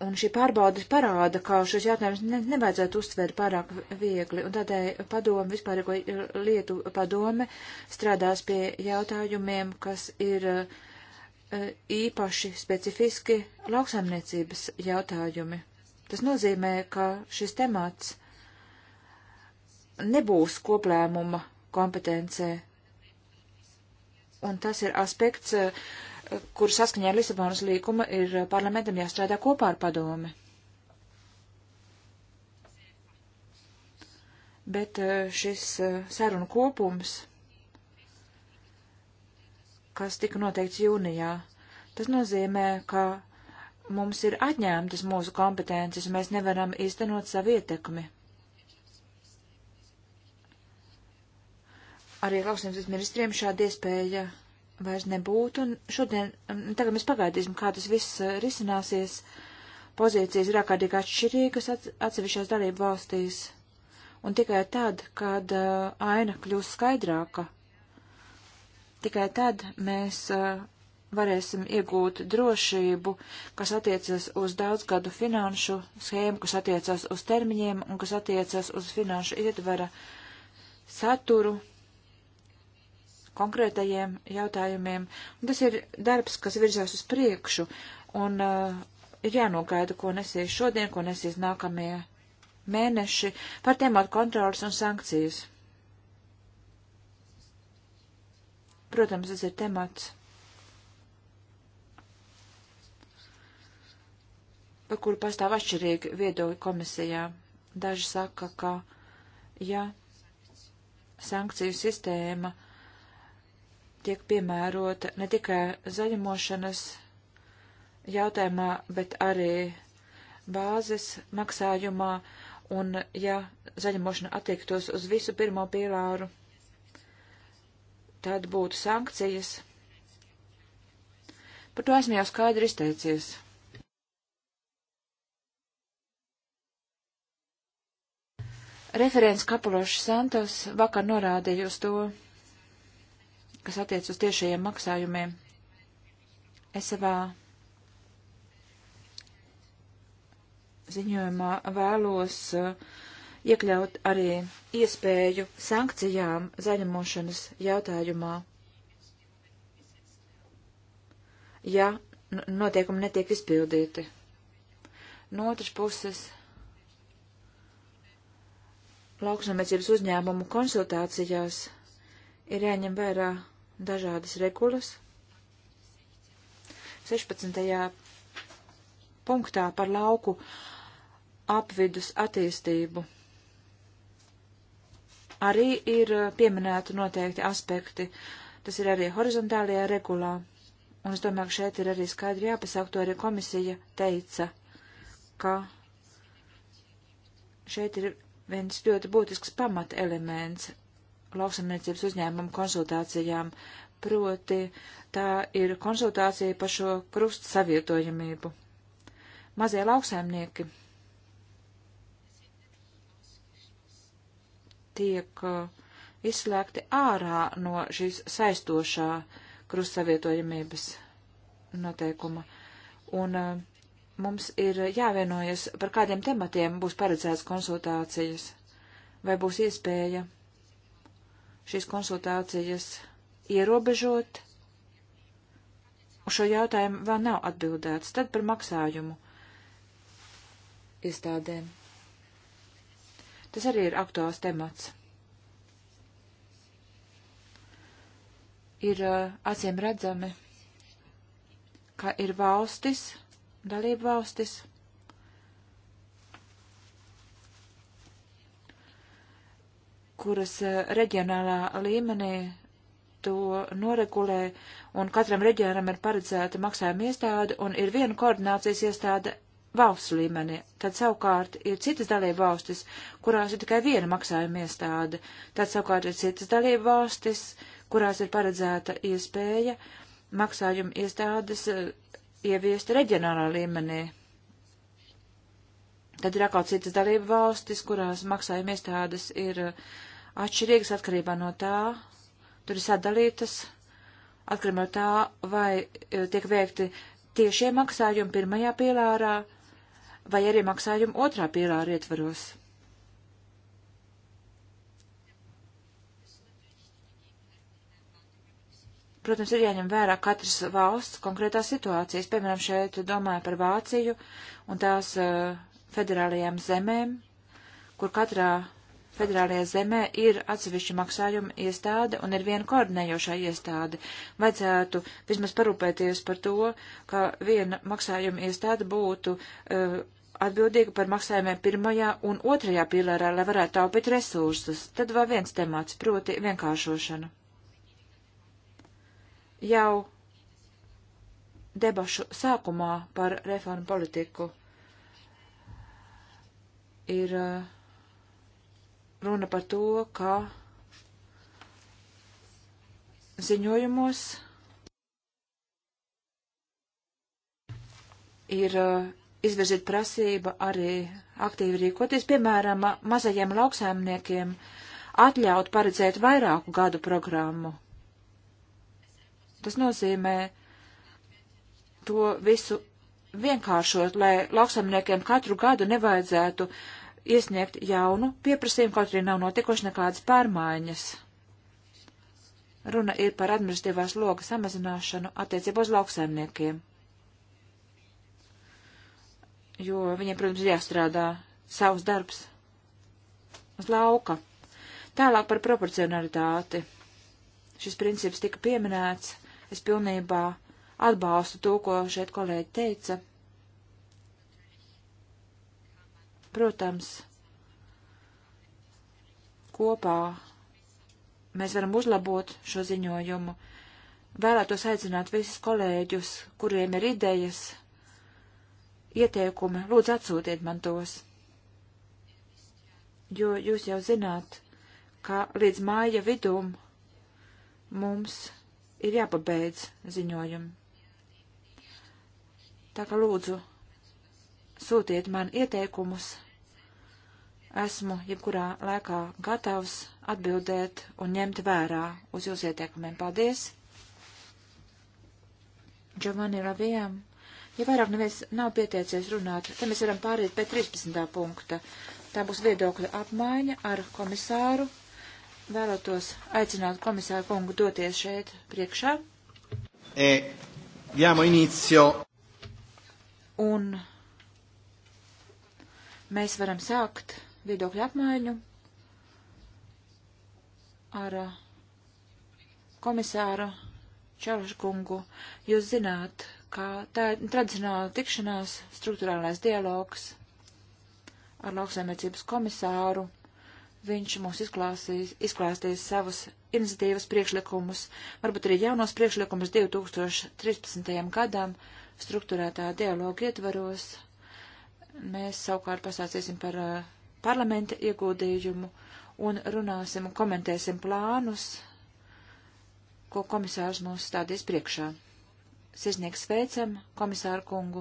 Un šī pārbaudas parāda, ka šis jautājums ne, nevajadzētu uztvert pārāk viegli, un tādēļ padome, vispārīgo lietu padome strādās pie jautājumiem, kas ir uh, E, īpaši specifiski lauksaimniecības jautājumi. Tas nozīmē, ka šis temats nebūs koplēmuma kompetencē. Un tas ir aspekts, e, kur saskaņā ar Lisabonas līkuma ir parlamentam jāstrādā kopā ar padomi. Bet e, šis sarunu kopums kas tika noteikts jūnijā. Tas nozīmē, ka mums ir atņēmtas mūsu kompetences, un mēs nevaram īstenot savu ietekmi. Arī lauksniecības ministriem šāda iespēja vairs nebūtu, un šodien, tagad mēs pagaidīsim, kā tas viss eh, risināsies. Pozīcijas ir ārkārtīgi atšķirīgas atsevišķās dalību valstīs, un tikai tad, kad eh, aina kļūs skaidrāka, Tikai tad mēs varēsim iegūt drošību, kas attiecas uz daudzgadu finanšu schēmu, kas attiecas uz termiņiem un kas attiecas uz finanšu ietvara saturu konkrētajiem jautājumiem. Un tas ir darbs, kas virzās uz priekšu un uh, ir jānogaida, ko nesīs šodien, ko nesīs nākamie mēneši par tēmāt kontrolas un sankcijas. Protams, tas ir temats, par kuru pastāv atšķirīgi viedokļi komisijā. Daži saka, ka, ja sankciju sistēma tiek piemērota ne tikai zaļumošanas jautājumā, bet arī bāzes maksājumā, un ja zaļumošana attiektos uz visu pirmo pīlāru, tad būtu sankcijas. Par to esmu jau skaidri izteicies. Referents Kapulošs Santos vakar norādīja uz to, kas attiec uz tiešajiem maksājumiem. Es savā ziņojumā vēlos uh, iekļaut arī iespēju sankcijām zaļumošanas jautājumā. Ja noteikumi netiek izpildīti. No otras puses, lauksamniecības uzņēmumu konsultācijās ir jāņem vērā dažādas regulas. 16. punktā par lauku apvidus attīstību arī ir eh, pieminēti noteikti aspekti. Tas ir arī horizontālajā regulā. Un es domāju, ka šeit ir arī skaidri jāpasaka, to arī komisija teica, ka šeit ir viens ļoti būtisks pamata elements lauksamniecības uzņēmumu konsultācijām, proti tā ir konsultācija par šo krustu savietojamību. Mazie lauksaimnieki tiek uh, izslēgti ārā no šīs saistošā krustsavietojamības noteikuma. Un uh, mums ir jāvienojas, par kādiem tematiem būs paredzēts konsultācijas, vai būs iespēja šīs konsultācijas ierobežot. Uz šo jautājumu vēl nav atbildēts. Tad par maksājumu iestādēm. Tas arī ir aktuāls temats. Ir uh, acīm redzami, ka ir valstis, dalību valstis, kuras uh, reģionālā līmenī to noregulē, un katram reģionam ir paredzēta maksājuma iestāde, un ir viena koordinācijas iestāde valsts līmenī. Tad savukārt ir citas dalība valstis, kurās ir tikai viena maksājuma iestāde. Tad savukārt ir citas dalība valstis, kurās ir paredzēta iespēja maksājuma iestādes eh, ieviest reģionālā līmenī. Tad ir atkal citas dalība valstis, kurās maksājuma iestādes ir eh, atšķirīgas atkarībā no tā, tur ir sadalītas, atkarībā no tā, vai eh, tiek veikti tiešie maksājumi pirmajā pīlārā vai arī maksājumu otrā pīlāra ietvaros. Protams, ir jāņem vērā katras valsts konkrētās situācijas. Piemēram, šeit domāju par Vāciju un tās uh, federālajām zemēm, kur katrā federālajā zemē ir atsevišķa maksājuma iestāde un ir viena koordinējošā iestāde. Vajadzētu vismaz parūpēties par to, ka viena maksājuma iestāde būtu uh, atbildīga par maksājumiem pirmajā un otrajā pilārā, lai varētu taupīt resursus. Tad vēl viens temats, proti vienkāršošana. Jau debašu sākumā par reformu politiku ir uh, runa par to, ka ziņojumos ir uh, izvirzīt prasība arī aktīvi rīkoties, piemēram, mazajiem lauksaimniekiem atļaut paredzēt vairāku gadu programmu. Tas nozīmē to visu vienkāršot, lai lauksaimniekiem katru gadu nevajadzētu iesniegt jaunu pieprasījumu, kaut arī nav notikuši nekādas pārmaiņas. Runa ir par administratīvās logas samazināšanu attiecībā uz lauksaimniekiem jo viņiem, protams, ir jāstrādā savs darbs uz lauka. Tālāk par proporcionalitāti. Šis princips tika pieminēts, es pilnībā atbalstu to, ko šeit kolēģi teica. Protams, kopā mēs varam uzlabot šo ziņojumu. Vēlētos aicināt visus kolēģus, kuriem ir idejas, ieteikumi, lūdzu atsūtiet man tos. Jo jūs jau zināt, ka līdz māja vidum mums ir jāpabeidz ziņojumi. Tā kā lūdzu, sūtiet man ieteikumus. Esmu jebkurā laikā gatavs atbildēt un ņemt vērā uz jūsu ieteikumiem. Paldies! Giovanni Ravijam. Ja vairāk neviens nav pieteicies runāt, tad mēs varam pāriet pie 13. punkta. Tā būs viedokļa apmaiņa ar komisāru. Vēlētos aicināt komisāru kungu doties šeit priekšā. E, diamo inizio. Un mēs varam sākt viedokļu apmaiņu ar komisāru Čelšu kungu. Jūs zināt, ka tā ir tradicionāla tikšanās, struktūrālais dialogs ar lauksaimniecības komisāru. Viņš mums izklāsīs, izklāstīs savus iniciatīvas priekšlikumus, varbūt arī jaunos priekšlikumus 2013. gadam struktūrētā dialoga ietvaros. Mēs savukārt pasācīsim par uh, parlamenta ieguldījumu un runāsim un komentēsim plānus, ko komisārs mums stādīs priekšā. Sirsnieks sveicam komisāru kungu.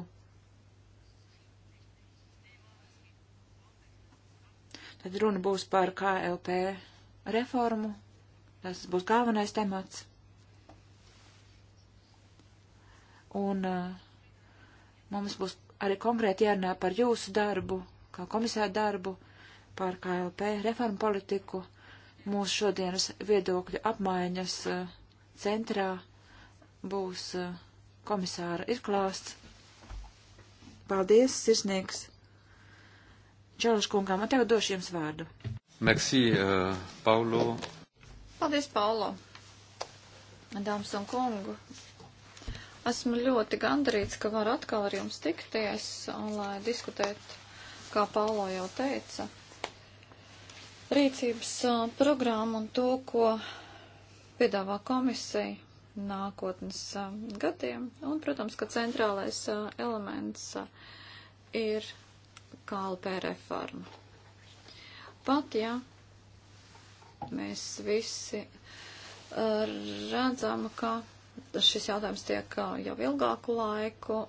Tad runa būs par KLP reformu. Tas būs galvenais temats. Un uh, mums būs arī konkrēti jārunā par jūsu darbu, kā komisāra darbu, par KLP reformu politiku, mūsu šodienas viedokļu apmaiņas uh, centrā būs uh, komisāra izklāsts. Paldies, sirsnieks. Čārlis kungām, man tagad došu jums vārdu. Merci, uh, Paulo. Paldies, Paulo. Dāmas un kungu. Esmu ļoti gandarīts, ka varu atkal ar jums tikties un lai diskutētu, kā Paulo jau teica, rīcības uh, programmu un to, ko piedāvā komisija nākotnes gadiem. Un, protams, ka centrālais elements ir KLP reforma. Pat, ja mēs visi redzam, ka šis jautājums tiek jau ilgāku laiku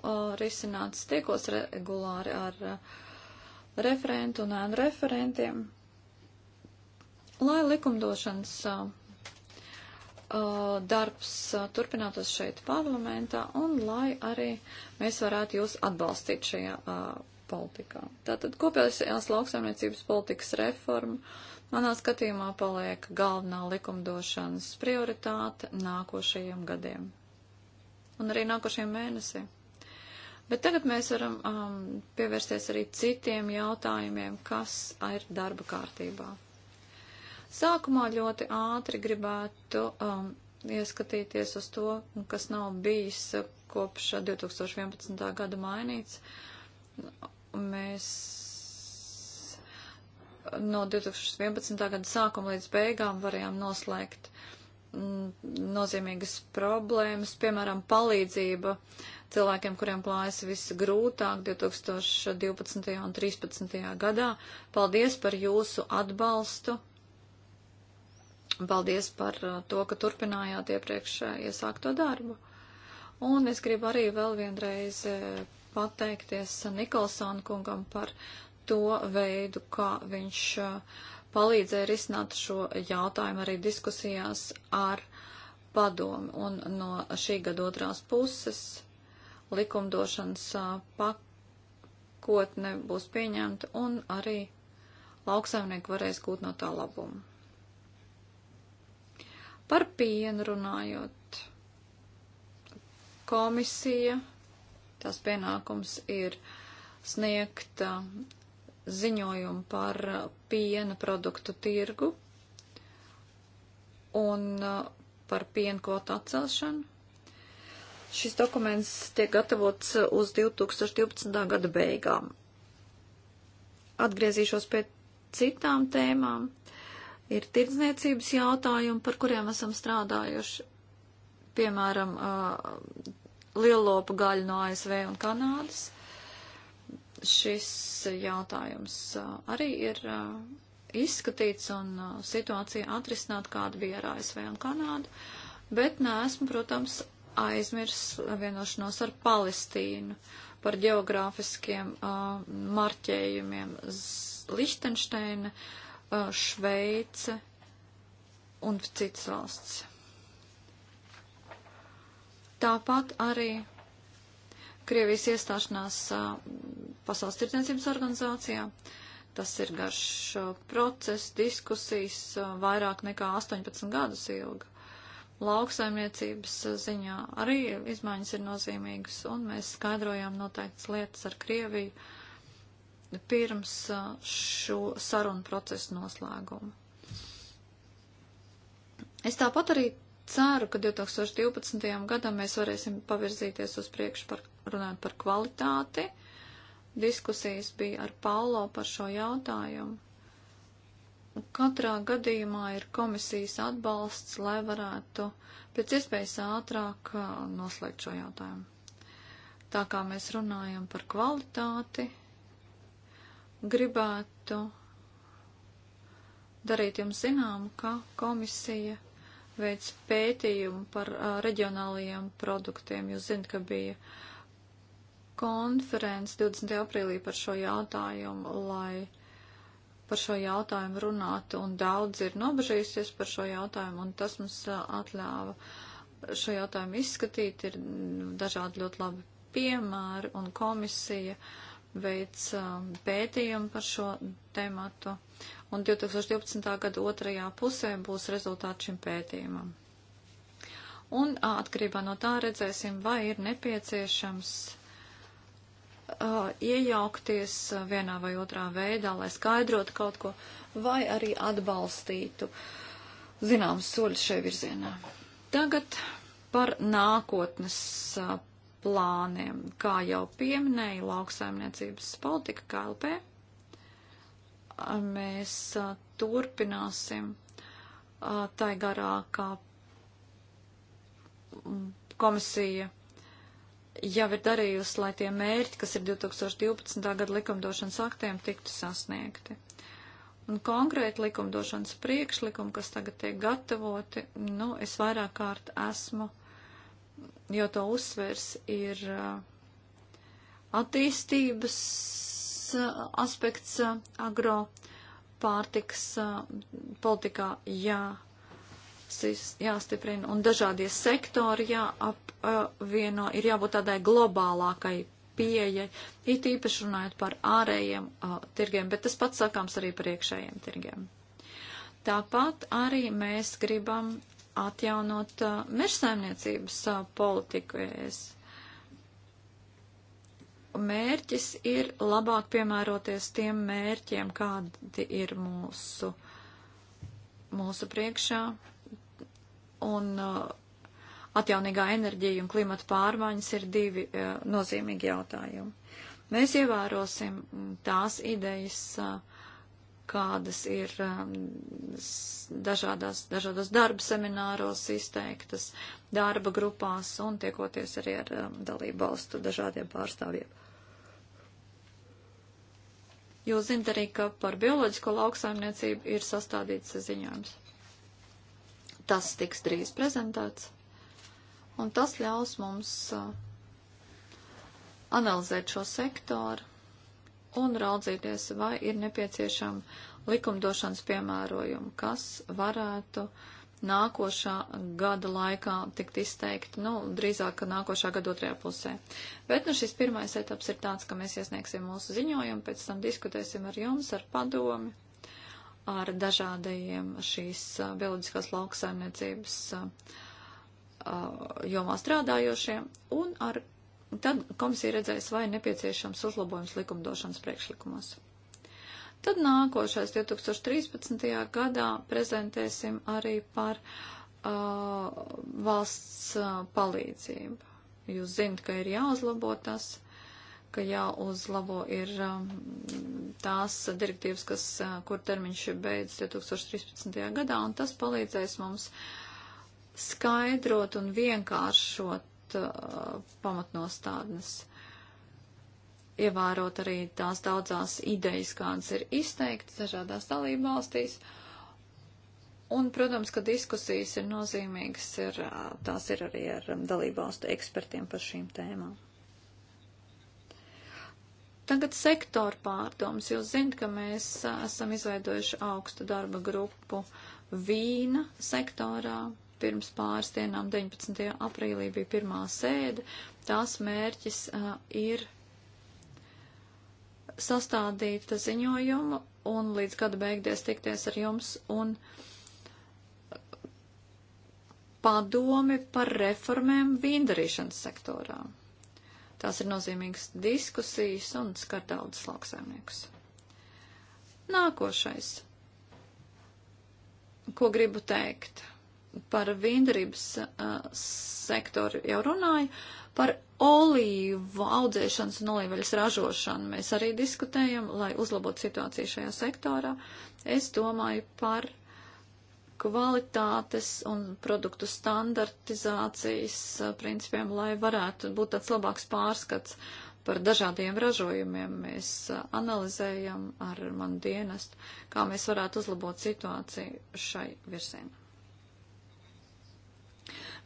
risināts, tiekos regulāri ar referentu un ēnu referentiem, lai likumdošanas Uh, darbs uh, turpinātos šeit parlamentā un lai arī mēs varētu jūs atbalstīt šajā uh, politikā. Tātad kopējās lauksaimniecības politikas reforma manā skatījumā paliek galvenā likumdošanas prioritāte nākošajiem gadiem un arī nākošajiem mēnesiem. Bet tagad mēs varam um, pievērsties arī citiem jautājumiem, kas ir darba kārtībā. Sākumā ļoti ātri gribētu um, ieskatīties uz to, kas nav bijis uh, kopš 2011. Uh, gada mainīts. Mēs no 2011. gada sākuma līdz beigām varējām noslēgt mm, nozīmīgas problēmas, piemēram, palīdzība cilvēkiem, kuriem klājas viss grūtāk 2012. un 2013. gadā. Paldies par jūsu atbalstu. Paldies par uh, to, ka turpinājāt iepriekš uh, iesākto darbu. Un es gribu arī vēl vienreiz uh, pateikties Nikolsonu kungam par to veidu, kā viņš palīdzēja risināt šo jautājumu arī diskusijās ar padomu. Un no šī gada otrās puses likumdošanas pakotne būs pieņemta un arī lauksaimnieki varēs gūt no tā labumu. Par pienu runājot, komisija, tās pienākums ir sniegt uh, ziņojumu par uh, piena produktu tirgu un uh, par piena kvotu atcelšanu. Šis dokuments tiek gatavots uz 2012. gada beigām. Atgriezīšos pie citām tēmām. Uh, Ir tirdzniecības jautājumi, par kuriem esam strādājuši, piemēram, lielopu gaļu no ASV un Kanādas. Šis jautājums arī ir izskatīts un situācija atrisināt, kāda bija ar ASV un Kanādu, bet neesmu, protams, aizmirst vienošanos ar Palestīnu par geogrāfiskiem uh, marķējumiem. Lihtenšteina uh, Uh, Šveice un citas valsts. Tāpat arī Krievijas iestāšanās uh, Pasaules tirdzniecības organizācijā. Tas ir garš uh, process, diskusijas, vairāk nekā 18 gadus ilga lauksaimniecības ziņā arī izmaiņas ir nozīmīgas, un mēs skaidrojām noteiktas lietas ar Krieviju pirms šo sarunu procesu noslēguma. Es tāpat arī ceru, ka 2012. gadam mēs varēsim pavirzīties uz priekšu par, runājot par kvalitāti. Diskusijas bija ar Paulo par šo jautājumu. Katrā gadījumā ir komisijas atbalsts, lai varētu pēc iespējas ātrāk noslēgt šo jautājumu. Tā kā mēs runājam par kvalitāti, gribētu darīt jums zinām, ka komisija veids pētījumu par a, reģionālajiem produktiem. Jūs zinat, ka bija konference 20. aprīlī par šo jautājumu, lai par šo jautājumu runātu, un daudz ir nobežījusies par šo jautājumu, un tas mums a, atļāva šo jautājumu izskatīt. Ir nu, dažādi ļoti labi piemēri, un komisija veic pētījumu par šo tematu, un 2012. gada otrajā pusē būs rezultāti šim pētījumam. Un atkarībā no tā redzēsim, vai ir nepieciešams uh, iejaukties vienā vai otrā veidā, lai skaidrotu kaut ko, vai arī atbalstītu zināmas soļus šai virzienā. Tagad par nākotnes uh, plāniem. Kā jau pieminēja lauksaimniecības politika KLP, mēs a, turpināsim a, tai garā, kā mm, komisija jau ir darījusi, lai tie mērķi, kas ir 2012. gada likumdošanas aktiem, tiktu sasniegti. Un konkrēti likumdošanas priekšlikumi, kas tagad tiek gatavoti, nu, es vairāk kārt esmu uh, jo to uzsvers ir uh, attīstības uh, aspekts uh, agro pārtiks politikā jāstiprina un dažādie sektori jāapvieno, ir jābūt tādai globālākai pieejai, it īpaši runājot par ārējiem uh, tirgiem, bet tas pats sakāms arī par iekšējiem tirgiem. Tāpat arī mēs gribam atjaunot mežsaimniecības politiku. Es mērķis ir labāk piemēroties tiem mērķiem, kādi ir mūsu, mūsu priekšā. Un uh, atjaunīgā enerģija un klimata pārmaiņas ir divi uh, nozīmīgi jautājumi. Mēs ievērosim tās idejas, uh, kādas ir um, dažādās, dažādos darba semināros izteiktas, darba grupās un tiekoties arī ar um, dalību valstu dažādiem pārstāvjiem. Jūs zinat arī, ka par bioloģisko lauksaimniecību ir sastādīts ziņojums. Tas tiks drīz prezentēts, un tas ļaus mums uh, analizēt šo sektoru un raudzīties, vai ir nepieciešama likumdošanas piemērojuma, kas varētu nākošā gada laikā tikt izteikti, nu, drīzāk nākošā gada otrajā pusē. Bet, nu, šis pirmais etaps ir tāds, ka mēs iesniegsim mūsu ziņojumu, pēc tam diskutēsim ar jums, ar padomi, ar dažādajiem šīs bioloģiskās lauksaimniecības jomā strādājošiem un ar Tad komisija redzēs, vai nepieciešams uzlabojums likumdošanas priekšlikumos. Tad nākošais 2013. gadā prezentēsim arī par uh, valsts uh, palīdzību. Jūs zinat, ka ir jāuzlabo tas, ka jāuzlabo ir um, tās direktīvas, kas, uh, kur termiņš beidz 2013. gadā, un tas palīdzēs mums skaidrot un vienkāršot ievērot uh, pamatnostādnes, ievērot arī tās daudzās idejas, kādas ir izteiktas dažādās dalība valstīs. Un, protams, ka diskusijas ir nozīmīgas, ir, uh, tās ir arī ar um, dalību valstu ekspertiem par šīm tēmām. Tagad sektora pārdoms. Jūs zinat, ka mēs uh, esam izveidojuši augstu darba grupu vīna sektorā, pirms pāris dienām, 19. aprīlī, bija pirmā sēde. Tās mērķis uh, ir sastādīt ziņojumu un līdz gada beigties tikties ar jums un padomi par reformēm vīndarīšanas sektorā. Tās ir nozīmīgas diskusijas un skar daudz lauksaimniekus. Nākošais, ko gribu teikt par vīndarības uh, sektoru jau runāju, par olīvu audzēšanas un olīveļas ražošanu mēs arī diskutējam, lai uzlabotu situāciju šajā sektorā. Es domāju par kvalitātes un produktu standartizācijas uh, principiem, lai varētu būt tāds labāks pārskats par dažādiem ražojumiem. Mēs uh, analizējam ar manu dienestu, kā mēs varētu uzlabot situāciju šai virzienā.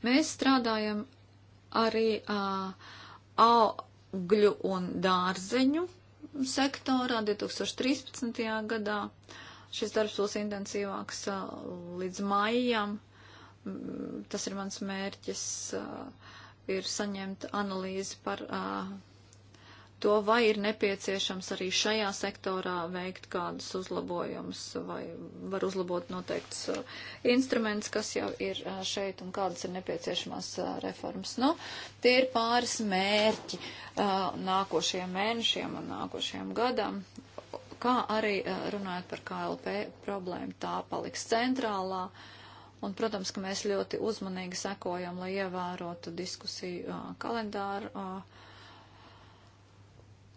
Mēs strādājam arī uh, augļu un dārzeņu sektorā 2013. gadā. Šis darbs būs intensīvāks uh, līdz maijam. Tas ir mans mērķis, uh, ir saņemt analīzi par uh, to, vai ir nepieciešams arī šajā sektorā veikt kādus uzlabojumus, vai var uzlabot noteikts uh, instruments, kas jau ir uh, šeit un kādas ir nepieciešamās uh, reformas. Nu, tie ir pāris mērķi nākošajiem mēnešiem un nākošajiem gadam. Kā arī runājot par KLP problēmu, tā paliks centrālā. Un, protams, ka mēs ļoti uzmanīgi sekojam, lai ievērotu diskusiju kalendāru. Uh,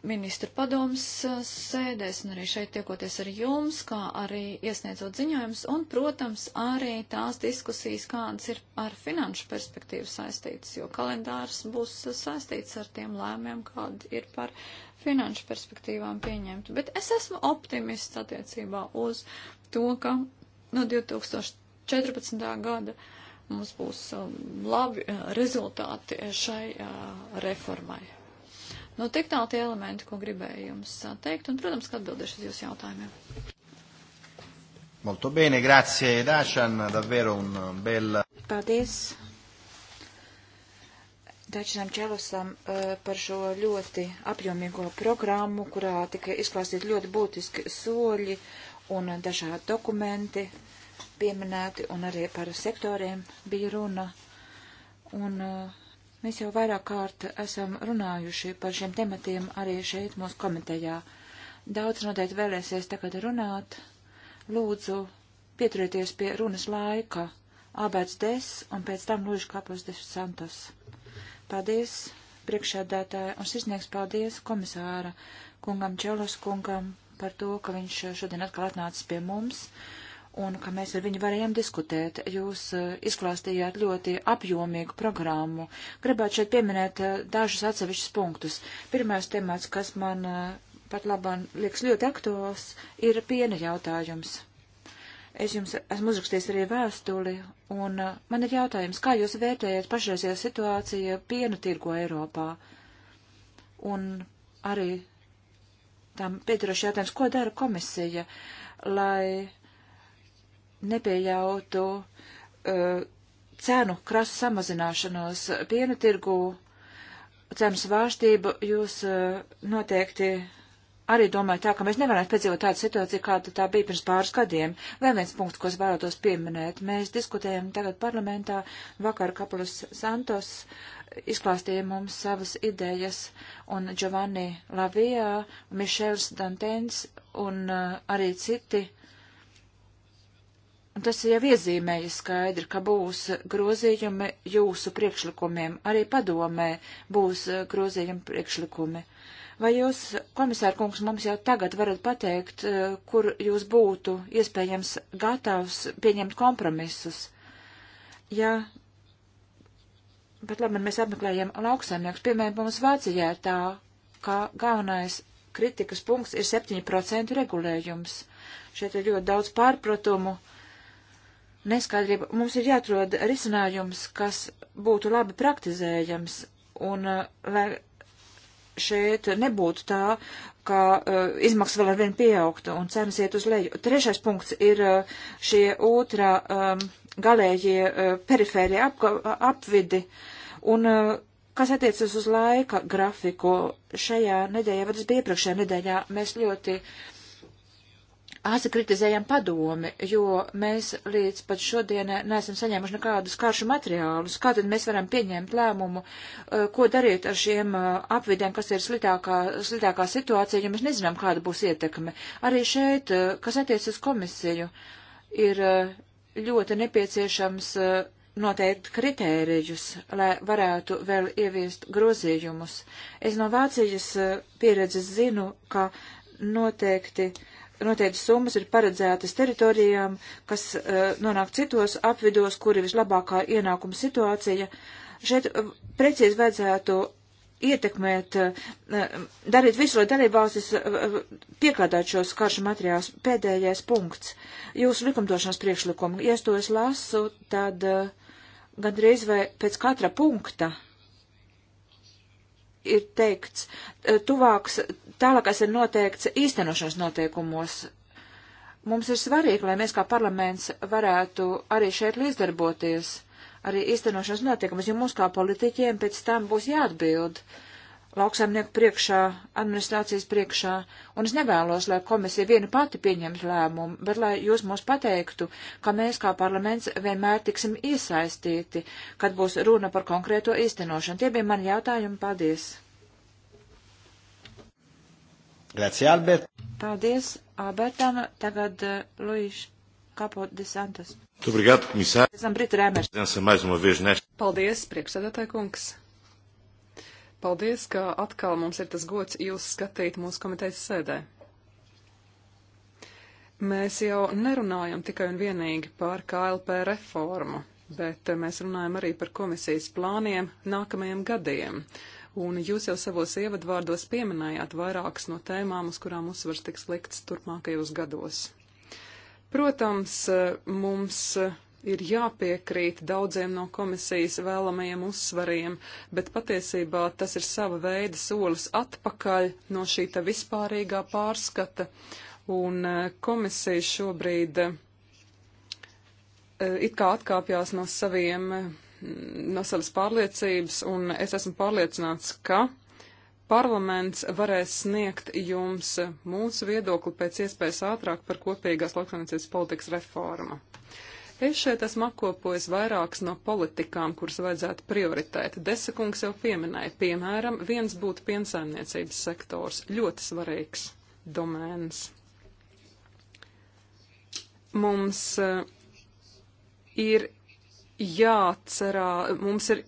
ministru padomas uh, sēdēs un arī šeit tiekoties ar jums, kā arī iesniedzot ziņojumus un, protams, arī tās diskusijas, kādas ir ar finanšu perspektīvu saistītas, jo kalendārs būs uh, saistīts ar tiem lēmiem, kādi ir par finanšu perspektīvām pieņemti. Bet es esmu optimists attiecībā uz to, ka no 2014. gada mums būs uh, labi rezultāti šai reformai. Nu, tik tālu tie elementi, ko gribēju jums uh, teikt, un, protams, ka atbildēšu uz jūsu jautājumiem. Molto bene, grazie Dacian, davvero un uh, bel... Paldies Dačinam Čelosam uh, par šo ļoti apjomīgo programmu, kurā tika izklāstīti ļoti būtiski soļi un dažādi dokumenti pieminēti, un arī par sektoriem bija runa. Un uh, Mēs jau vairāk kārt esam runājuši par šiem tematiem arī šeit mūsu komitejā. Daudz noteikti vēlēsies tagad runāt. Lūdzu, pieturieties pie runas laika. Abērts Des un pēc tam Lūža Kapos Des Santos. Paldies priekšādātāja un sirsnieks paldies komisāra kungam Čelos kungam par to, ka viņš šodien atkal atnācis pie mums. Uh, un ka mēs ar viņu varējām diskutēt. Jūs e, izklāstījāt ļoti apjomīgu programmu. Gribētu šeit pieminēt e, dažus atsevišķus punktus. Pirmais temats, kas man e, pat labāk liekas ļoti aktuāls, ir piena jautājums. Es jums esmu uzrakstījis arī vēstuli, un man ir jautājums, kā jūs vērtējat pašreizajā situācija piena tirgo Eiropā? Un arī tam pieturoši jautājums, ko dara komisija, lai uh, nepieļautu uh, cenu krasu samazināšanos piena tirgū, cenu svārstību, jūs uh, noteikti arī domāju tā, ka mēs nevaram piedzīvot tādu situāciju, kāda tā bija pirms pāris gadiem. Vēl viens punkts, ko es vēlētos pieminēt. Mēs diskutējam tagad parlamentā, vakar Kapulis Santos izklāstīja mums savas idejas, un Giovanni Lavijā, Mišels Dantens un uh, arī citi Un tas jau iezīmēja skaidri, ka būs grozījumi jūsu priekšlikumiem, arī padomē būs eh, grozījumi priekšlikumi. Vai jūs, komisārkungs, mums jau tagad varat pateikt, eh, kur jūs būtu iespējams gatavs pieņemt kompromisus? Ja, bet labi, mēs apmeklējam lauksaimnieks, piemēram, mums Vācijā ir tā, ka galvenais kritikas punkts ir 7% regulējums. Šeit ir ļoti daudz pārpratumu. Uh, neskaidrība. Mums ir jāatrod risinājums, kas būtu labi praktizējams, un uh, lai šeit nebūtu tā, ka uh, izmaksas vēl arvien pieaugtu un cenas iet uz leju. Trešais punkts ir uh, šie otrā um, galējie uh, perifērie ap, apvidi. Un, uh, kas attiecas uz laika grafiku, šajā nedēļā, vai tas bija iepriekšējā nedēļā, mēs ļoti uh, asi kritizējam padomi, jo mēs līdz pat šodienai neesam saņēmuši nekādus karšu materiālus. Kā tad mēs varam pieņemt lēmumu, eh, ko darīt ar šiem eh, apvidiem, kas ir slitākā, slitākā situācija, ja mēs nezinām, kāda būs ietekme. Arī šeit, eh, kas attiec uz komisiju, ir ļoti nepieciešams noteikt kritērijus, lai varētu vēl ieviest grozījumus. Es no Vācijas pieredzes zinu, ka noteikti uh, noteikti summas ir paredzētas teritorijām, kas uh, nonāk citos apvidos, kur ir vislabākā ienākuma situācija. Šeit uh, precīzi vajadzētu ietekmēt, uh, darīt visu, lai dalībvalstis piekādātu šos karšu materiālus. Pēdējais punkts. Jūsu likumdošanas priekšlikumu, ja es to es lasu, tad gandrīz vai pēc katra punkta ir teikts, e, tuvāks, tālākais ir noteikts īstenošanas noteikumos. Mums ir svarīgi, lai mēs kā parlaments varētu arī šeit līdzdarboties, arī īstenošanas notiekumus, jo mums kā politiķiem pēc tam būs jāatbild. Uh, lauksaimnieku priekšā, administrācijas priekšā, un es nevēlos, lai komisija viena pati pieņems lēmumu, bet lai jūs mums pateiktu, ka mēs kā parlaments vienmēr tiksim iesaistīti, kad būs runa par konkrēto īstenošanu. Tie bija mani jautājumi. Paldies! Grazie, Albert! Paldies, Albertam! Tagad uh, eh, Luīš Kapo de Santos. Obrigado, komisār. Paldies, priekšsēdētāj kungs! Paldies, ka atkal mums ir tas gods jūs skatīt mūsu komitejas sēdē. Mēs jau nerunājam tikai un vienīgi par KLP reformu, bet mēs runājam arī par komisijas plāniem nākamajiem gadiem. Un jūs jau savos ievadvārdos pieminējāt vairākas no tēmām, uz kurām uzsvars tiks likts turpmākajos gados. Protams, mums ir jāpiekrīt daudziem no komisijas vēlamajiem uzsvariem, bet patiesībā tas ir sava veida solis atpakaļ no šī te vispārīgā pārskata, un e, komisija šobrīd e, it kā atkāpjās no saviem, e, no savas pārliecības, un es esmu pārliecināts, ka parlaments varēs sniegt jums mūsu viedokli pēc iespējas ātrāk par kopīgās lauksaimniecības politikas reformu. Es šeit esmu apkopojis vairākas no politikām, kuras vajadzētu prioritēt. Desakungs jau pieminēja, piemēram, viens būtu piensaimniecības sektors, ļoti svarīgs domēns. Mums eh, ir jāatcerā, mums ir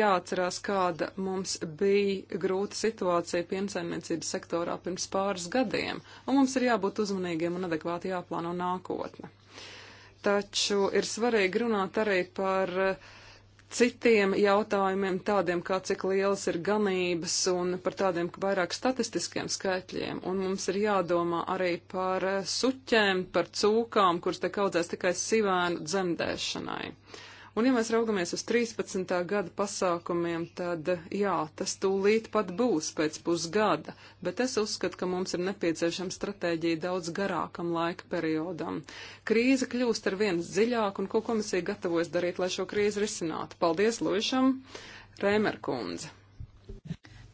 jāatcerās, kāda mums bija grūta situācija piensaimniecības sektorā pirms pāris gadiem, un mums ir jābūt uzmanīgiem un adekvāti jāplāno nākotne taču ir svarīgi runāt arī par eh, citiem jautājumiem, tādiem kā cik lielas ir ganības un par tādiem vairāk statistiskiem skaitļiem. Un mums ir jādomā arī par eh, suķēm, par cūkām, kuras tiek audzēs tikai sivēnu dzemdēšanai. Uh, Un ja mēs raugamies uz 13. gada pasākumiem, tad jā, tas tūlīt pat būs pēc pusgada, bet es uzskatu, ka mums ir nepieciešama stratēģija daudz garākam laika periodam. Krīze kļūst ar viens dziļāk, un ko komisija gatavojas darīt, lai šo krīzi risinātu? Paldies, Luišam, Rēmerkundze.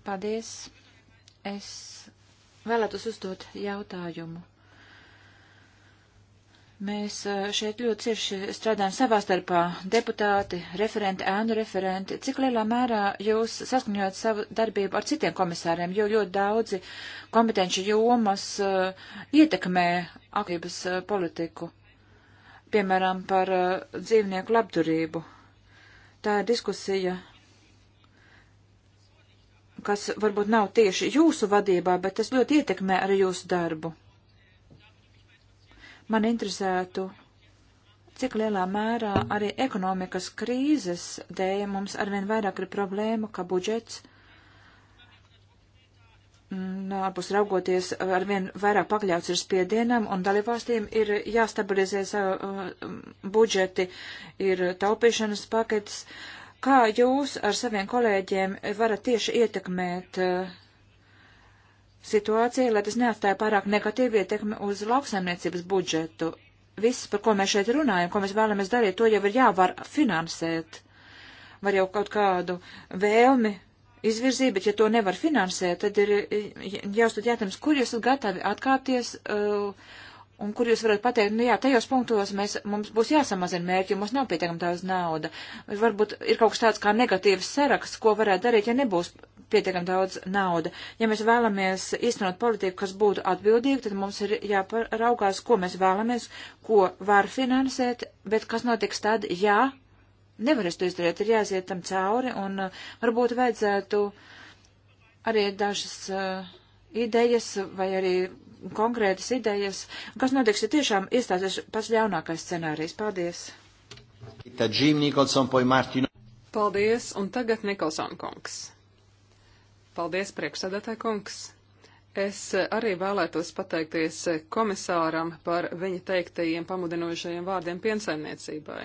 Paldies. Es vēlētos uzdot jautājumu Mēs eh, šeit ļoti cieši strādājam savā starpā - deputāti, referenti, ēnu referenti. Cik lielā mērā jūs saskaņojat savu darbību ar citiem komisāriem, jo ļoti daudzi kompetenci jomas uh, ietekmē aktīvas uh, eh, politiku, piemēram, par uh, dzīvnieku labturību. Tā ir diskusija, kas varbūt nav tieši jūsu vadībā, bet tas ļoti ietekmē arī jūsu darbu. Man interesētu, cik lielā mērā arī ekonomikas krīzes dēļ mums arvien vairāk ir problēma, ka budžets mm, ārpus raugoties, arvien vairāk pakļauts ir spiedienam, un dalībvalstīm ir jāstabilizē savu mm, budžeti, ir taupīšanas paketes. Kā jūs ar saviem kolēģiem varat tieši ietekmēt uh, situācija, lai tas neatstāja pārāk negatīvu ietekmi uz lauksaimniecības budžetu. Viss, par ko mēs šeit runājam, ko mēs vēlamies darīt, to jau ir jāvar finansēt. Var jau kaut kādu vēlmi izvirzīt, bet ja to nevar finansēt, tad ir jāuzdod jautājums, kur jūs esat gatavi atkāpties. Uh, Un kur jūs varat pateikt, nu jā, tajos punktos mēs, mums būs jāsamazina mērķi, jo mums nav pietiekami daudz nauda. Varbūt ir kaut kas tāds kā negatīvs saraksts, ko varētu darīt, ja nebūs pietiekami daudz nauda. Ja mēs vēlamies īstenot politiku, kas būtu atbildīga, tad mums ir jāparaugās, ko mēs vēlamies, ko var finansēt, bet kas notiks tad, ja nevarēs to izdarīt, ir jāiziet tam cauri un uh, varbūt vajadzētu arī dažas uh, idejas vai arī konkrētas idejas, kas notiks, ja tiešām iestāsies pats ļaunākais scenārijs. Paldies! Tad Džīm Nikolson, poi Martino. Paldies, un tagad Nikolson kungs. Paldies, priekšsēdētāji kungs! Es arī vēlētos pateikties komisāram par viņa teiktajiem pamudinošajiem vārdiem piensaimniecībai.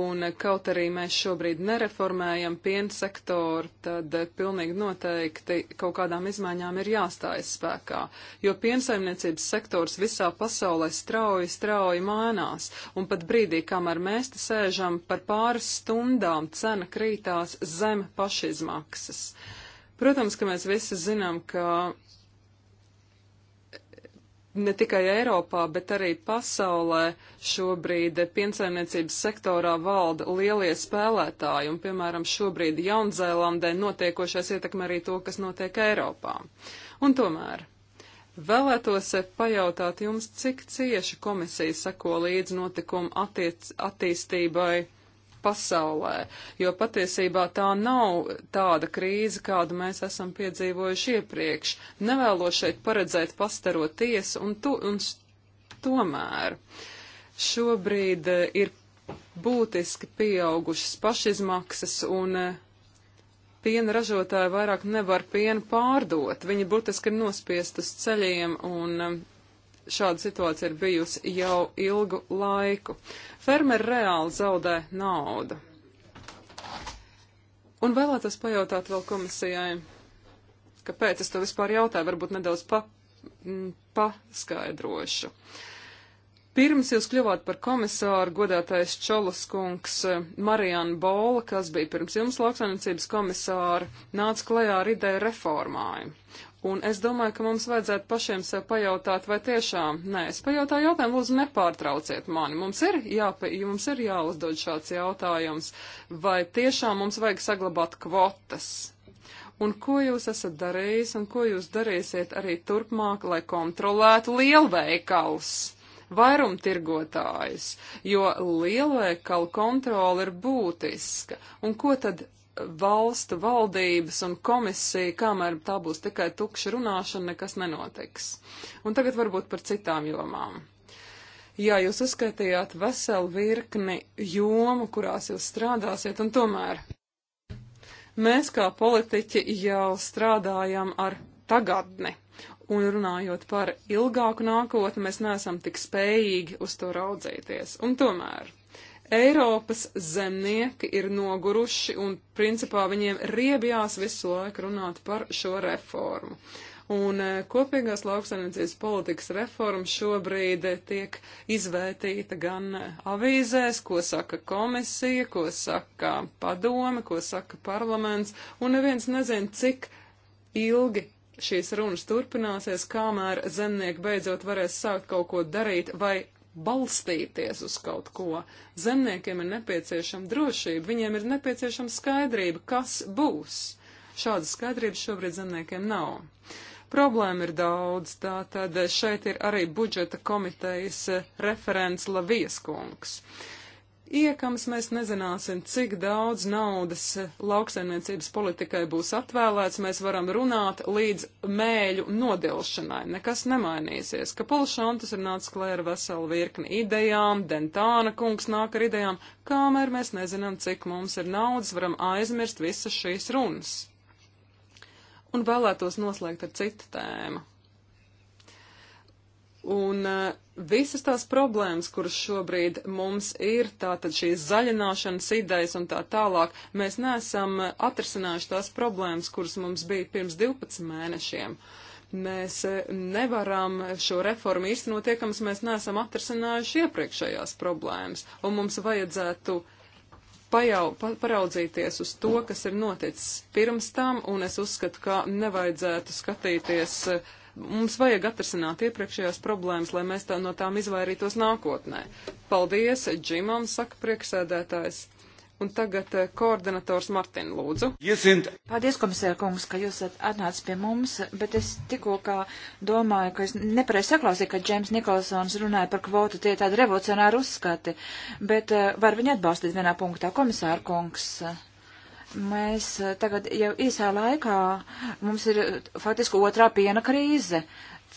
Un kaut arī mēs šobrīd nereformējam piensektoru, tad pilnīgi noteikti kaut kādām izmaiņām ir jāstājas spēkā, jo piensaimniecības sektors visā pasaulē strauji, strauji mainās, un pat brīdī, kamēr mēs te sēžam, par pāris stundām cena krītās zem pašizmaksas. Protams, ka mēs visi zinām, ka ne tikai Eiropā, bet arī pasaulē šobrīd piensaimniecības sektorā valda lielie spēlētāji, un, piemēram, šobrīd Jaunzēlandē notiekošais ietekmē arī to, kas notiek Eiropā. Un tomēr vēlētos pajautāt jums, cik cieši komisija seko līdz notikuma attīstībai pasaulē, jo patiesībā tā nav tāda krīze, kādu mēs esam piedzīvojuši iepriekš. Nevēlos šeit paredzēt pastaro tiesu, un, tu, un tomēr šobrīd eh, ir būtiski pieaugušas pašizmaksas un eh, piena ražotāji vairāk nevar pienu pārdot. Viņi būtiski ir nospiest uz ceļiem un eh, šāda situācija ir bijusi jau ilgu laiku. Fermeri reāli zaudē naudu. Un vēlētos pajautāt vēl komisijai, kāpēc es to vispār jautāju, varbūt nedaudz pa, m, paskaidrošu. Pirms jūs kļuvāt par komisāru, godātais Čolaskungs eh, Marijana Bola, kas bija pirms jums lauksainicības komisāra, nāca klajā ar ideju reformāju. Un es domāju, ka mums vajadzētu pašiem sev pajautāt, vai tiešām, nē, es pajautāju jautājumu, lūdzu, nepārtrauciet mani. Mums ir, jāpa, mums ir jāuzdod šāds jautājums, vai tiešām mums vajag saglabāt kvotas. Un ko jūs esat darījis, un ko jūs darīsiet arī turpmāk, lai kontrolētu lielveikals, vairumtirgotājus, jo lielveikalu kontrola ir būtiska. Un ko tad valstu valdības un komisija, kamēr tā būs tikai tukša runāšana, nekas nenotiks. Un tagad varbūt par citām jomām. Jā, jūs uzskaitījāt veselu virkni jomu, kurās jūs strādāsiet, un tomēr mēs kā politiķi jau strādājam ar tagadni. Un runājot par ilgāku nākotni, mēs neesam tik spējīgi uz to raudzīties. Un tomēr Eiropas zemnieki ir noguruši un principā viņiem riebjās visu laiku runāt par šo reformu. Un eh, kopīgās lauksaimniecības politikas reforma šobrīd eh, tiek izvērtīta gan eh, avīzēs, ko saka komisija, ko saka padome, ko saka parlaments, un neviens nezin, cik ilgi šīs runas turpināsies, kamēr zemnieki beidzot varēs sākt kaut ko darīt vai balstīties uz kaut ko. Zemniekiem ir nepieciešama drošība, viņiem ir nepieciešama skaidrība, kas būs. Šādas skaidrības šobrīd zemniekiem nav. Problēma ir daudz, tātad šeit ir arī budžeta komitejas referents Lavijas kungs. Uh, iekams, mēs nezināsim, cik daudz naudas lauksaimniecības politikai būs atvēlēts. Mēs varam runāt līdz mēļu nodilšanai. Nekas nemainīsies. Ka Polšantas ir nācis klēra veselu virkni idejām, Dentāna kungs nāk ar idejām. Kamēr mēs nezinām, cik mums ir naudas, varam aizmirst visas šīs runas. Un vēlētos noslēgt ar citu tēmu. Un uh, visas tās problēmas, kuras šobrīd mums ir, tātad šīs zaļināšanas idejas un tā tālāk, mēs neesam eh, atrisinājuši tās problēmas, kuras mums bija pirms 12 mēnešiem. Mēs uh, nevaram šo reformu īstenot, iekams mēs neesam atrisinājuši iepriekšējās problēmas, un mums vajadzētu pajau, pa, paraudzīties uz to, kas ir noticis pirms tam, un es uzskatu, ka nevajadzētu skatīties uh, Mums vajag atrisināt iepriekšējās problēmas, lai mēs tā, no tām izvairītos nākotnē. Paldies, Džimam, saka prieksēdētājs. Un tagad eh, koordinators Martin Lūdzu. Iesint. Paldies, komisēra kungs, ka jūs atnācis pie mums, bet es tikko kā domāju, ka es nepareiz saklausīju, ka Džeims Nikolsons runāja par kvotu, tie tādi revolucionāri uzskati, bet eh, var viņu atbalstīt vienā punktā, komisāra kungs. Mēs eh, tagad jau īsā laikā mums ir eh, faktiski otrā piena krīze.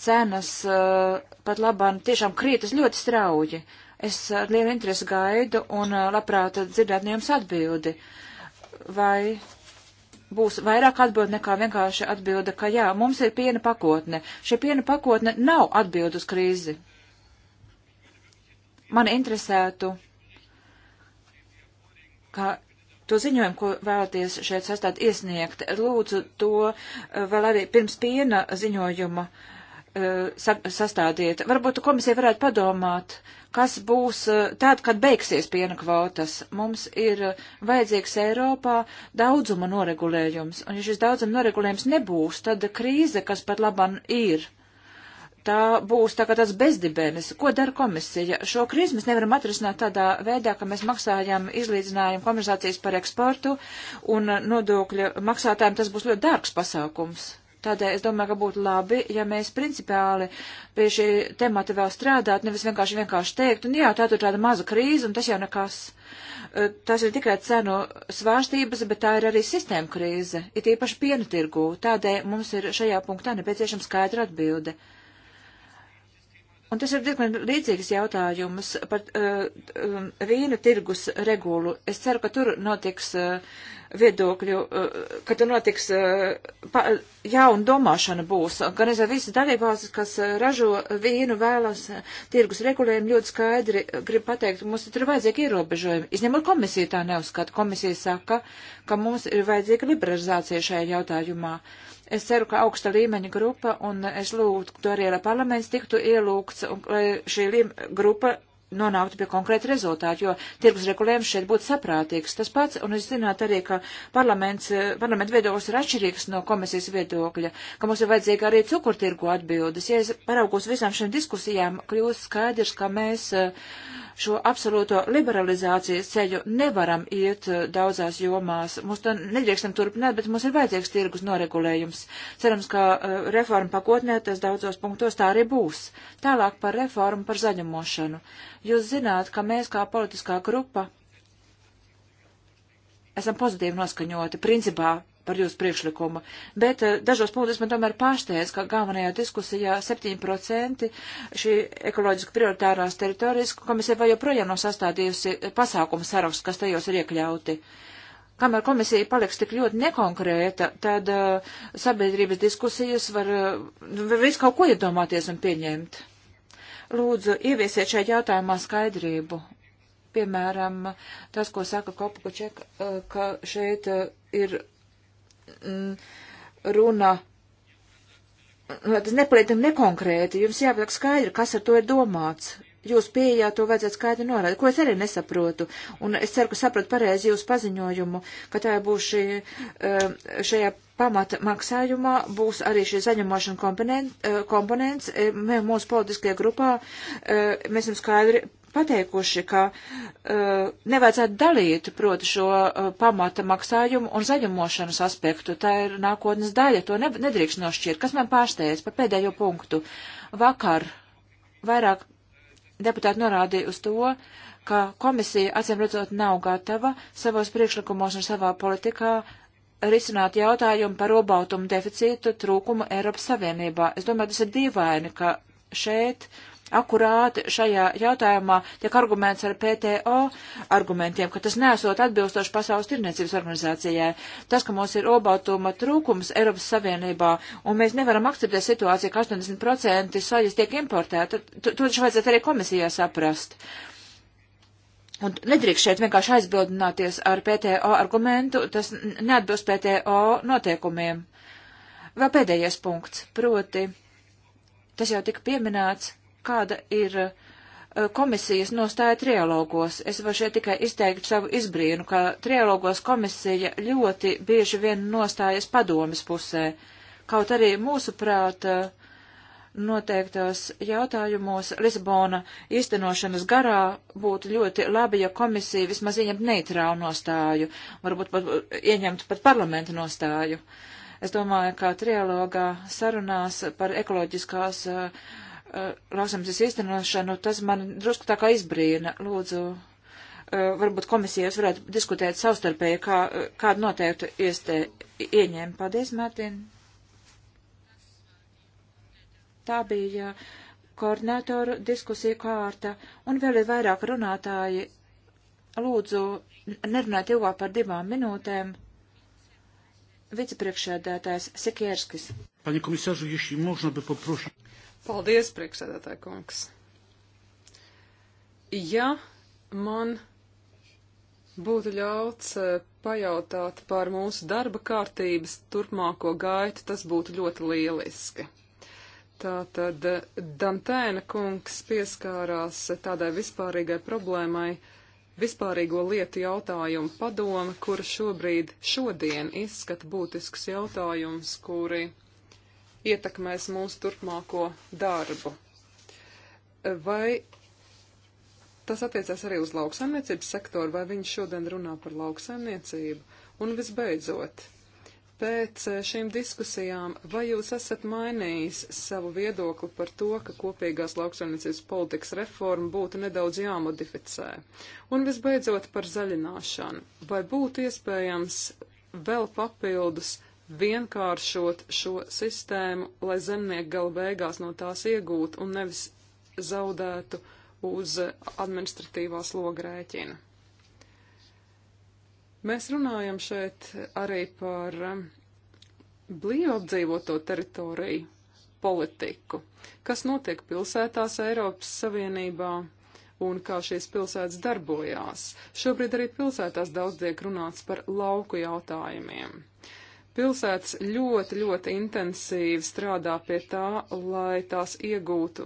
Cenas uh, pat labāk tiešām krītas ļoti strauji. Es ar lielu interesi gaidu un uh, labprāt dzirdēt no jums atbildi. Vai būs vairāk atbildi nekā vienkārši atbilde, ka jā, mums ir piena pakotne. Šī piena pakotne nav atbildi uz krīzi. Man interesētu, ka to ziņojumu, ko vēlaties šeit sastāt iesniegt. Lūdzu to eh, vēl arī pirms piena ziņojuma eh, sastādiet. Varbūt komisija varētu padomāt, kas būs eh, tad, kad beigsies piena kvotas. Mums ir vajadzīgs Eiropā daudzuma noregulējums, un ja šis daudzuma noregulējums nebūs, tad krīze, kas pat laban ir, tā būs tā kā tāds bezdibēnis. Ko dara komisija? Šo krīzi mēs nevaram atrisināt tādā veidā, ka mēs maksājam izlīdzinājumu kompensācijas par eksportu un nodokļu maksātājiem tas būs ļoti dārgs pasākums. Tādēļ es domāju, ka būtu labi, ja mēs principiāli pie šī temata vēl strādāt, nevis vienkārši vienkārši teikt, un jā, tā tur tāda maza krīze, un tas jau nekas. E, tas ir tikai cenu svārstības, bet tā ir arī sistēma krīze, it īpaši piena tirgū. Tādēļ mums ir šajā punktā nepieciešama skaidra atbilde. Uh, Un tas ir diezgan līdzīgs jautājums par eh, uh, um, vīna tirgus regulu. Es ceru, ka tur notiks uh, viedokļu, eh, kad notiks eh, pa, jauna domāšana būs, gan es ar visu dalībvalstis, kas eh, ražo vīnu vēlas tirgus regulējumu, ļoti skaidri grib pateikt, mums tur ir vajadzīgi ierobežojumi. Izņemot komisiju tā neuzskata. Komisija saka, ka mums ir vajadzīga liberalizācija šajā jautājumā. Es ceru, ka augsta līmeņa grupa, un es lūgtu, to arī ar parlaments tiktu ielūgts, un lai šī grupa nonāktu pie konkrēta rezultāta, jo tirgus regulējums šeit būtu saprātīgs. Tas pats, un es zinātu arī, ka parlaments, eh, parlamenta viedoklis ir atšķirīgs no komisijas viedokļa, ka mums ir vajadzīga arī cukurtirgu atbildes. Ja es paraugos visām šīm diskusijām, kļūst skaidrs, ka mēs uh, šo absolūto liberalizācijas ceļu nevaram iet eh, daudzās jomās. Mums to nedrīkstam turpināt, bet mums ir vajadzīgs tirgus noregulējums. Cerams, ka uh, reforma pakotnē tas daudzos punktos tā arī būs. Tālāk par reformu par zaļumošanu. Jūs zināt, ka mēs kā politiskā grupa esam pozitīvi noskaņoti. Principā par jūsu priekšlikumu, bet eh, dažos punktos man tomēr pārsteidz, ka galvenajā diskusijā 7% šī ekoloģiski prioritārās teritorijas komisija vai joprojām nav sastādījusi pasākumu sarakstu, kas tajos ir iekļauti. Kamēr komisija paliks tik ļoti nekonkrēta, tad uh, sabiedrības diskusijas var uh, visu kaut ko iedomāties un pieņemt. Lūdzu, ieviesiet šajā jautājumā skaidrību piemēram, tas, ko saka Kopka Čeka, ka šeit ir Eh, runa. Nu, tas nepaliekam nekonkrēti, jums jāpaliek skaidri, kas ar to ir domāts. Jūs pieejā to vajadzētu skaidri norādīt, ko es arī nesaprotu, un es ceru, ka sapratu pareizi jūsu paziņojumu, ka tā būs šī, eh, šajā pamata maksājumā būs arī šī zaņemošana eh, komponents. Mūsu politiskajā grupā mēs jums skaidri pateikuši, ka uh, nevajadzētu dalīt proti šo uh, pamata maksājumu un zaļumošanas aspektu. Tā ir nākotnes daļa, to ne, nedrīkst nošķirt. Kas man pārsteidz par pēdējo punktu? Vakar vairāk deputāti norādīja uz to, ka komisija, acīm redzot, nav gatava savos priekšlikumos un savā politikā risināt jautājumu par obautumu deficītu trūkumu Eiropas Savienībā. Es domāju, tas ir dīvaini, ka šeit uh, akurāti šajā jautājumā tiek arguments ar PTO argumentiem, ka tas nesot atbilstoši pasaules tirniecības organizācijai. Tas, ka mums ir obautuma trūkums Eiropas Savienībā, un mēs nevaram akceptēt situāciju, ka 80% sojas tiek importēta, to taču vajadzētu arī komisijā saprast. Un nedrīkst šeit vienkārši aizbildināties ar PTO argumentu, tas neatbilst PTO noteikumiem. Vēl pēdējais punkts, proti, tas jau tika pieminēts, kāda ir eh, komisijas nostāja trialogos. Es varu šeit tikai izteikt savu izbrīnu, ka trialogos komisija ļoti bieži vien nostājas padomas pusē. Kaut arī mūsuprāt, noteiktos jautājumos Lisabona īstenošanas garā būtu ļoti labi, ja komisija vismaz ieņemtu neitrālu nostāju, varbūt pat ieņemtu pat parlamenta nostāju. Es domāju, ka trialogā sarunās par ekoloģiskās uh, lauksamības īstenošanu, tas man drusku tā kā izbrīna. Lūdzu, eh, varbūt komisijas varētu diskutēt savstarpēji, kā, eh, kādu noteiktu iestē ieņēmu. Paldies, Mārtiņ. Tā bija koordinātoru diskusija kārta, un vēl ir vairāk runātāji. Lūdzu, nerunāt ilgāk par divām minūtēm. Vicepriekšēdētājs Sekierskis. Pani komisāžu, ja šī možna, bet paprošu. Paldies, priekšsēdētāji kungs. Ja man būtu ļauts eh, pajautāt par mūsu darba kārtības turpmāko gaitu, tas būtu ļoti lieliski. Tātad eh, Dantēna kungs pieskārās tādai vispārīgai problēmai, vispārīgo lietu jautājumu padome, kura šobrīd šodien izskata būtiskus jautājumus, kuri ietekmēs mūsu turpmāko darbu. Vai tas attiecās arī uz lauksaimniecības sektoru, vai viņš šodien runā par lauksaimniecību? Un visbeidzot, pēc šīm diskusijām, vai jūs esat mainījis savu viedokli par to, ka kopīgās lauksaimniecības politikas reforma būtu nedaudz jāmodificē? Un visbeidzot par zaļināšanu, vai būtu iespējams vēl papildus vienkāršot šo sistēmu, lai zemnieki galu beigās no tās iegūtu un nevis zaudētu uz administratīvā sloga rēķina. Mēs runājam šeit arī par um, blīvi apdzīvoto teritoriju politiku, kas notiek pilsētās Eiropas Savienībā un kā šīs pilsētas darbojās. Šobrīd arī pilsētās daudz tiek runāts par lauku jautājumiem. Pilsētas ļoti, ļoti intensīvi strādā pie tā, lai tās iegūtu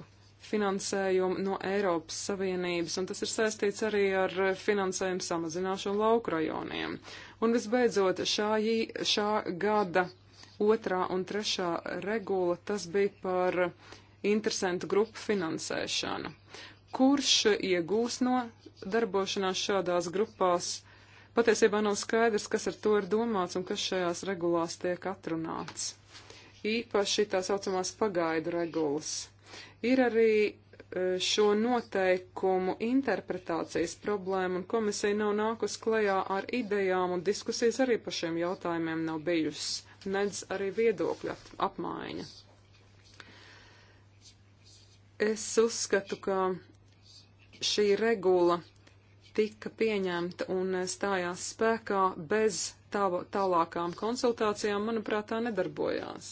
finansējumu no Eiropas Savienības, un tas ir saistīts arī ar finansējumu samazināšanu lauku rajoniem. Un visbeidzot, šā, jī, šā gada otrā un trešā regula, tas bija par interesantu grupu finansēšanu. Kurš iegūs no darbošanās šādās grupās? Patiesībā nav skaidrs, kas ar to ir domāts un kas šajās regulās tiek atrunāts. Īpaši tā saucamās pagaidu regulas. Ir arī e, šo noteikumu interpretācijas problēma, un komisija nav nākus klajā ar idejām, un diskusijas arī par šiem jautājumiem nav bijusi, nedz arī viedokļa apmaiņa. Es uzskatu, ka šī regula tika pieņemta un stājās spēkā bez tāv, tālākām konsultācijām, manuprāt, tā nedarbojās.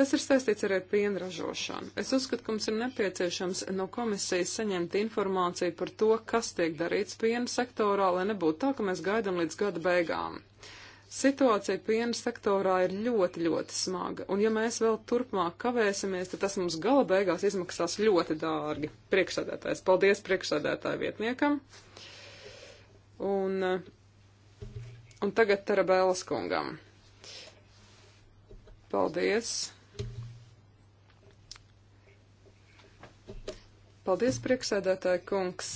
Tas ir saistīts arī ar pienražošanu. Es uzskatu, ka mums ir nepieciešams no komisijas saņemt informāciju par to, kas tiek darīts piena sektorā, lai nebūtu tā, ka mēs gaidām līdz gada beigām. Uh, Situācija piena sektorā ir ļoti, ļoti smaga, un ja mēs vēl turpmāk kavēsimies, tad tas mums gala beigās izmaksās ļoti dārgi. Priekšsēdētājs, paldies priekšsēdētāju vietniekam. Un, un tagad Tarabēlas kungam. Paldies. Paldies, priekšsēdētāja kungs.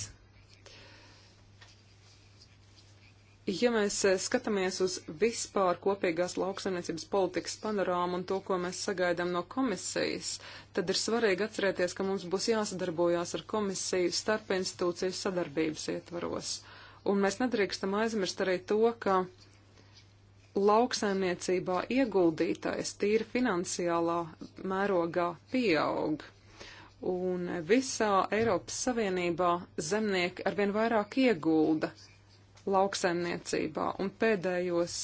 Ja mēs eh, skatāmies uz vispār kopīgās lauksaimniecības politikas panorāmu un to, ko mēs sagaidām no komisijas, tad ir svarīgi atcerēties, ka mums būs jāsadarbojās ar komisiju starp institūciju sadarbības ietvaros. Un mēs nedrīkstam aizmirst arī to, ka lauksaimniecībā ieguldītais tīri finansiālā mērogā pieaug. Un visā Eiropas Savienībā zemnieki arvien vairāk iegulda lauksaimniecībā, un pēdējos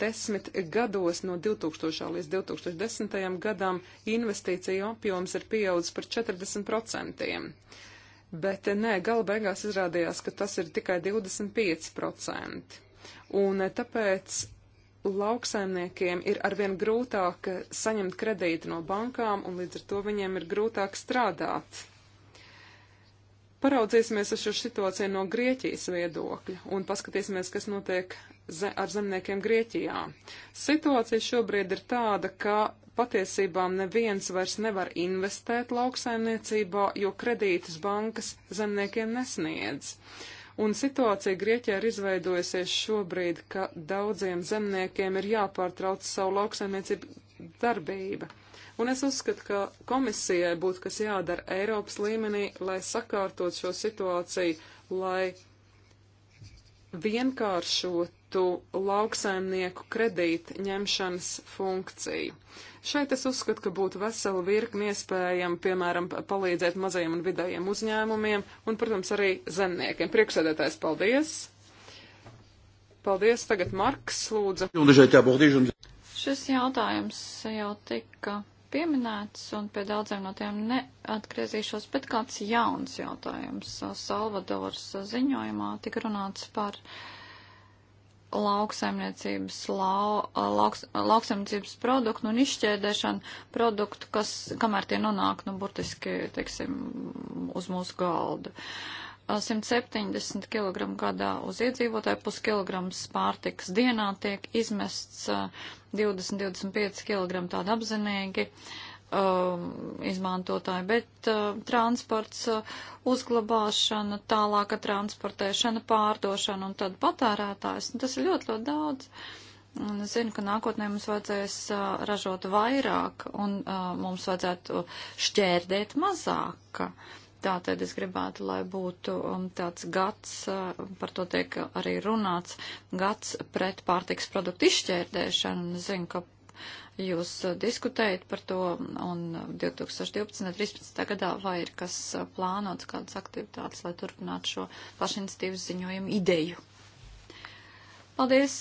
desmit gados, no 2000. līdz 2010. gadam, investīciju apjoms ir pieaudzis par 40%. Bet nē, gala beigās izrādījās, ka tas ir tikai 25%. Un eh, tāpēc lauksaimniekiem ir arvien grūtāk eh, saņemt kredītu no bankām, un līdz ar to viņiem ir grūtāk strādāt. Paraudzīsimies uz šo situāciju no Grieķijas viedokļa un paskatīsimies, kas notiek ze ar zemniekiem Grieķijā. Situācija šobrīd ir tāda, ka patiesībā neviens vairs nevar investēt lauksaimniecībā, jo kredītus bankas zemniekiem nesniedz. Un situācija Grieķijā ir izveidojusies šobrīd, ka daudziem zemniekiem ir jāpārtrauc savu lauksaimniecību darbība. Un es uzskatu, ka komisijai būtu kas jādara Eiropas līmenī, lai sakārtot šo situāciju, lai vienkāršotu lauksaimnieku kredīt ņemšanas funkciju. Šeit es uzskatu, ka būtu vesela virkni iespējama, piemēram, palīdzēt mazajiem un vidējiem uzņēmumiem un, protams, arī zemniekiem. Priekšsēdētājs, paldies! Paldies! Tagad Marks lūdzu. Šis jautājums jau tika pieminēts, un pie daudziem no tiem neatgriezīšos, bet kāds jauns jautājums. Salvadors ziņojumā tika runāts par lauksaimniecības, lau, lauks, lauksaimniecības produktu un izšķēdēšanu produktu, kas, kamēr tie nonāk, nu, burtiski, teiksim, uz mūsu galdu. Uh, 170 kg gadā uz iedzīvotāju, puskilograms pārtikas dienā tiek izmests 20-25 kg tāda apzinīgi um, izmantotāji, bet uh, transports, uh, uzglabāšana, tālāka transportēšana, pārdošana un tad patērētājs. Nu, tas ir ļoti, ļoti daudz. Un es zinu, ka nākotnē mums vajadzēs uh, ražot vairāk un uh, mums vajadzētu šķērdēt mazāk. Uh, Tātad es gribētu, lai būtu um, tāds gads, uh, par to tiek arī runāts, gads pret pārtiks produktu izšķērdēšanu. Zinu, ka jūs uh, diskutējat par to, un 2012. un 2013. gadā vai ir kas uh, plānots, kādas aktivitātes, lai turpinātu šo pašinstīvas ziņojumu ideju. Paldies,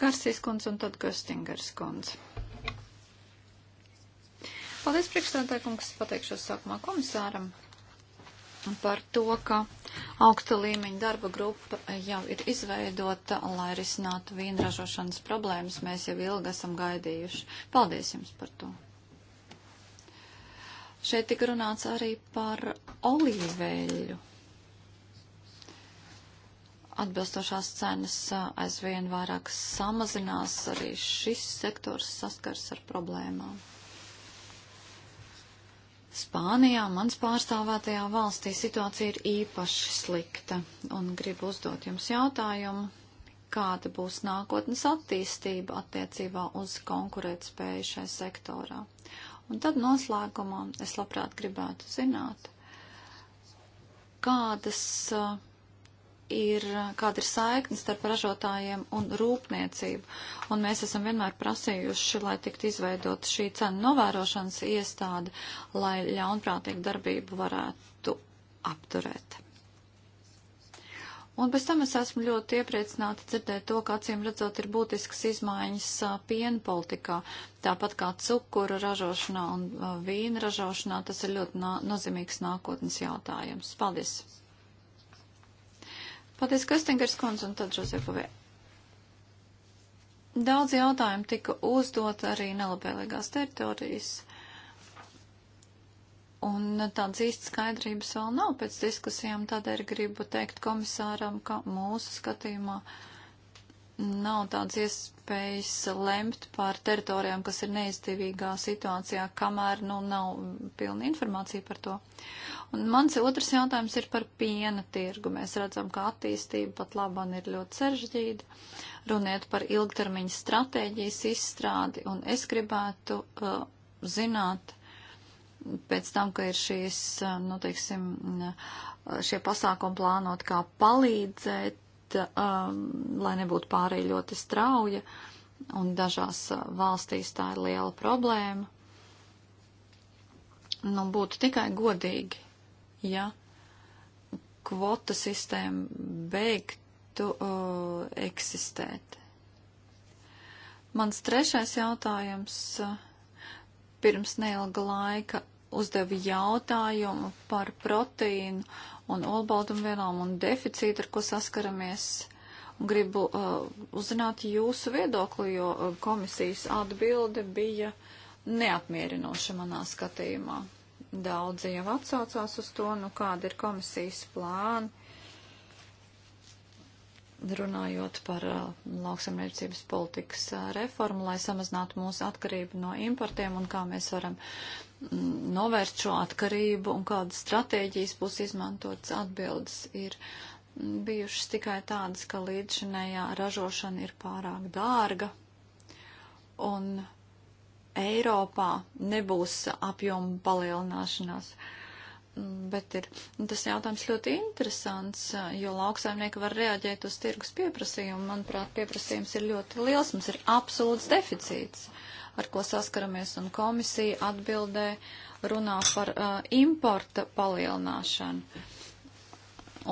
Garsīs kundze un tad Göstingers kundze. Paldies, priekšstādākums, pateikšos sākumā komisāram par to, ka augsta līmeņa darba grupa jau ir izveidota, lai risinātu vīnražošanas problēmas. Mēs jau ilgi esam gaidījuši. Paldies jums par to. Šeit tika runāts arī par olīveļu. Atbilstošās cenas aizvien vairāk samazinās, arī šis sektors saskars ar problēmām. Spānijā, mans pārstāvētajā valstī, situācija ir īpaši slikta, un gribu uzdot jums jautājumu, kāda būs nākotnes attīstība attiecībā uz konkurētspēju šai sektorā. Un tad noslēgumā es labprāt gribētu zināt, kādas uh, ir, kāda ir saikne starp ražotājiem un rūpniecību. Un mēs esam vienmēr prasījuši, lai tiktu izveidot šī cena novērošanas iestāde, lai ļaunprātīgu darbību varētu apturēt. Un bez tam es esmu ļoti iepriecināta dzirdēt to, ka acīm redzot ir būtiskas izmaiņas piena politikā, tāpat kā cukura ražošanā un vīna ražošanā. Tas ir ļoti nā nozīmīgs nākotnes jautājums. Paldies! Paldies, Kastingers kundze, un tad Žozefovē. Daudz jautājumu tika uzdot arī nelabēlīgās teritorijas, un tādas īstas skaidrības vēl nav pēc diskusijām, tādēļ gribu teikt komisāram, ka mūsu skatījumā. Uh, nav tādas iespējas lemt par teritorijām, kas ir neizdevīgā situācijā, kamēr nu, nav pilna informācija par to. Un mans otrs jautājums ir par piena tirgu. Mēs redzam, ka attīstība pat labam ir ļoti sarežģīta. Runiet par ilgtermiņa stratēģijas izstrādi, un es gribētu uh, zināt, pēc tam, ka ir šīs, uh, nu, teiksim, uh, šie pasākumi plānot, kā palīdzēt bet um, lai nebūtu pārēj ļoti strauja, un dažās uh, valstīs tā ir liela problēma, nu, būtu tikai godīgi, ja kvota sistēma beigtu uh, eksistēt. Mans trešais jautājums uh, pirms neilga laika uzdevi jautājumu par proteīnu un olbaltumvielām un deficītu, ar ko saskaramies. Un gribu uh, uzzināt jūsu viedokli, jo uh, komisijas atbilde bija neapmierinoša manā skatījumā. Daudzi jau atsaucās uz to, nu kāda ir komisijas plāna, runājot par uh, lauksamniecības politikas uh, reformu, lai samazinātu mūsu atkarību no importiem un kā mēs varam novērst šo atkarību un kādas stratēģijas būs izmantotas atbildes ir bijušas tikai tādas, ka līdzšinējā ražošana ir pārāk dārga un Eiropā nebūs apjoma palielināšanās. Bet ir, tas jautājums ļoti interesants, jo lauksaimnieki var reaģēt uz tirgus pieprasījumu. Manuprāt, pieprasījums ir ļoti liels, mums ir absolūts deficīts. Uh, ar ko saskaramies, un komisija atbildē runā par uh, importa palielināšanu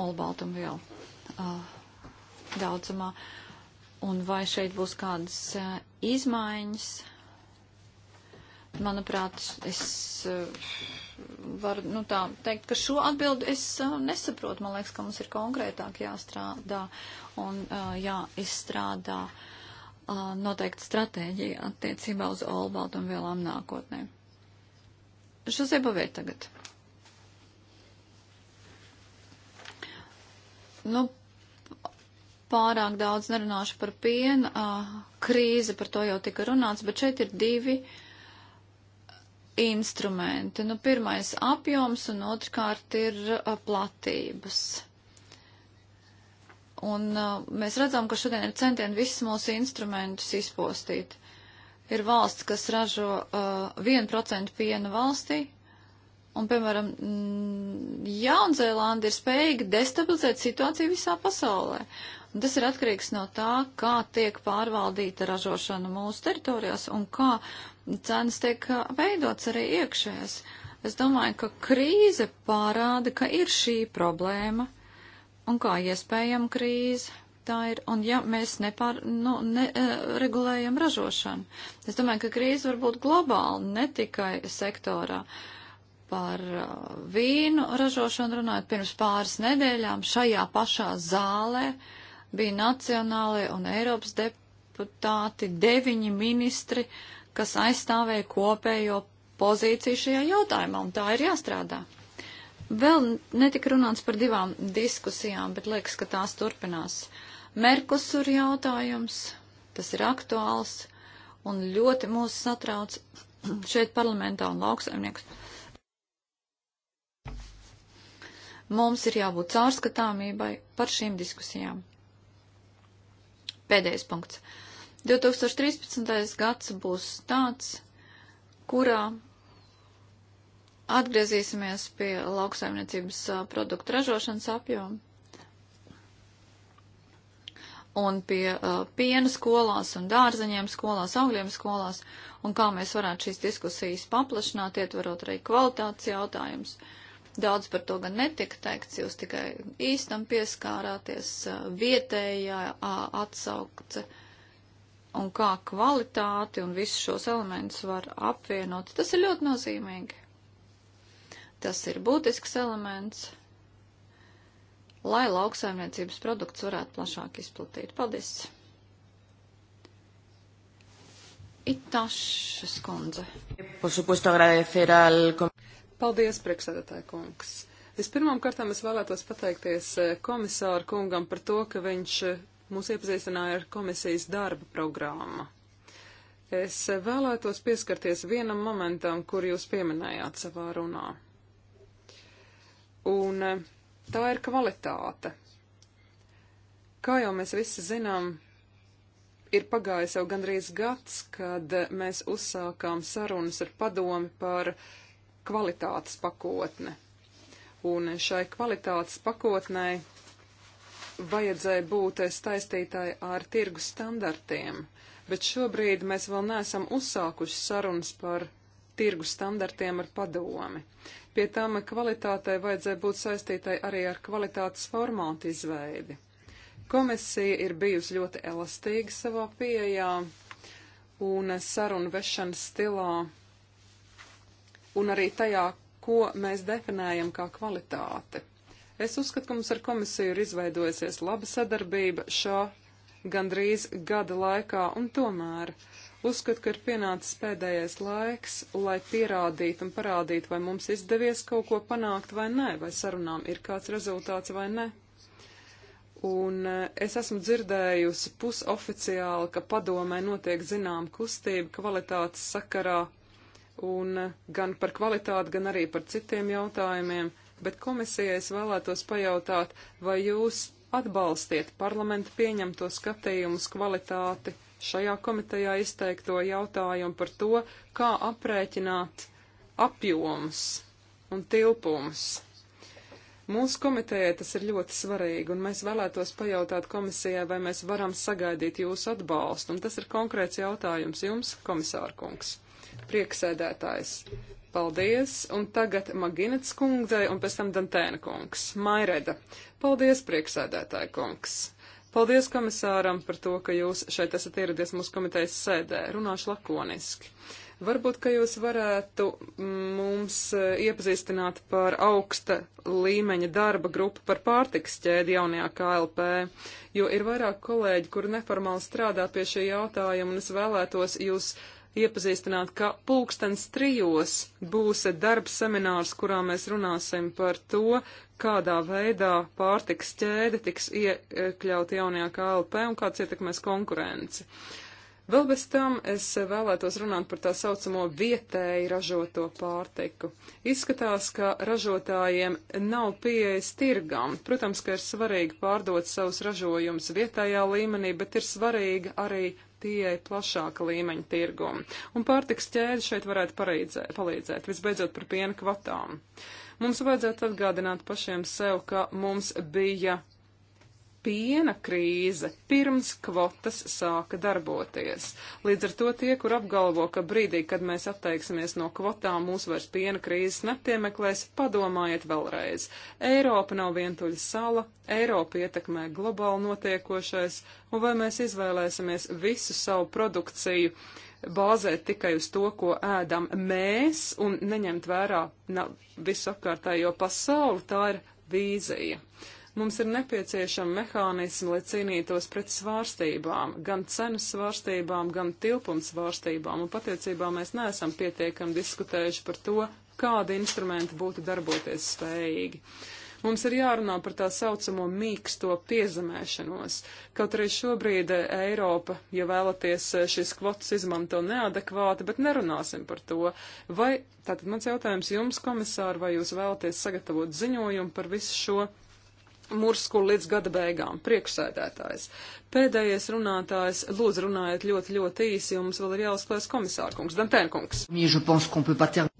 olbaltumvielu uh, daudzumā. Un vai šeit būs kādas uh, izmaiņas? Manuprāt, es uh, varu nu, tā teikt, ka šo atbildi es uh, nesaprotu. Man liekas, ka mums ir konkrētāk jāstrādā un uh, jāizstrādā. Uh, noteikta stratēģija attiecībā uz olbaltumvielām nākotnē. Žozē Bavē tagad. Nu, pārāk daudz nerunāšu par pienu, krīze par to jau tika runāts, bet šeit ir divi instrumenti. Nu, pirmais apjoms un otrkārt ir platības Un uh, mēs redzam, ka šodien ir centieni visus mūsu instrumentus izpostīt. Ir valsts, kas ražo uh, 1% piena valstī, un, piemēram, mm, Jaunzēlanda ir spējīga destabilizēt situāciju visā pasaulē. Un tas ir atkarīgs no tā, kā tiek pārvaldīta ražošana mūsu teritorijās un kā cenas tiek uh, veidots arī iekšējās. Es domāju, ka krīze pārāda, ka ir šī problēma. Uh, un kā iespējama krīze tā ir, un ja mēs nepār, nu, neregulējam eh, uh, ražošanu. Es domāju, ka krīze var būt globāla, ne tikai sektorā. Par uh, vīnu ražošanu runājot pirms pāris nedēļām šajā pašā zālē bija nacionālie un Eiropas deputāti, deviņi ministri, kas aizstāvēja kopējo pozīciju šajā jautājumā, un tā ir jāstrādā. Vēl netika runāts par divām diskusijām, bet liekas, ka tās turpinās. Merkusur jautājums, tas ir aktuāls un ļoti mūs satrauc šeit parlamentā un lauksaimnieks. Mums ir jābūt caurskatāmībai par šīm diskusijām. Pēdējais punkts. 2013. gads būs tāds, kurā Atgriezīsimies pie lauksaimniecības produktu ražošanas apjoma un pie uh, piena skolās un dārzeņiem skolās, augļiem skolās, un kā mēs varētu šīs diskusijas paplašināt, ietverot arī kvalitātes jautājumus. Daudz par to gan netika teikts, jūs tikai īstam pieskārāties uh, vietējā uh, atsaukce un kā kvalitāti un visus šos elementus var apvienot. Tas ir ļoti nozīmīgi. Tas ir būtisks elements, lai lauksaimniecības produkts varētu plašāk izplatīt. Paldies! Itašas kundze. Paldies, priekšsēdētāja kungs. Vispirmām kārtām es vēlētos pateikties eh, komisāru kungam par to, ka viņš eh, mūs iepazīstināja ar komisijas darba programmu. Es eh, vēlētos pieskarties vienam momentam, kur jūs pieminējāt savā runā. Un eh, tā ir kvalitāte. Kā jau mēs visi zinām, ir pagājis jau gandrīz gads, kad eh, mēs uzsākām sarunas ar padomi par kvalitātes pakotne. Un šai kvalitātes pakotnei vajadzēja būt saistītāji ar tirgus standartiem, bet šobrīd mēs vēl neesam uzsākuši sarunas par tirgus standartiem ar padomi. Pie tam kvalitātei vajadzēja būt saistītai arī ar kvalitātes formātu izveidi. Komisija ir bijusi ļoti elastīga savā pieejā un sarunu vešanas stilā un arī tajā, ko mēs definējam kā kvalitāti. Es uzskatu, ka mums ar komisiju ir izveidojusies laba sadarbība šā gandrīz gada laikā, un tomēr Uzskatu, ka ir pienācis pēdējais laiks, lai pierādītu un parādītu, vai mums izdevies kaut ko panākt vai nē, vai sarunām ir kāds rezultāts vai nē. Un e, es esmu dzirdējusi pusoficiāli, ka padomē notiek zinām kustība kvalitātes sakarā un e, gan par kvalitāti, gan arī par citiem jautājumiem, bet komisijai es vēlētos pajautāt, vai jūs atbalstiet parlamentu pieņemto skatījumus kvalitāti šajā komitejā izteikto jautājumu par to, kā aprēķināt apjoms un tilpums. Mūsu komitejai tas ir ļoti svarīgi, un mēs vēlētos pajautāt komisijai, vai mēs varam sagaidīt jūsu atbalstu, un tas ir konkrēts jautājums jums, komisārkungs. Prieksēdētājs. Paldies, un tagad Maginets kungdzei, un pēc tam Dantēna kungs. Maireda. Paldies, prieksēdētāja kungs. Paldies komisāram par to, ka jūs šeit esat ieradies mūsu komitejas sēdē. Runāšu lakoniski. Varbūt, ka jūs varētu mums eh, iepazīstināt par augsta līmeņa darba grupu par pārtiks ķēdi jaunajā KLP, jo ir vairāk kolēģi, kuri neformāli strādā pie šī jautājuma, un es vēlētos jūs iepazīstināt, ka pulkstens trijos būs darba seminārs, kurā mēs runāsim par to, kādā veidā pārtiks ķēde tiks iekļaut jaunajā KLP un kāds ietekmēs konkurenci. Vēl bez tam es vēlētos runāt par tā saucamo vietēji ražoto pārtiku. Izskatās, ka ražotājiem nav pieejas tirgam. Protams, ka ir svarīgi pārdot savus ražojumus vietējā līmenī, bet ir svarīga arī pieeja plašāka līmeņa tirgumu. Un pārtiks ķēde šeit varētu pareidzēt, palīdzēt, visbeidzot par piena kvatām. Mums vajadzētu atgādināt pašiem sev, ka mums bija piena krīze pirms kvotas sāka darboties. Līdz ar to tie, kur apgalvo, ka brīdī, kad mēs atteiksimies no kvotām, mūs vairs piena krīzes nepiemeklēs, padomājiet vēlreiz. Eiropa nav vientuļa sala, Eiropa ietekmē globāli notiekošais, un vai mēs izvēlēsimies visu savu produkciju bāzēt tikai uz to, ko ēdam mēs, un neņemt vērā na, visu apkārtējo pasauli, tā ir vīzija. Uh, Mums ir nepieciešama mehānismi, lai cīnītos pret svārstībām, gan cenas svārstībām, gan tilpums svārstībām, un patiecībā mēs neesam pietiekami diskutējuši par to, kādi instrumenti būtu darboties spējīgi. Mums ir jārunā par tā saucamo mīksto piezemēšanos. Kaut arī šobrīd Eiropa, ja vēlaties šis kvots izmanto neadekvāti, bet nerunāsim par to. Vai, tātad mans jautājums jums, komisāri, vai jūs vēlaties sagatavot ziņojumu par visu šo Murskuli līdz gada beigām. Priekšsēdētājs. Pēdējais runātājs, lūdzu runājiet ļoti, ļoti īsi, jo mums vēl ir jāuzklājas komisārkungs, Dantēnkungs.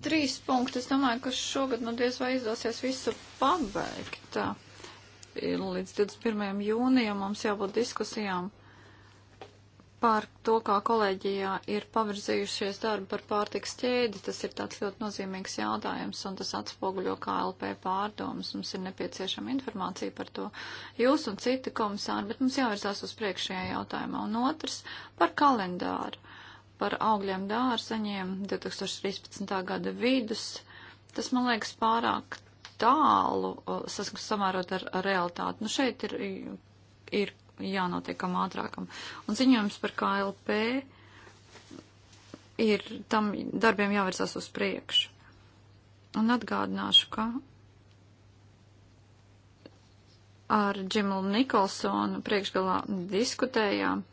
Trīs punkti. Es domāju, ka šogad man nu, diez vai izdosies visu pabeigt. Līdz 21. jūnijam mums jābūt diskusijām par to, kā kolēģijā ir pavirzījušies darbi par pārtiks ķēdi. Tas ir tāds ļoti nozīmīgs jautājums, un tas atspoguļo KLP pārdomas. Mums ir nepieciešama informācija par to. Jūs un citi komisāri, bet mums jāvirzās uz priekšējā jautājumā. Un otrs par kalendāru, par augļiem dārzeņiem 2013. gada vidus. Tas, man liekas, pārāk tālu uh, saskars samērot ar, ar realitāti. Nu, šeit ir, ir jānotiekam ātrākam. Un ziņojums par KLP ir tam darbiem jāvirzās uz priekšu. Un atgādināšu, ka ar Džimu Nikolsonu priekšgalā diskutējām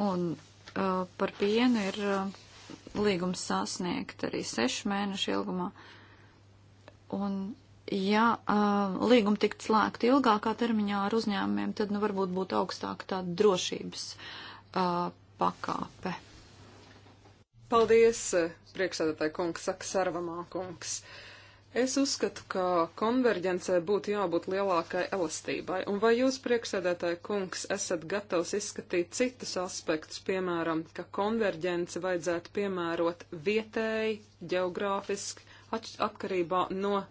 un uh, par pienu ir uh, līgums sasniegt arī sešu mēnešu ilgumā. Un ja uh, līguma tiktu slēgta ilgākā termiņā ar uzņēmumiem, tad nu, varbūt būtu augstāka tāda drošības uh, pakāpe. Paldies, priekšsēdētāji kungs, saka Sarvamā kungs. Es uzskatu, ka konverģencē būtu jābūt lielākai elastībai, un vai jūs, priekšsēdētāji kungs, esat gatavs izskatīt citus aspektus, piemēram, ka konverģence vajadzētu piemērot vietēji, geogrāfiski, atkarībā no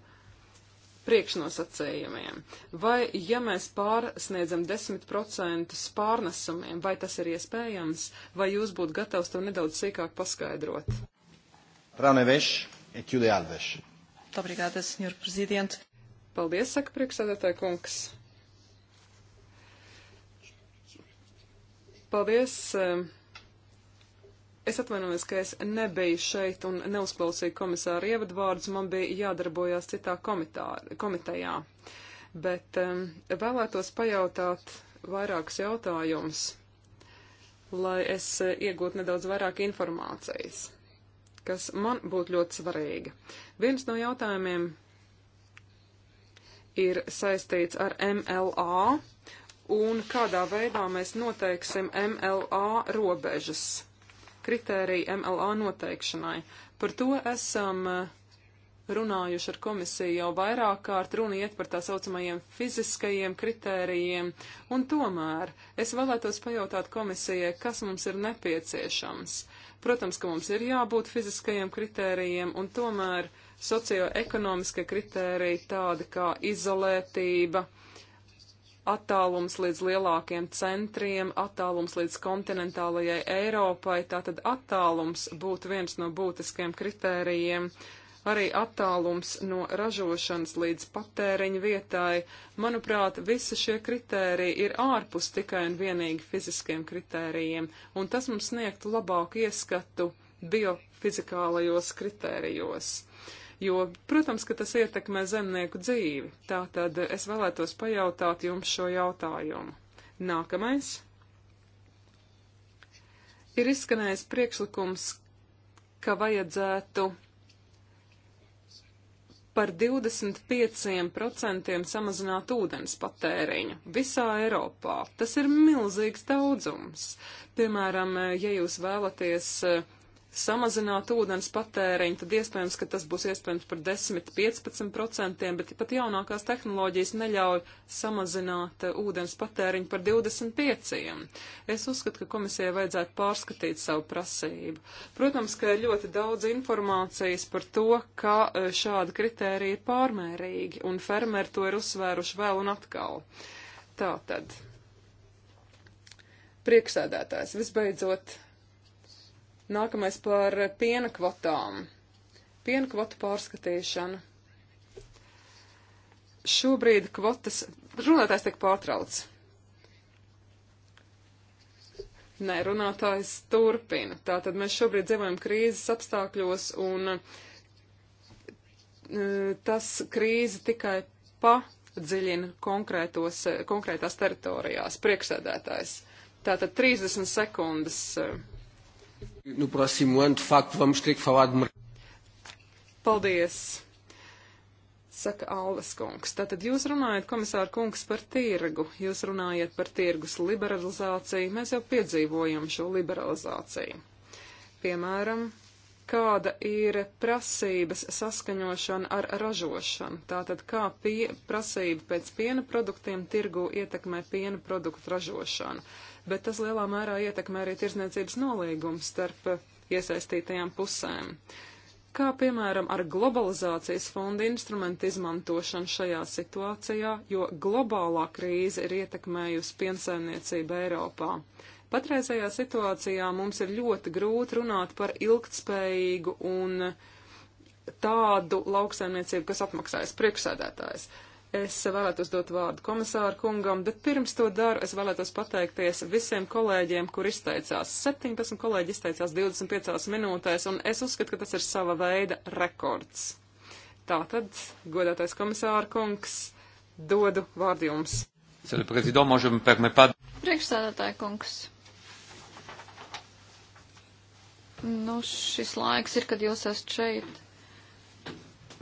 priekšnosacējumiem. Vai, ja mēs pārsniedzam 10% pārnesumiem, vai tas ir iespējams, vai jūs būtu gatavs to nedaudz sīkāk paskaidrot? Pravneveš, Eķuli Alveš. Obrigada, senjor prezident. Paldies, saka priekšsēdētāja kungs. Paldies. Uh, Es atvainojos, ka es nebiju šeit un neuzklausīju komisāru ievadvārdus, man bija jādarbojās citā komitā, komitejā. Bet um, vēlētos pajautāt vairākus jautājumus, lai es eh, iegūtu nedaudz vairāk informācijas, kas man būtu ļoti svarīga. Viens no jautājumiem ir saistīts ar MLA un kādā veidā mēs noteiksim MLA robežas kritēriju MLA noteikšanai. Par to esam eh, runājuši ar komisiju jau vairāk kārt, runa iet par tā saucamajiem fiziskajiem kritērijiem, un tomēr es vēlētos pajautāt komisijai, kas mums ir nepieciešams. Protams, ka mums ir jābūt fiziskajiem kritērijiem, un tomēr socioekonomiskie kritēriji tādi kā izolētība, uh, attālums līdz lielākiem centriem, attālums līdz kontinentālajai Eiropai, tātad attālums būtu viens no būtiskiem kritērijiem, arī attālums no ražošanas līdz patēriņu vietai. Manuprāt, visi šie kritēriji ir ārpus tikai un vienīgi fiziskiem kritērijiem, un tas mums sniegtu labāku ieskatu biofizikālajos kritērijos jo, protams, ka tas ietekmē zemnieku dzīvi. Tātad es vēlētos pajautāt jums šo jautājumu. Nākamais. Ir izskanējis priekšlikums, ka vajadzētu par 25% samazināt ūdens patēriņu visā Eiropā. Tas ir milzīgs daudzums. Piemēram, ja jūs vēlaties uh, samazināt ūdens patēriņu, tad iespējams, ka tas būs iespējams par 10-15%, bet pat jaunākās tehnoloģijas neļauj samazināt eh, ūdens patēriņu par 25%. Es uzskatu, ka komisijai vajadzētu pārskatīt savu prasību. Protams, ka ir ļoti daudz informācijas par to, ka eh, šāda kritērija ir pārmērīgi, un fermeri to ir uzsvēruši vēl un atkal. Tātad. Prieksēdētājs visbeidzot Nākamais par piena kvotām. Piena kvotu pārskatīšana. Šobrīd kvotas. Runātājs tiek pārtrauc. Nē, runātājs turpina. Tātad mēs šobrīd dzīvojam krīzes apstākļos un e, tas krīze tikai padziļina konkrētos, e, konkrētās teritorijās. Priekšsēdētājs. Tātad 30 sekundes e, No próximo ano, de facto, vamos ter que falar de Paldies! Saka Alves kungs. Tātad jūs runājat, komisāra kungs, par tirgu. Jūs runājat par tirgus liberalizāciju. Mēs jau piedzīvojam šo liberalizāciju. Piemēram, kāda ir prasības saskaņošana ar ražošanu. Tātad, kā pie, prasība pēc piena produktiem tirgu ietekmē piena produktu ražošanu bet tas lielā mērā ietekmē arī tirzniecības nolīgums starp iesaistītajām pusēm. Kā piemēram ar globalizācijas fonda instrumentu izmantošanu šajā situācijā, jo globālā krīze ir ietekmējusi piensaimniecību Eiropā. Patreizajā situācijā mums ir ļoti grūti runāt par ilgtspējīgu un tādu lauksaimniecību, kas apmaksājas priekšsēdētājs. Uh, Es vēlētos dot vārdu komisāru kungam, bet pirms to daru, es vēlētos pateikties visiem kolēģiem, kur izteicās. 17 kolēģi izteicās 25 minūtēs, un es uzskatu, ka tas ir sava veida rekords. Tātad, godātais komisāra kungs, dodu vārdu jums. Priekšsēdētāja kungs. Nu, šis laiks ir, kad jūs esat šeit.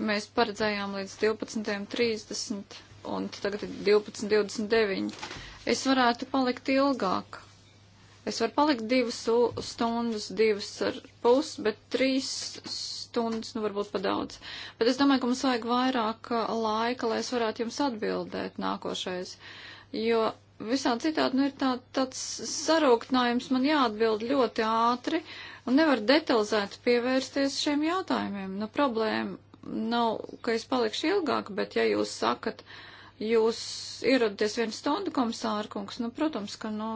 Mēs paredzējām līdz 12.30 un tagad ir 12.29. Es varētu palikt ilgāk. Es varu palikt divas stundas, divas ar pus, bet trīs stundas, nu varbūt pa daudz. Bet es domāju, ka mums vajag vairāk uh, laika, lai es varētu jums atbildēt nākošais. Jo visā citādi, nu, ir tā, tāds sarūktinājums, man jāatbild ļoti ātri un nevar detalizēti pievērsties šiem jautājumiem. Nu, problēma nav, ka es palikšu ilgāk, bet ja jūs sakat, jūs ierodaties vienu stundu komisāra kungs, nu, protams, ka, nu,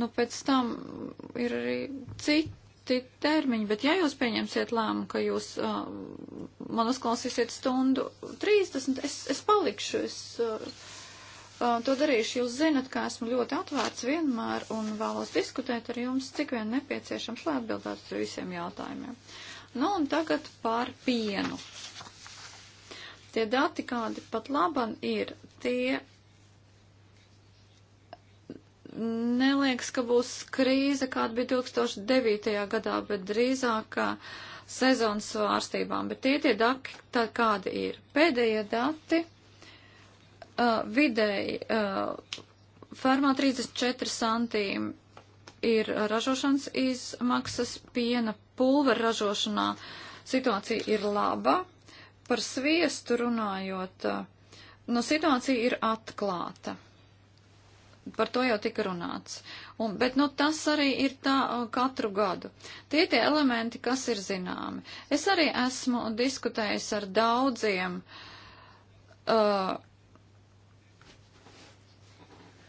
nu, pēc tam ir arī citi termiņi, bet ja jūs pieņemsiet lēmumu, ka jūs uh, man uzklausīsiet stundu 30, es, es palikšu, es. Uh, Uh, to darīšu. Jūs zinat, ka esmu ļoti atvērts vienmēr un vēlos diskutēt ar jums, cik vien nepieciešams, lai atbildētu uz visiem jautājumiem. Uh, Nu un tagad par pienu. Tie dati, kādi pat laban ir, tie neliekas, ka būs krīze, kāda bija 2009. gadā, bet drīzāk sezonas svārstībām. Bet tie tie dati, tā kādi ir. Pēdējie dati uh, vidēji uh, fermā 34 santīmi ir ražošanas izmaksas piena pulveru ražošanā situācija ir laba. Par sviestu runājot, nu, situācija ir atklāta. Par to jau tika runāts. Un, bet, nu, tas arī ir tā katru gadu. Tie tie elementi, kas ir zināmi. Es arī esmu diskutējis ar daudziem uh,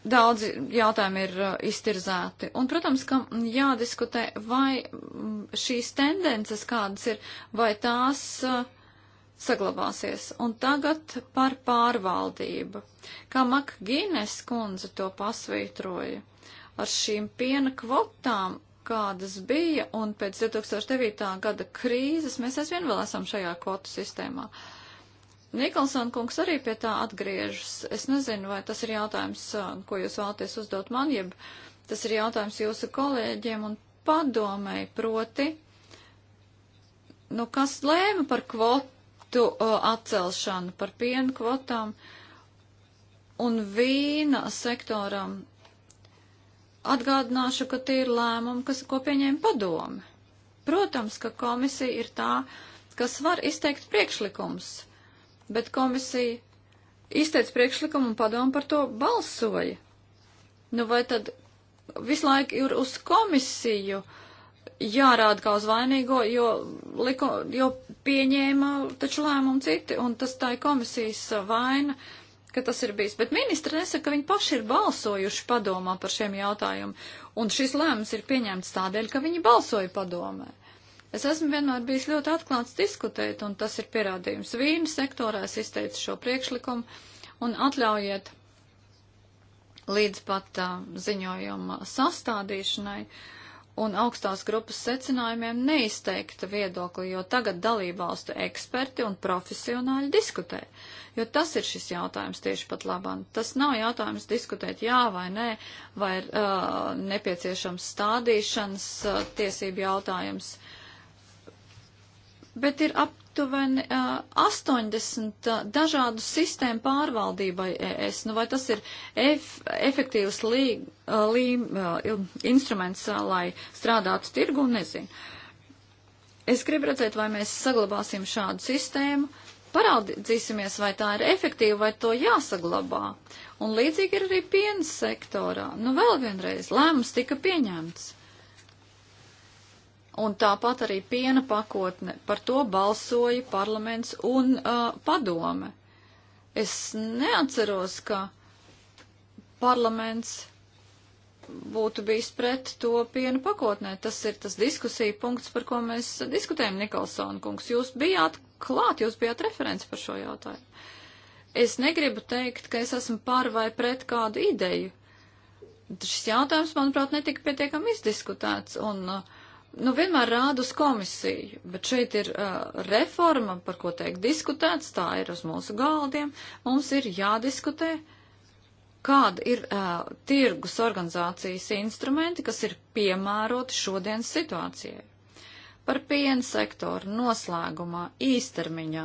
Daudzi jautājumi ir uh, iztirzēti. Un, protams, ka jādiskutē, vai mm, šīs tendences kādas ir, vai tās uh, saglabāsies. Un tagad par pārvaldību. Kā Makgīnes kundze to pasvītroja, ar šīm piena kvotām kādas bija, un pēc 2009. gada krīzes mēs aizvien vēl esam šajā kvotu sistēmā. Uh, Nikolson kungs arī pie tā atgriežas. Es nezinu, vai tas ir jautājums, ko jūs vēlaties uzdot man, jeb tas ir jautājums jūsu kolēģiem un padomēji proti, nu kas lēma par kvotu o, atcelšanu, par pienu kvotām un vīna sektoram. Atgādināšu, ka tie ir lēmumi, kas, ko pieņēma padomi. Protams, ka komisija ir tā, kas var izteikt priekšlikums bet komisija izteica priekšlikumu un padomu par to balsoja. Nu vai tad visu laiku ir uz komisiju jārāda kā uz vainīgo, jo, liko, jo pieņēma taču lēmumu citi, un tas tā ir komisijas vaina, ka tas ir bijis. Bet ministri nesaka, ka viņi paši ir balsojuši padomā par šiem jautājumiem, un šis lēmums ir pieņemts tādēļ, ka viņi balsoja padomē. Uh, Es esmu vienmēr bijis ļoti atklāts diskutēt, un tas ir pierādījums. Vīna sektorā es izteicu šo priekšlikumu, un atļaujiet līdz pat uh, ziņojuma sastādīšanai un augstās grupas secinājumiem neizteikta viedokli, jo tagad dalībvalstu eksperti un profesionāļi diskutē. Jo tas ir šis jautājums tieši pat labāk. Tas nav jautājums diskutēt jā vai nē, vai ir uh, nepieciešams stādīšanas uh, tiesību jautājums bet ir aptuveni uh, 80 uh, dažādu sistēmu pārvaldībai ES. Nu, vai tas ir ef efektīvs lī, uh, lī, uh, instruments, uh, lai strādātu tirgu, nezinu. Es gribu redzēt, vai mēs saglabāsim šādu sistēmu, parādīsimies, vai tā ir efektīva, vai to jāsaglabā. Un līdzīgi ir arī piena sektorā. Nu, vēl vienreiz, lēmums tika pieņemts. Un tāpat arī piena pakotne. Par to balsoja parlaments un uh, padome. Es neatceros, ka parlaments būtu bijis pret to piena pakotnē. Tas ir tas diskusija punkts, par ko mēs diskutējam, Nikolsona kungs. Jūs bijāt klāt, jūs bijāt referents par šo jautājumu. Es negribu teikt, ka es esmu par vai pret kādu ideju. Šis jautājums, manuprāt, netika pietiekami izdiskutēts, un uh, nu, vienmēr rāda uz komisiju, bet šeit ir uh, reforma, par ko tiek diskutēts, tā ir uz mūsu galdiem. Mums ir jādiskutē, kāda ir uh, tirgus organizācijas instrumenti, kas ir piemēroti šodienas situācijai. Par piena sektoru noslēgumā īstermiņā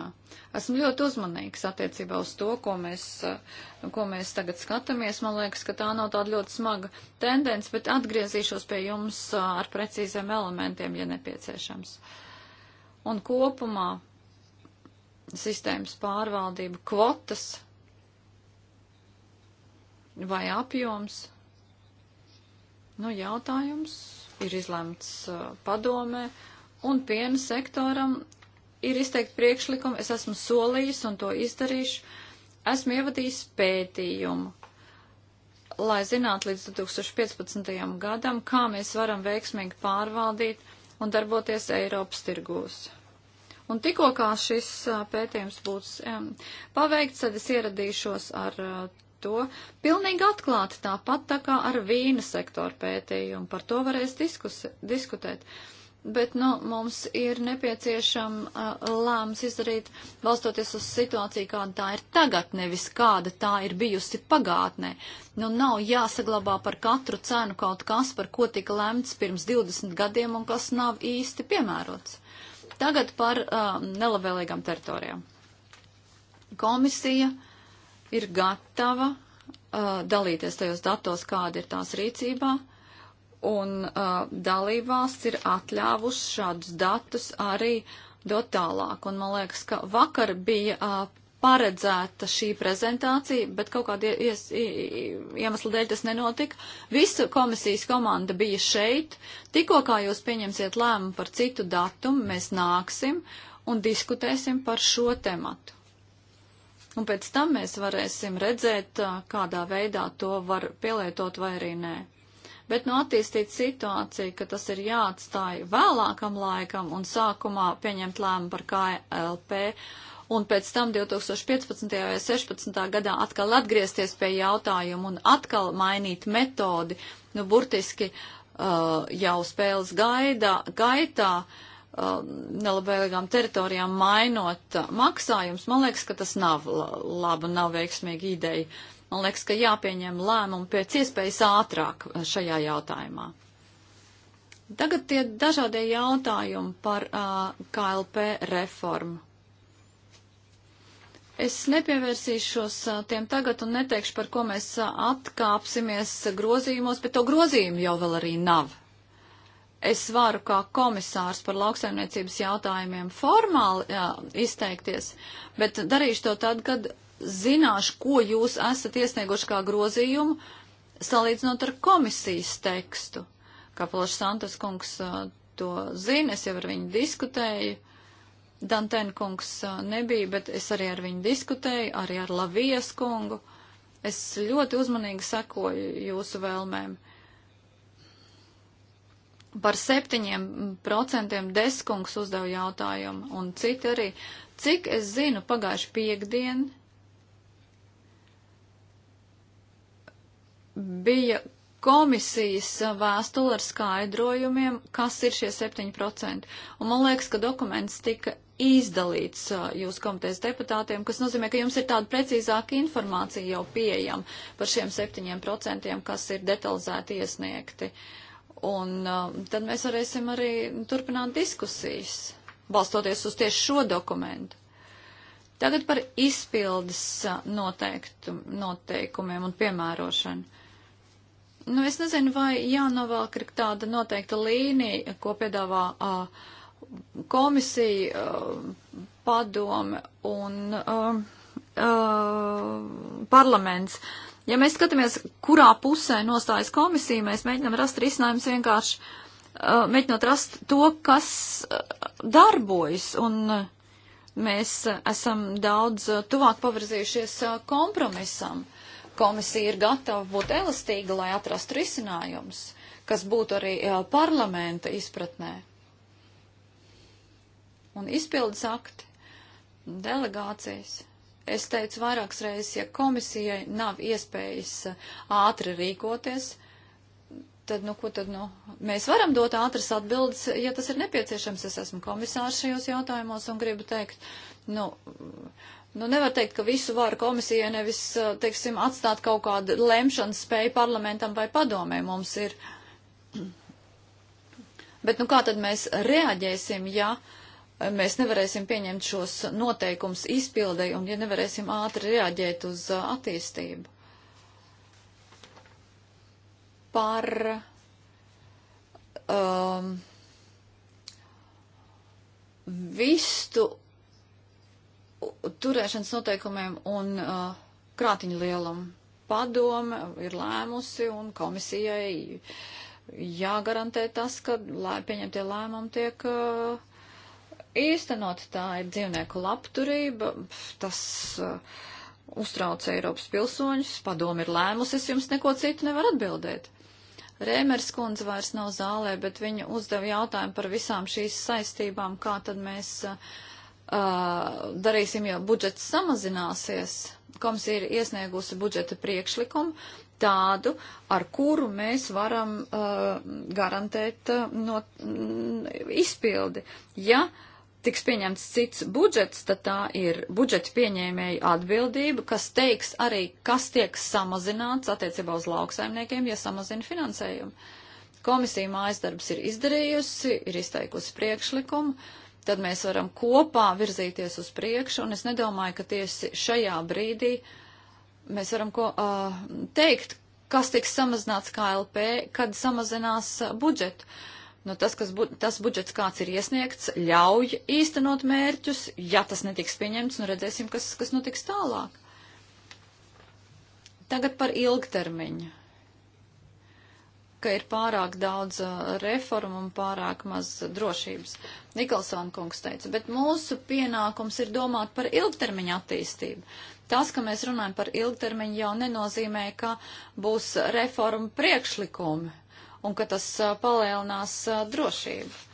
esmu ļoti uzmanīgs attiecībā uz to, ko mēs, ko mēs tagad skatāmies. Man liekas, ka tā nav tāda ļoti smaga tendence, bet atgriezīšos pie jums ar precīziem elementiem, ja nepieciešams. Un kopumā sistēmas pārvaldība kvotas vai apjoms. Nu, jautājums ir izlemts uh, padomē, uh, un piena sektoram ir izteikti priekšlikumi, es esmu solījis un to izdarīšu, esmu ievadījis pētījumu, lai zinātu līdz 2015. gadam, kā mēs varam veiksmīgi pārvaldīt un darboties Eiropas tirgūs. Un tikko kā šis pētījums būs um, paveikts, tad es ieradīšos ar uh, to pilnīgi atklāti tāpat tā kā ar vīna sektoru pētījumu. Par to varēs diskusi, diskutēt. Uh, bet nu, mums ir nepieciešama uh, lēmums izdarīt balstoties uz situāciju, kāda tā ir tagad, nevis kāda tā ir bijusi pagātnē. Nu, nav jāsaglabā par katru cenu kaut kas, par ko tika lemts pirms 20 gadiem un kas nav īsti piemērots. Tagad par uh, nelabvēlīgām teritorijām. Komisija ir gatava uh, dalīties tajos datos, kāda ir tās rīcībā. Uh, un uh, dalībvalsts ir atļāvusi šādus datus arī dot tālāk. Un man liekas, ka vakar bija uh, paredzēta šī prezentācija, bet kaut kāda ies, iemesla dēļ tas nenotika. Visa komisijas komanda bija šeit. Tikko kā jūs pieņemsiet lēmumu par citu datumu, mēs nāksim un diskutēsim par šo tematu. Un pēc tam mēs varēsim redzēt, uh, kādā veidā to var pielietot vai arī nē. Bet nu attīstīt situāciju, ka tas ir jāatstāj vēlākam laikam un sākumā pieņemt lēmumu par KLP un pēc tam 2015. vai 16. gadā atkal atgriezties pie jautājuma un atkal mainīt metodi, nu burtiski uh, jau spēles gaida, gaitā. Uh, nelabvēlīgām teritorijām mainot maksājums, man liekas, ka tas nav laba, nav veiksmīga ideja. Man liekas, ka jāpieņem lēmumi pēc iespējas ātrāk eh, šajā jautājumā. Tagad tie dažādie jautājumi par uh, eh, KLP reformu. Es nepievērsīšos eh, tiem tagad un neteikšu, par ko mēs atkāpsimies grozījumos, bet to grozījumu jau vēl arī nav. Es varu kā komisārs par lauksaimniecības jautājumiem formāli jā, izteikties, bet darīšu to tad, kad zināšu, ko jūs esat iesnieguši kā grozījumu, salīdzinot ar komisijas tekstu. Kā Plašs Santas kungs to zina, es jau ar viņu diskutēju. Dantēna kungs nebija, bet es arī ar viņu diskutēju, arī ar Lavijas kungu. Es ļoti uzmanīgi sekoju jūsu vēlmēm. Par septiņiem procentiem deskungs uzdev jautājumu, un citi arī. Cik es zinu, pagājuši piekdienu bija komisijas vēstule ar skaidrojumiem, kas ir šie 7%. Un man liekas, ka dokuments tika izdalīts jūsu komitejas deputātiem, kas nozīmē, ka jums ir tāda precīzāka informācija jau pieejama par šiem 7%, kas ir detalizēti iesniegti. Un uh, tad mēs varēsim arī turpināt diskusijas, balstoties uz tieši šo dokumentu. Tagad par izpildes noteiktu, noteikumiem un piemērošanu. Nu, es nezinu, vai jānovelk ir tāda noteikta līnija, ko piedāvā uh, komisija, uh, padome un uh, uh, parlaments. Ja mēs skatāmies, kurā pusē nostājas komisija, mēs mēģinām rast risinājumus vienkārši, uh, mēģinot rast to, kas uh, darbojas. Un, uh, mēs esam daudz tuvāk pavirzījušies kompromisam. Uh, Komisija ir gatava būt elastīga, lai atrastu risinājumus, kas būtu arī eh, parlamenta izpratnē. Un izpildes akti, delegācijas. Es teicu vairākas reizes, ja komisijai nav iespējas eh, ātri rīkoties, tad, nu, ko tad, nu, mēs varam dot ātras atbildes, ja tas ir nepieciešams. Es esmu komisārs šajos jautājumos un gribu teikt, nu, Nu, nevar teikt, ka visu varu komisijai nevis, eh, teiksim, atstāt kaut kādu lemšanas spēju parlamentam vai padomē mums ir. Bet, nu, kā tad mēs reaģēsim, ja eh, mēs nevarēsim pieņemt šos noteikums izpildē un ja nevarēsim ātri reaģēt uz eh, attīstību? Par. Um, vistu turēšanas noteikumiem un uh, krātiņu lielumu. Padome ir lēmusi un komisijai jāgarantē tas, ka lē, pieņemtie lēmumi tiek uh, īstenot. Tā ir dzīvnieku labturība, tas uh, uztrauc Eiropas pilsoņus, padome ir lēmusi, es jums neko citu nevaru atbildēt. Rēmers kundze vairs nav zālē, bet viņa uzdeva jautājumu par visām šīs saistībām, kā tad mēs uh, uh, darīsim, jo budžets samazināsies. Komisija ir iesniegusi budžeta priekšlikumu tādu, ar kuru mēs varam uh, garantēt uh, no, mm, izpildi. Ja tiks pieņemts cits budžets, tad tā ir budžeta pieņēmēja atbildība, kas teiks arī, kas tiek samazināts attiecībā uz lauksaimniekiem, ja samazina finansējumu. Komisija mājas darbs ir izdarījusi, ir izteikusi priekšlikumu. Uh, tad mēs varam kopā virzīties uz priekšu, un es nedomāju, ka tieši šajā brīdī mēs varam ko, uh, teikt, kas tiks samazināts KLP, kad samazinās uh, budžetu. Nu, tas, kas bu tas budžets, kāds ir iesniegts, ļauj īstenot mērķus. Ja tas netiks pieņemts, nu redzēsim, kas, kas notiks tālāk. Tagad par ilgtermiņu ka ir pārāk daudz reformu un pārāk maz drošības. Nikolsona kungs teica, bet mūsu pienākums ir domāt par ilgtermiņa attīstību. Tas, ka mēs runājam par ilgtermiņu, jau nenozīmē, ka būs reformu priekšlikumi un ka tas palielinās drošību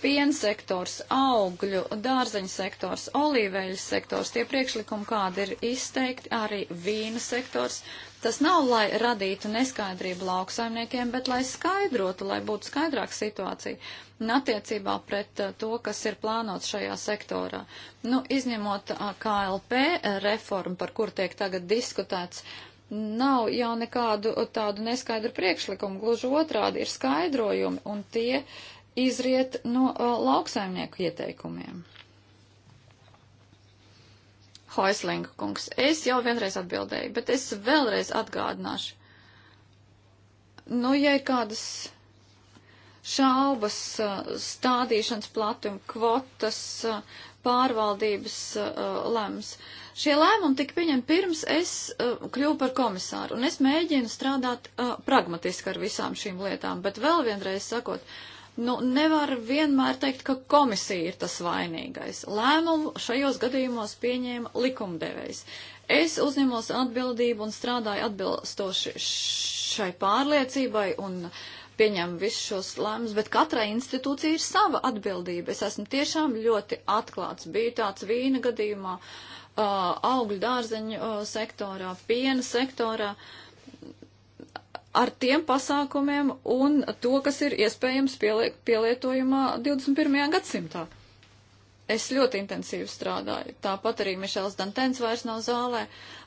piensektors, augļu, dārzeņu sektors, olīveļu sektors, tie priekšlikumi, kādi ir izteikti, arī vīna sektors. Tas nav, lai radītu neskaidrību lauksaimniekiem, bet lai skaidrotu, lai būtu skaidrāka situācija un attiecībā pret eh, to, kas ir plānots šajā sektorā. Nu, izņemot eh, KLP reformu, par kur tiek tagad diskutēts, nav jau nekādu eh, tādu neskaidru priekšlikumu, gluži otrādi ir skaidrojumi, un tie izriet no uh, lauksaimnieku ieteikumiem. Hoislinga kungs, es jau vienreiz atbildēju, bet es vēlreiz atgādināšu. Nu, ja ir kādas šaubas uh, stādīšanas platuma, kvotas, uh, pārvaldības uh, lems. Šie lēmumi tika pieņemti pirms es kļuvu par komisāru, un es mēģinu strādāt pragmatiski ar visām šīm lietām, bet vēl vienreiz sakot, uh, Nu, nevar vienmēr teikt, ka komisija ir tas vainīgais. Lēmumu šajos gadījumos pieņēma likumdevējs. Es uzņemos atbildību un strādāju atbilstoši šai pārliecībai un pieņemu visus šos lēmumus, bet katrai institūcija ir sava atbildība. Es esmu tiešām ļoti atklāts. Bija tāds vīna gadījumā, augļu dārzeņu sektorā, piena sektorā. Uh, ar tiem pasākumiem un to, kas ir iespējams pielie, pielietojumā 21. gadsimtā. Es ļoti intensīvi strādāju. Tāpat arī Mišels Dantens vairs nav zālē,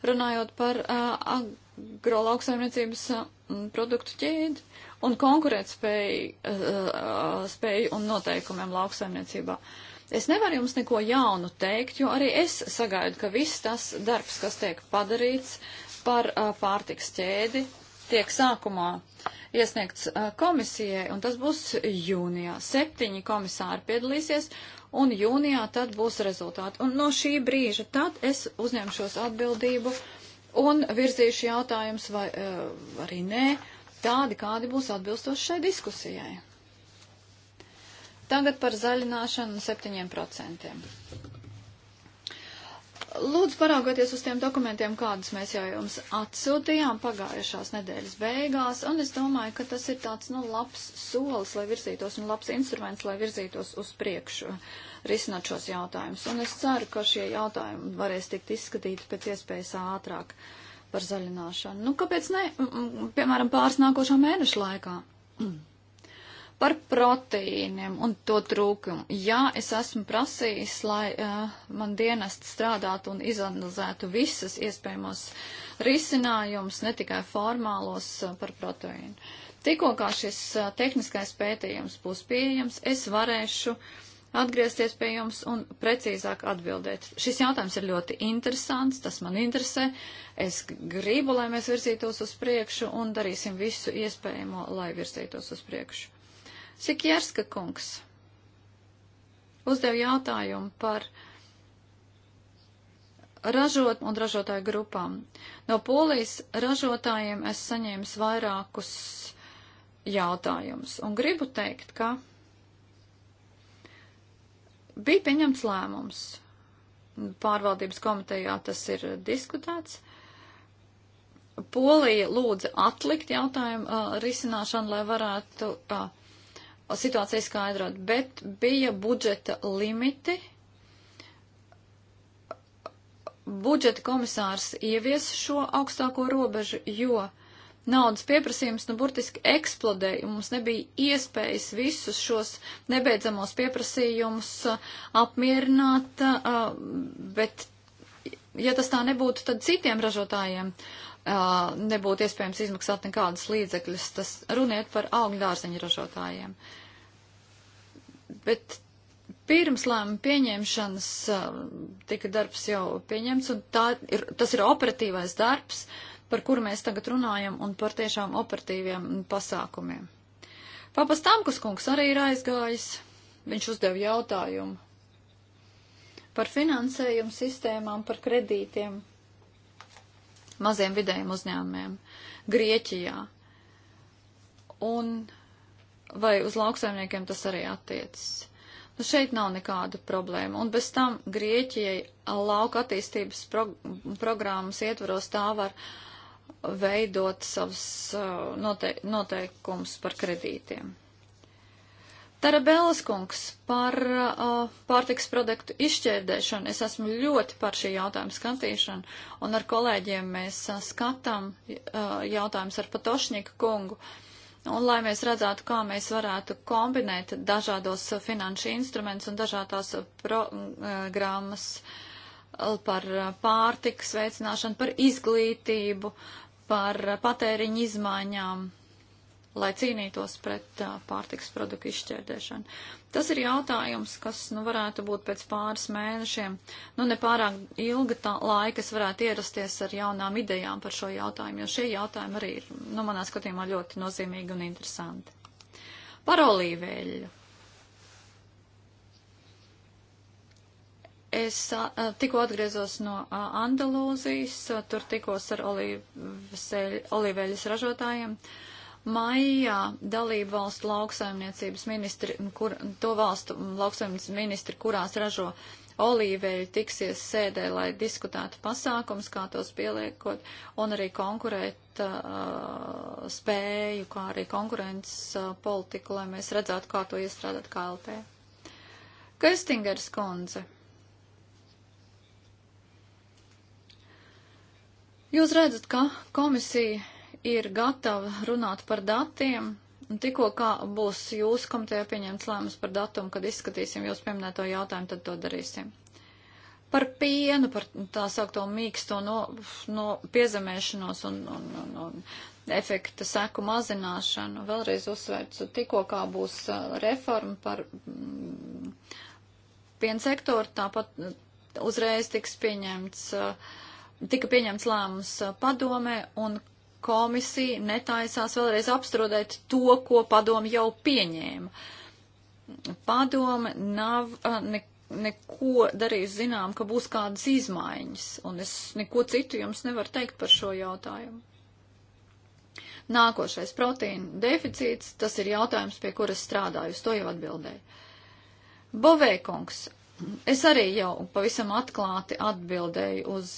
runājot par uh, agrolauksaimniecības uh, produktu ķēdi un konkurētspēju uh, spēju un noteikumiem lauksaimniecībā. Es nevaru jums neko jaunu teikt, jo arī es sagaidu, ka viss tas darbs, kas tiek padarīts par uh, pārtiks ķēdi, tiek sākumā iesniegts komisijai, un tas būs jūnijā. Septiņi komisāri piedalīsies, un jūnijā tad būs rezultāti. Un no šī brīža tad es uzņemšos atbildību un virzīšu jautājumus, vai arī nē, tādi, kādi būs atbilstoši šai diskusijai. Tagad par zaļināšanu 7%. Lūdzu, paraugoties uz tiem dokumentiem, kādus mēs jau jums atsūtījām pagājušās nedēļas beigās, un es domāju, ka tas ir tāds, nu, labs solis, lai virzītos, un labs instruments, lai virzītos uz priekšu, risinot šos jautājumus. Un es ceru, ka šie jautājumi varēs tikt izskatīti pēc iespējas ātrāk par zaļināšanu. Nu, kāpēc ne, piemēram, pāris nākošā mēneša laikā? Par proteīniem un to trūkumu. Jā, es esmu prasījis, lai uh, man dienests strādātu un izanalizētu visas iespējamos risinājumus, ne tikai formālos uh, par proteīnu. Tikko kā šis uh, tehniskais pētījums būs pieejams, es varēšu atgriezties pie jums un precīzāk atbildēt. Šis jautājums ir ļoti interesants, tas man interesē. Es gribu, lai mēs virzītos uz priekšu un darīsim visu iespējamo, lai virzītos uz priekšu. Sikjerska kungs uzdev jautājumu par ražot un ražotāju grupām. No polijas ražotājiem es saņēmu vairākus jautājumus un gribu teikt, ka bija pieņemts lēmums. Pārvaldības komitejā tas ir diskutēts. Polija lūdza atlikt jautājumu uh, risināšanu, lai varētu uh, situāciju skaidrot, bet bija budžeta limiti. Budžeta komisārs ievies šo augstāko robežu, jo naudas pieprasījums nu burtiski eksplodēja, un mums nebija iespējas visus šos nebeidzamos pieprasījumus uh, apmierināt, uh, bet ja tas tā nebūtu, tad citiem ražotājiem uh, nebūtu iespējams izmaksāt nekādas līdzekļas. Tas runiet par augļu dārzeņu ražotājiem. Uh, Bet pirms lēmuma pieņemšanas uh, tika darbs jau pieņemts, un tā ir, tas ir operatīvais darbs, par kuru mēs tagad runājam, un par tiešām operatīviem pasākumiem. Papas Tamkas kungs arī ir aizgājis. Viņš uzdeva jautājumu par finansējumu sistēmām, par kredītiem maziem vidējiem uzņēmumiem Grieķijā. Un vai uz lauksaimniekiem tas arī attiecas. Nu, šeit nav nekāda problēma. Un bez tam Grieķijai lauka attīstības prog programmas ietvaros tā var veidot savus uh, note noteikumus par kredītiem. Tarabēlas kungs par uh, pārtiks produktu izšķērdēšanu. Es esmu ļoti par šī jautājuma skatīšanu, un ar kolēģiem mēs uh, skatām uh, jautājumus ar Patošņika kungu. Uh, Un lai mēs redzētu, kā mēs varētu kombinēt dažādos finanšu instrumentus un dažādās programmas e, par pārtikas veicināšanu, par izglītību, par patēriņu izmaiņām lai cīnītos pret uh, pārtiks produktu izšķērdēšanu. Tas ir jautājums, kas nu, varētu būt pēc pāris mēnešiem, nu ne pārāk ilga tā laika, kas varētu ierasties ar jaunām idejām par šo jautājumu, jo šie jautājumi arī ir, nu, manā skatījumā ļoti nozīmīgi un interesanti. Par olīveļu. Es a, tikko atgriezos no a, Andalūzijas, a, tur tikos ar olīveļas ražotājiem. A, Maijā dalību valstu lauksaimniecības ministri, kur, to valstu lauksaimniecības ministri, kurās ražo olīveļi, tiksies sēdē, lai diskutētu pasākums, kā tos pieliekot, un arī konkurēt uh, spēju, kā arī konkurences uh, politiku, lai mēs redzētu, kā to iestrādāt KLP. Kestingers kundze. Jūs redzat, ka komisija ir gatava runāt par datiem. Un tikko kā būs jūsu komitejā pieņemts lēmums par datumu, kad izskatīsim jūs pieminēto jautājumu, tad to darīsim. Par pienu, par tā saukto mīksto no, no piezemēšanos un, un, un, un efekta seku mazināšanu, vēlreiz uzsvērts, tikko kā būs uh, reforma par mm, pienu sektoru, tāpat uh, uzreiz tiks pieņemts. Uh, tika pieņemts lēmums uh, padomē, un komisija netaisās vēlreiz apstrādēt to, ko padomu jau pieņēma. Padome nav ne, neko darījis zinām, ka būs kādas izmaiņas, un es neko citu jums nevaru teikt par šo jautājumu. Nākošais proteīna deficīts, tas ir jautājums, pie kuras strādāju, uz to jau atbildēju. Bovēkungs, es arī jau pavisam atklāti atbildēju uz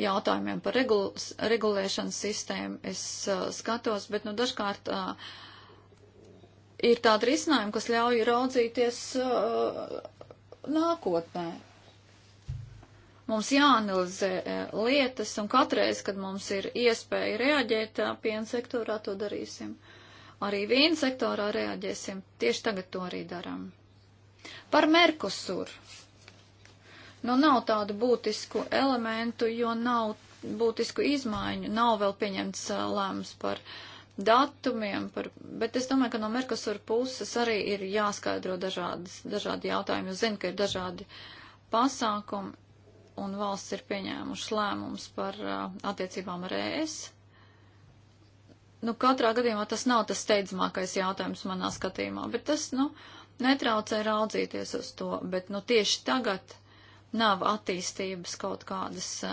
jautājumiem par regul regulēšanas sistēmu es uh, skatos, bet nu dažkārt uh, ir tāda risinājuma, kas ļauj raudzīties uh, nākotnē. Mums jāanalizē uh, lietas, un katreiz, kad mums ir iespēja reaģēt uh, piena sektorā, to darīsim. Arī vīna sektorā reaģēsim. Tieši tagad to arī darām. Par Merkusuru Nu, nav tādu būtisku elementu, jo nav būtisku izmaiņu, nav vēl pieņemts lēmums par datumiem, par, bet es domāju, ka no Merkosur puses arī ir jāskaidro dažādas, dažādi jautājumi. Es zinu, ka ir dažādi pasākumi, un valsts ir pieņēmušas lēmums par uh, attiecībām ar ES. Nu, katrā gadījumā tas nav tas steidzamākais jautājums manā skatījumā, bet tas, nu, netraucē raudzīties uz to, bet, nu, tieši tagad nav attīstības kaut kādas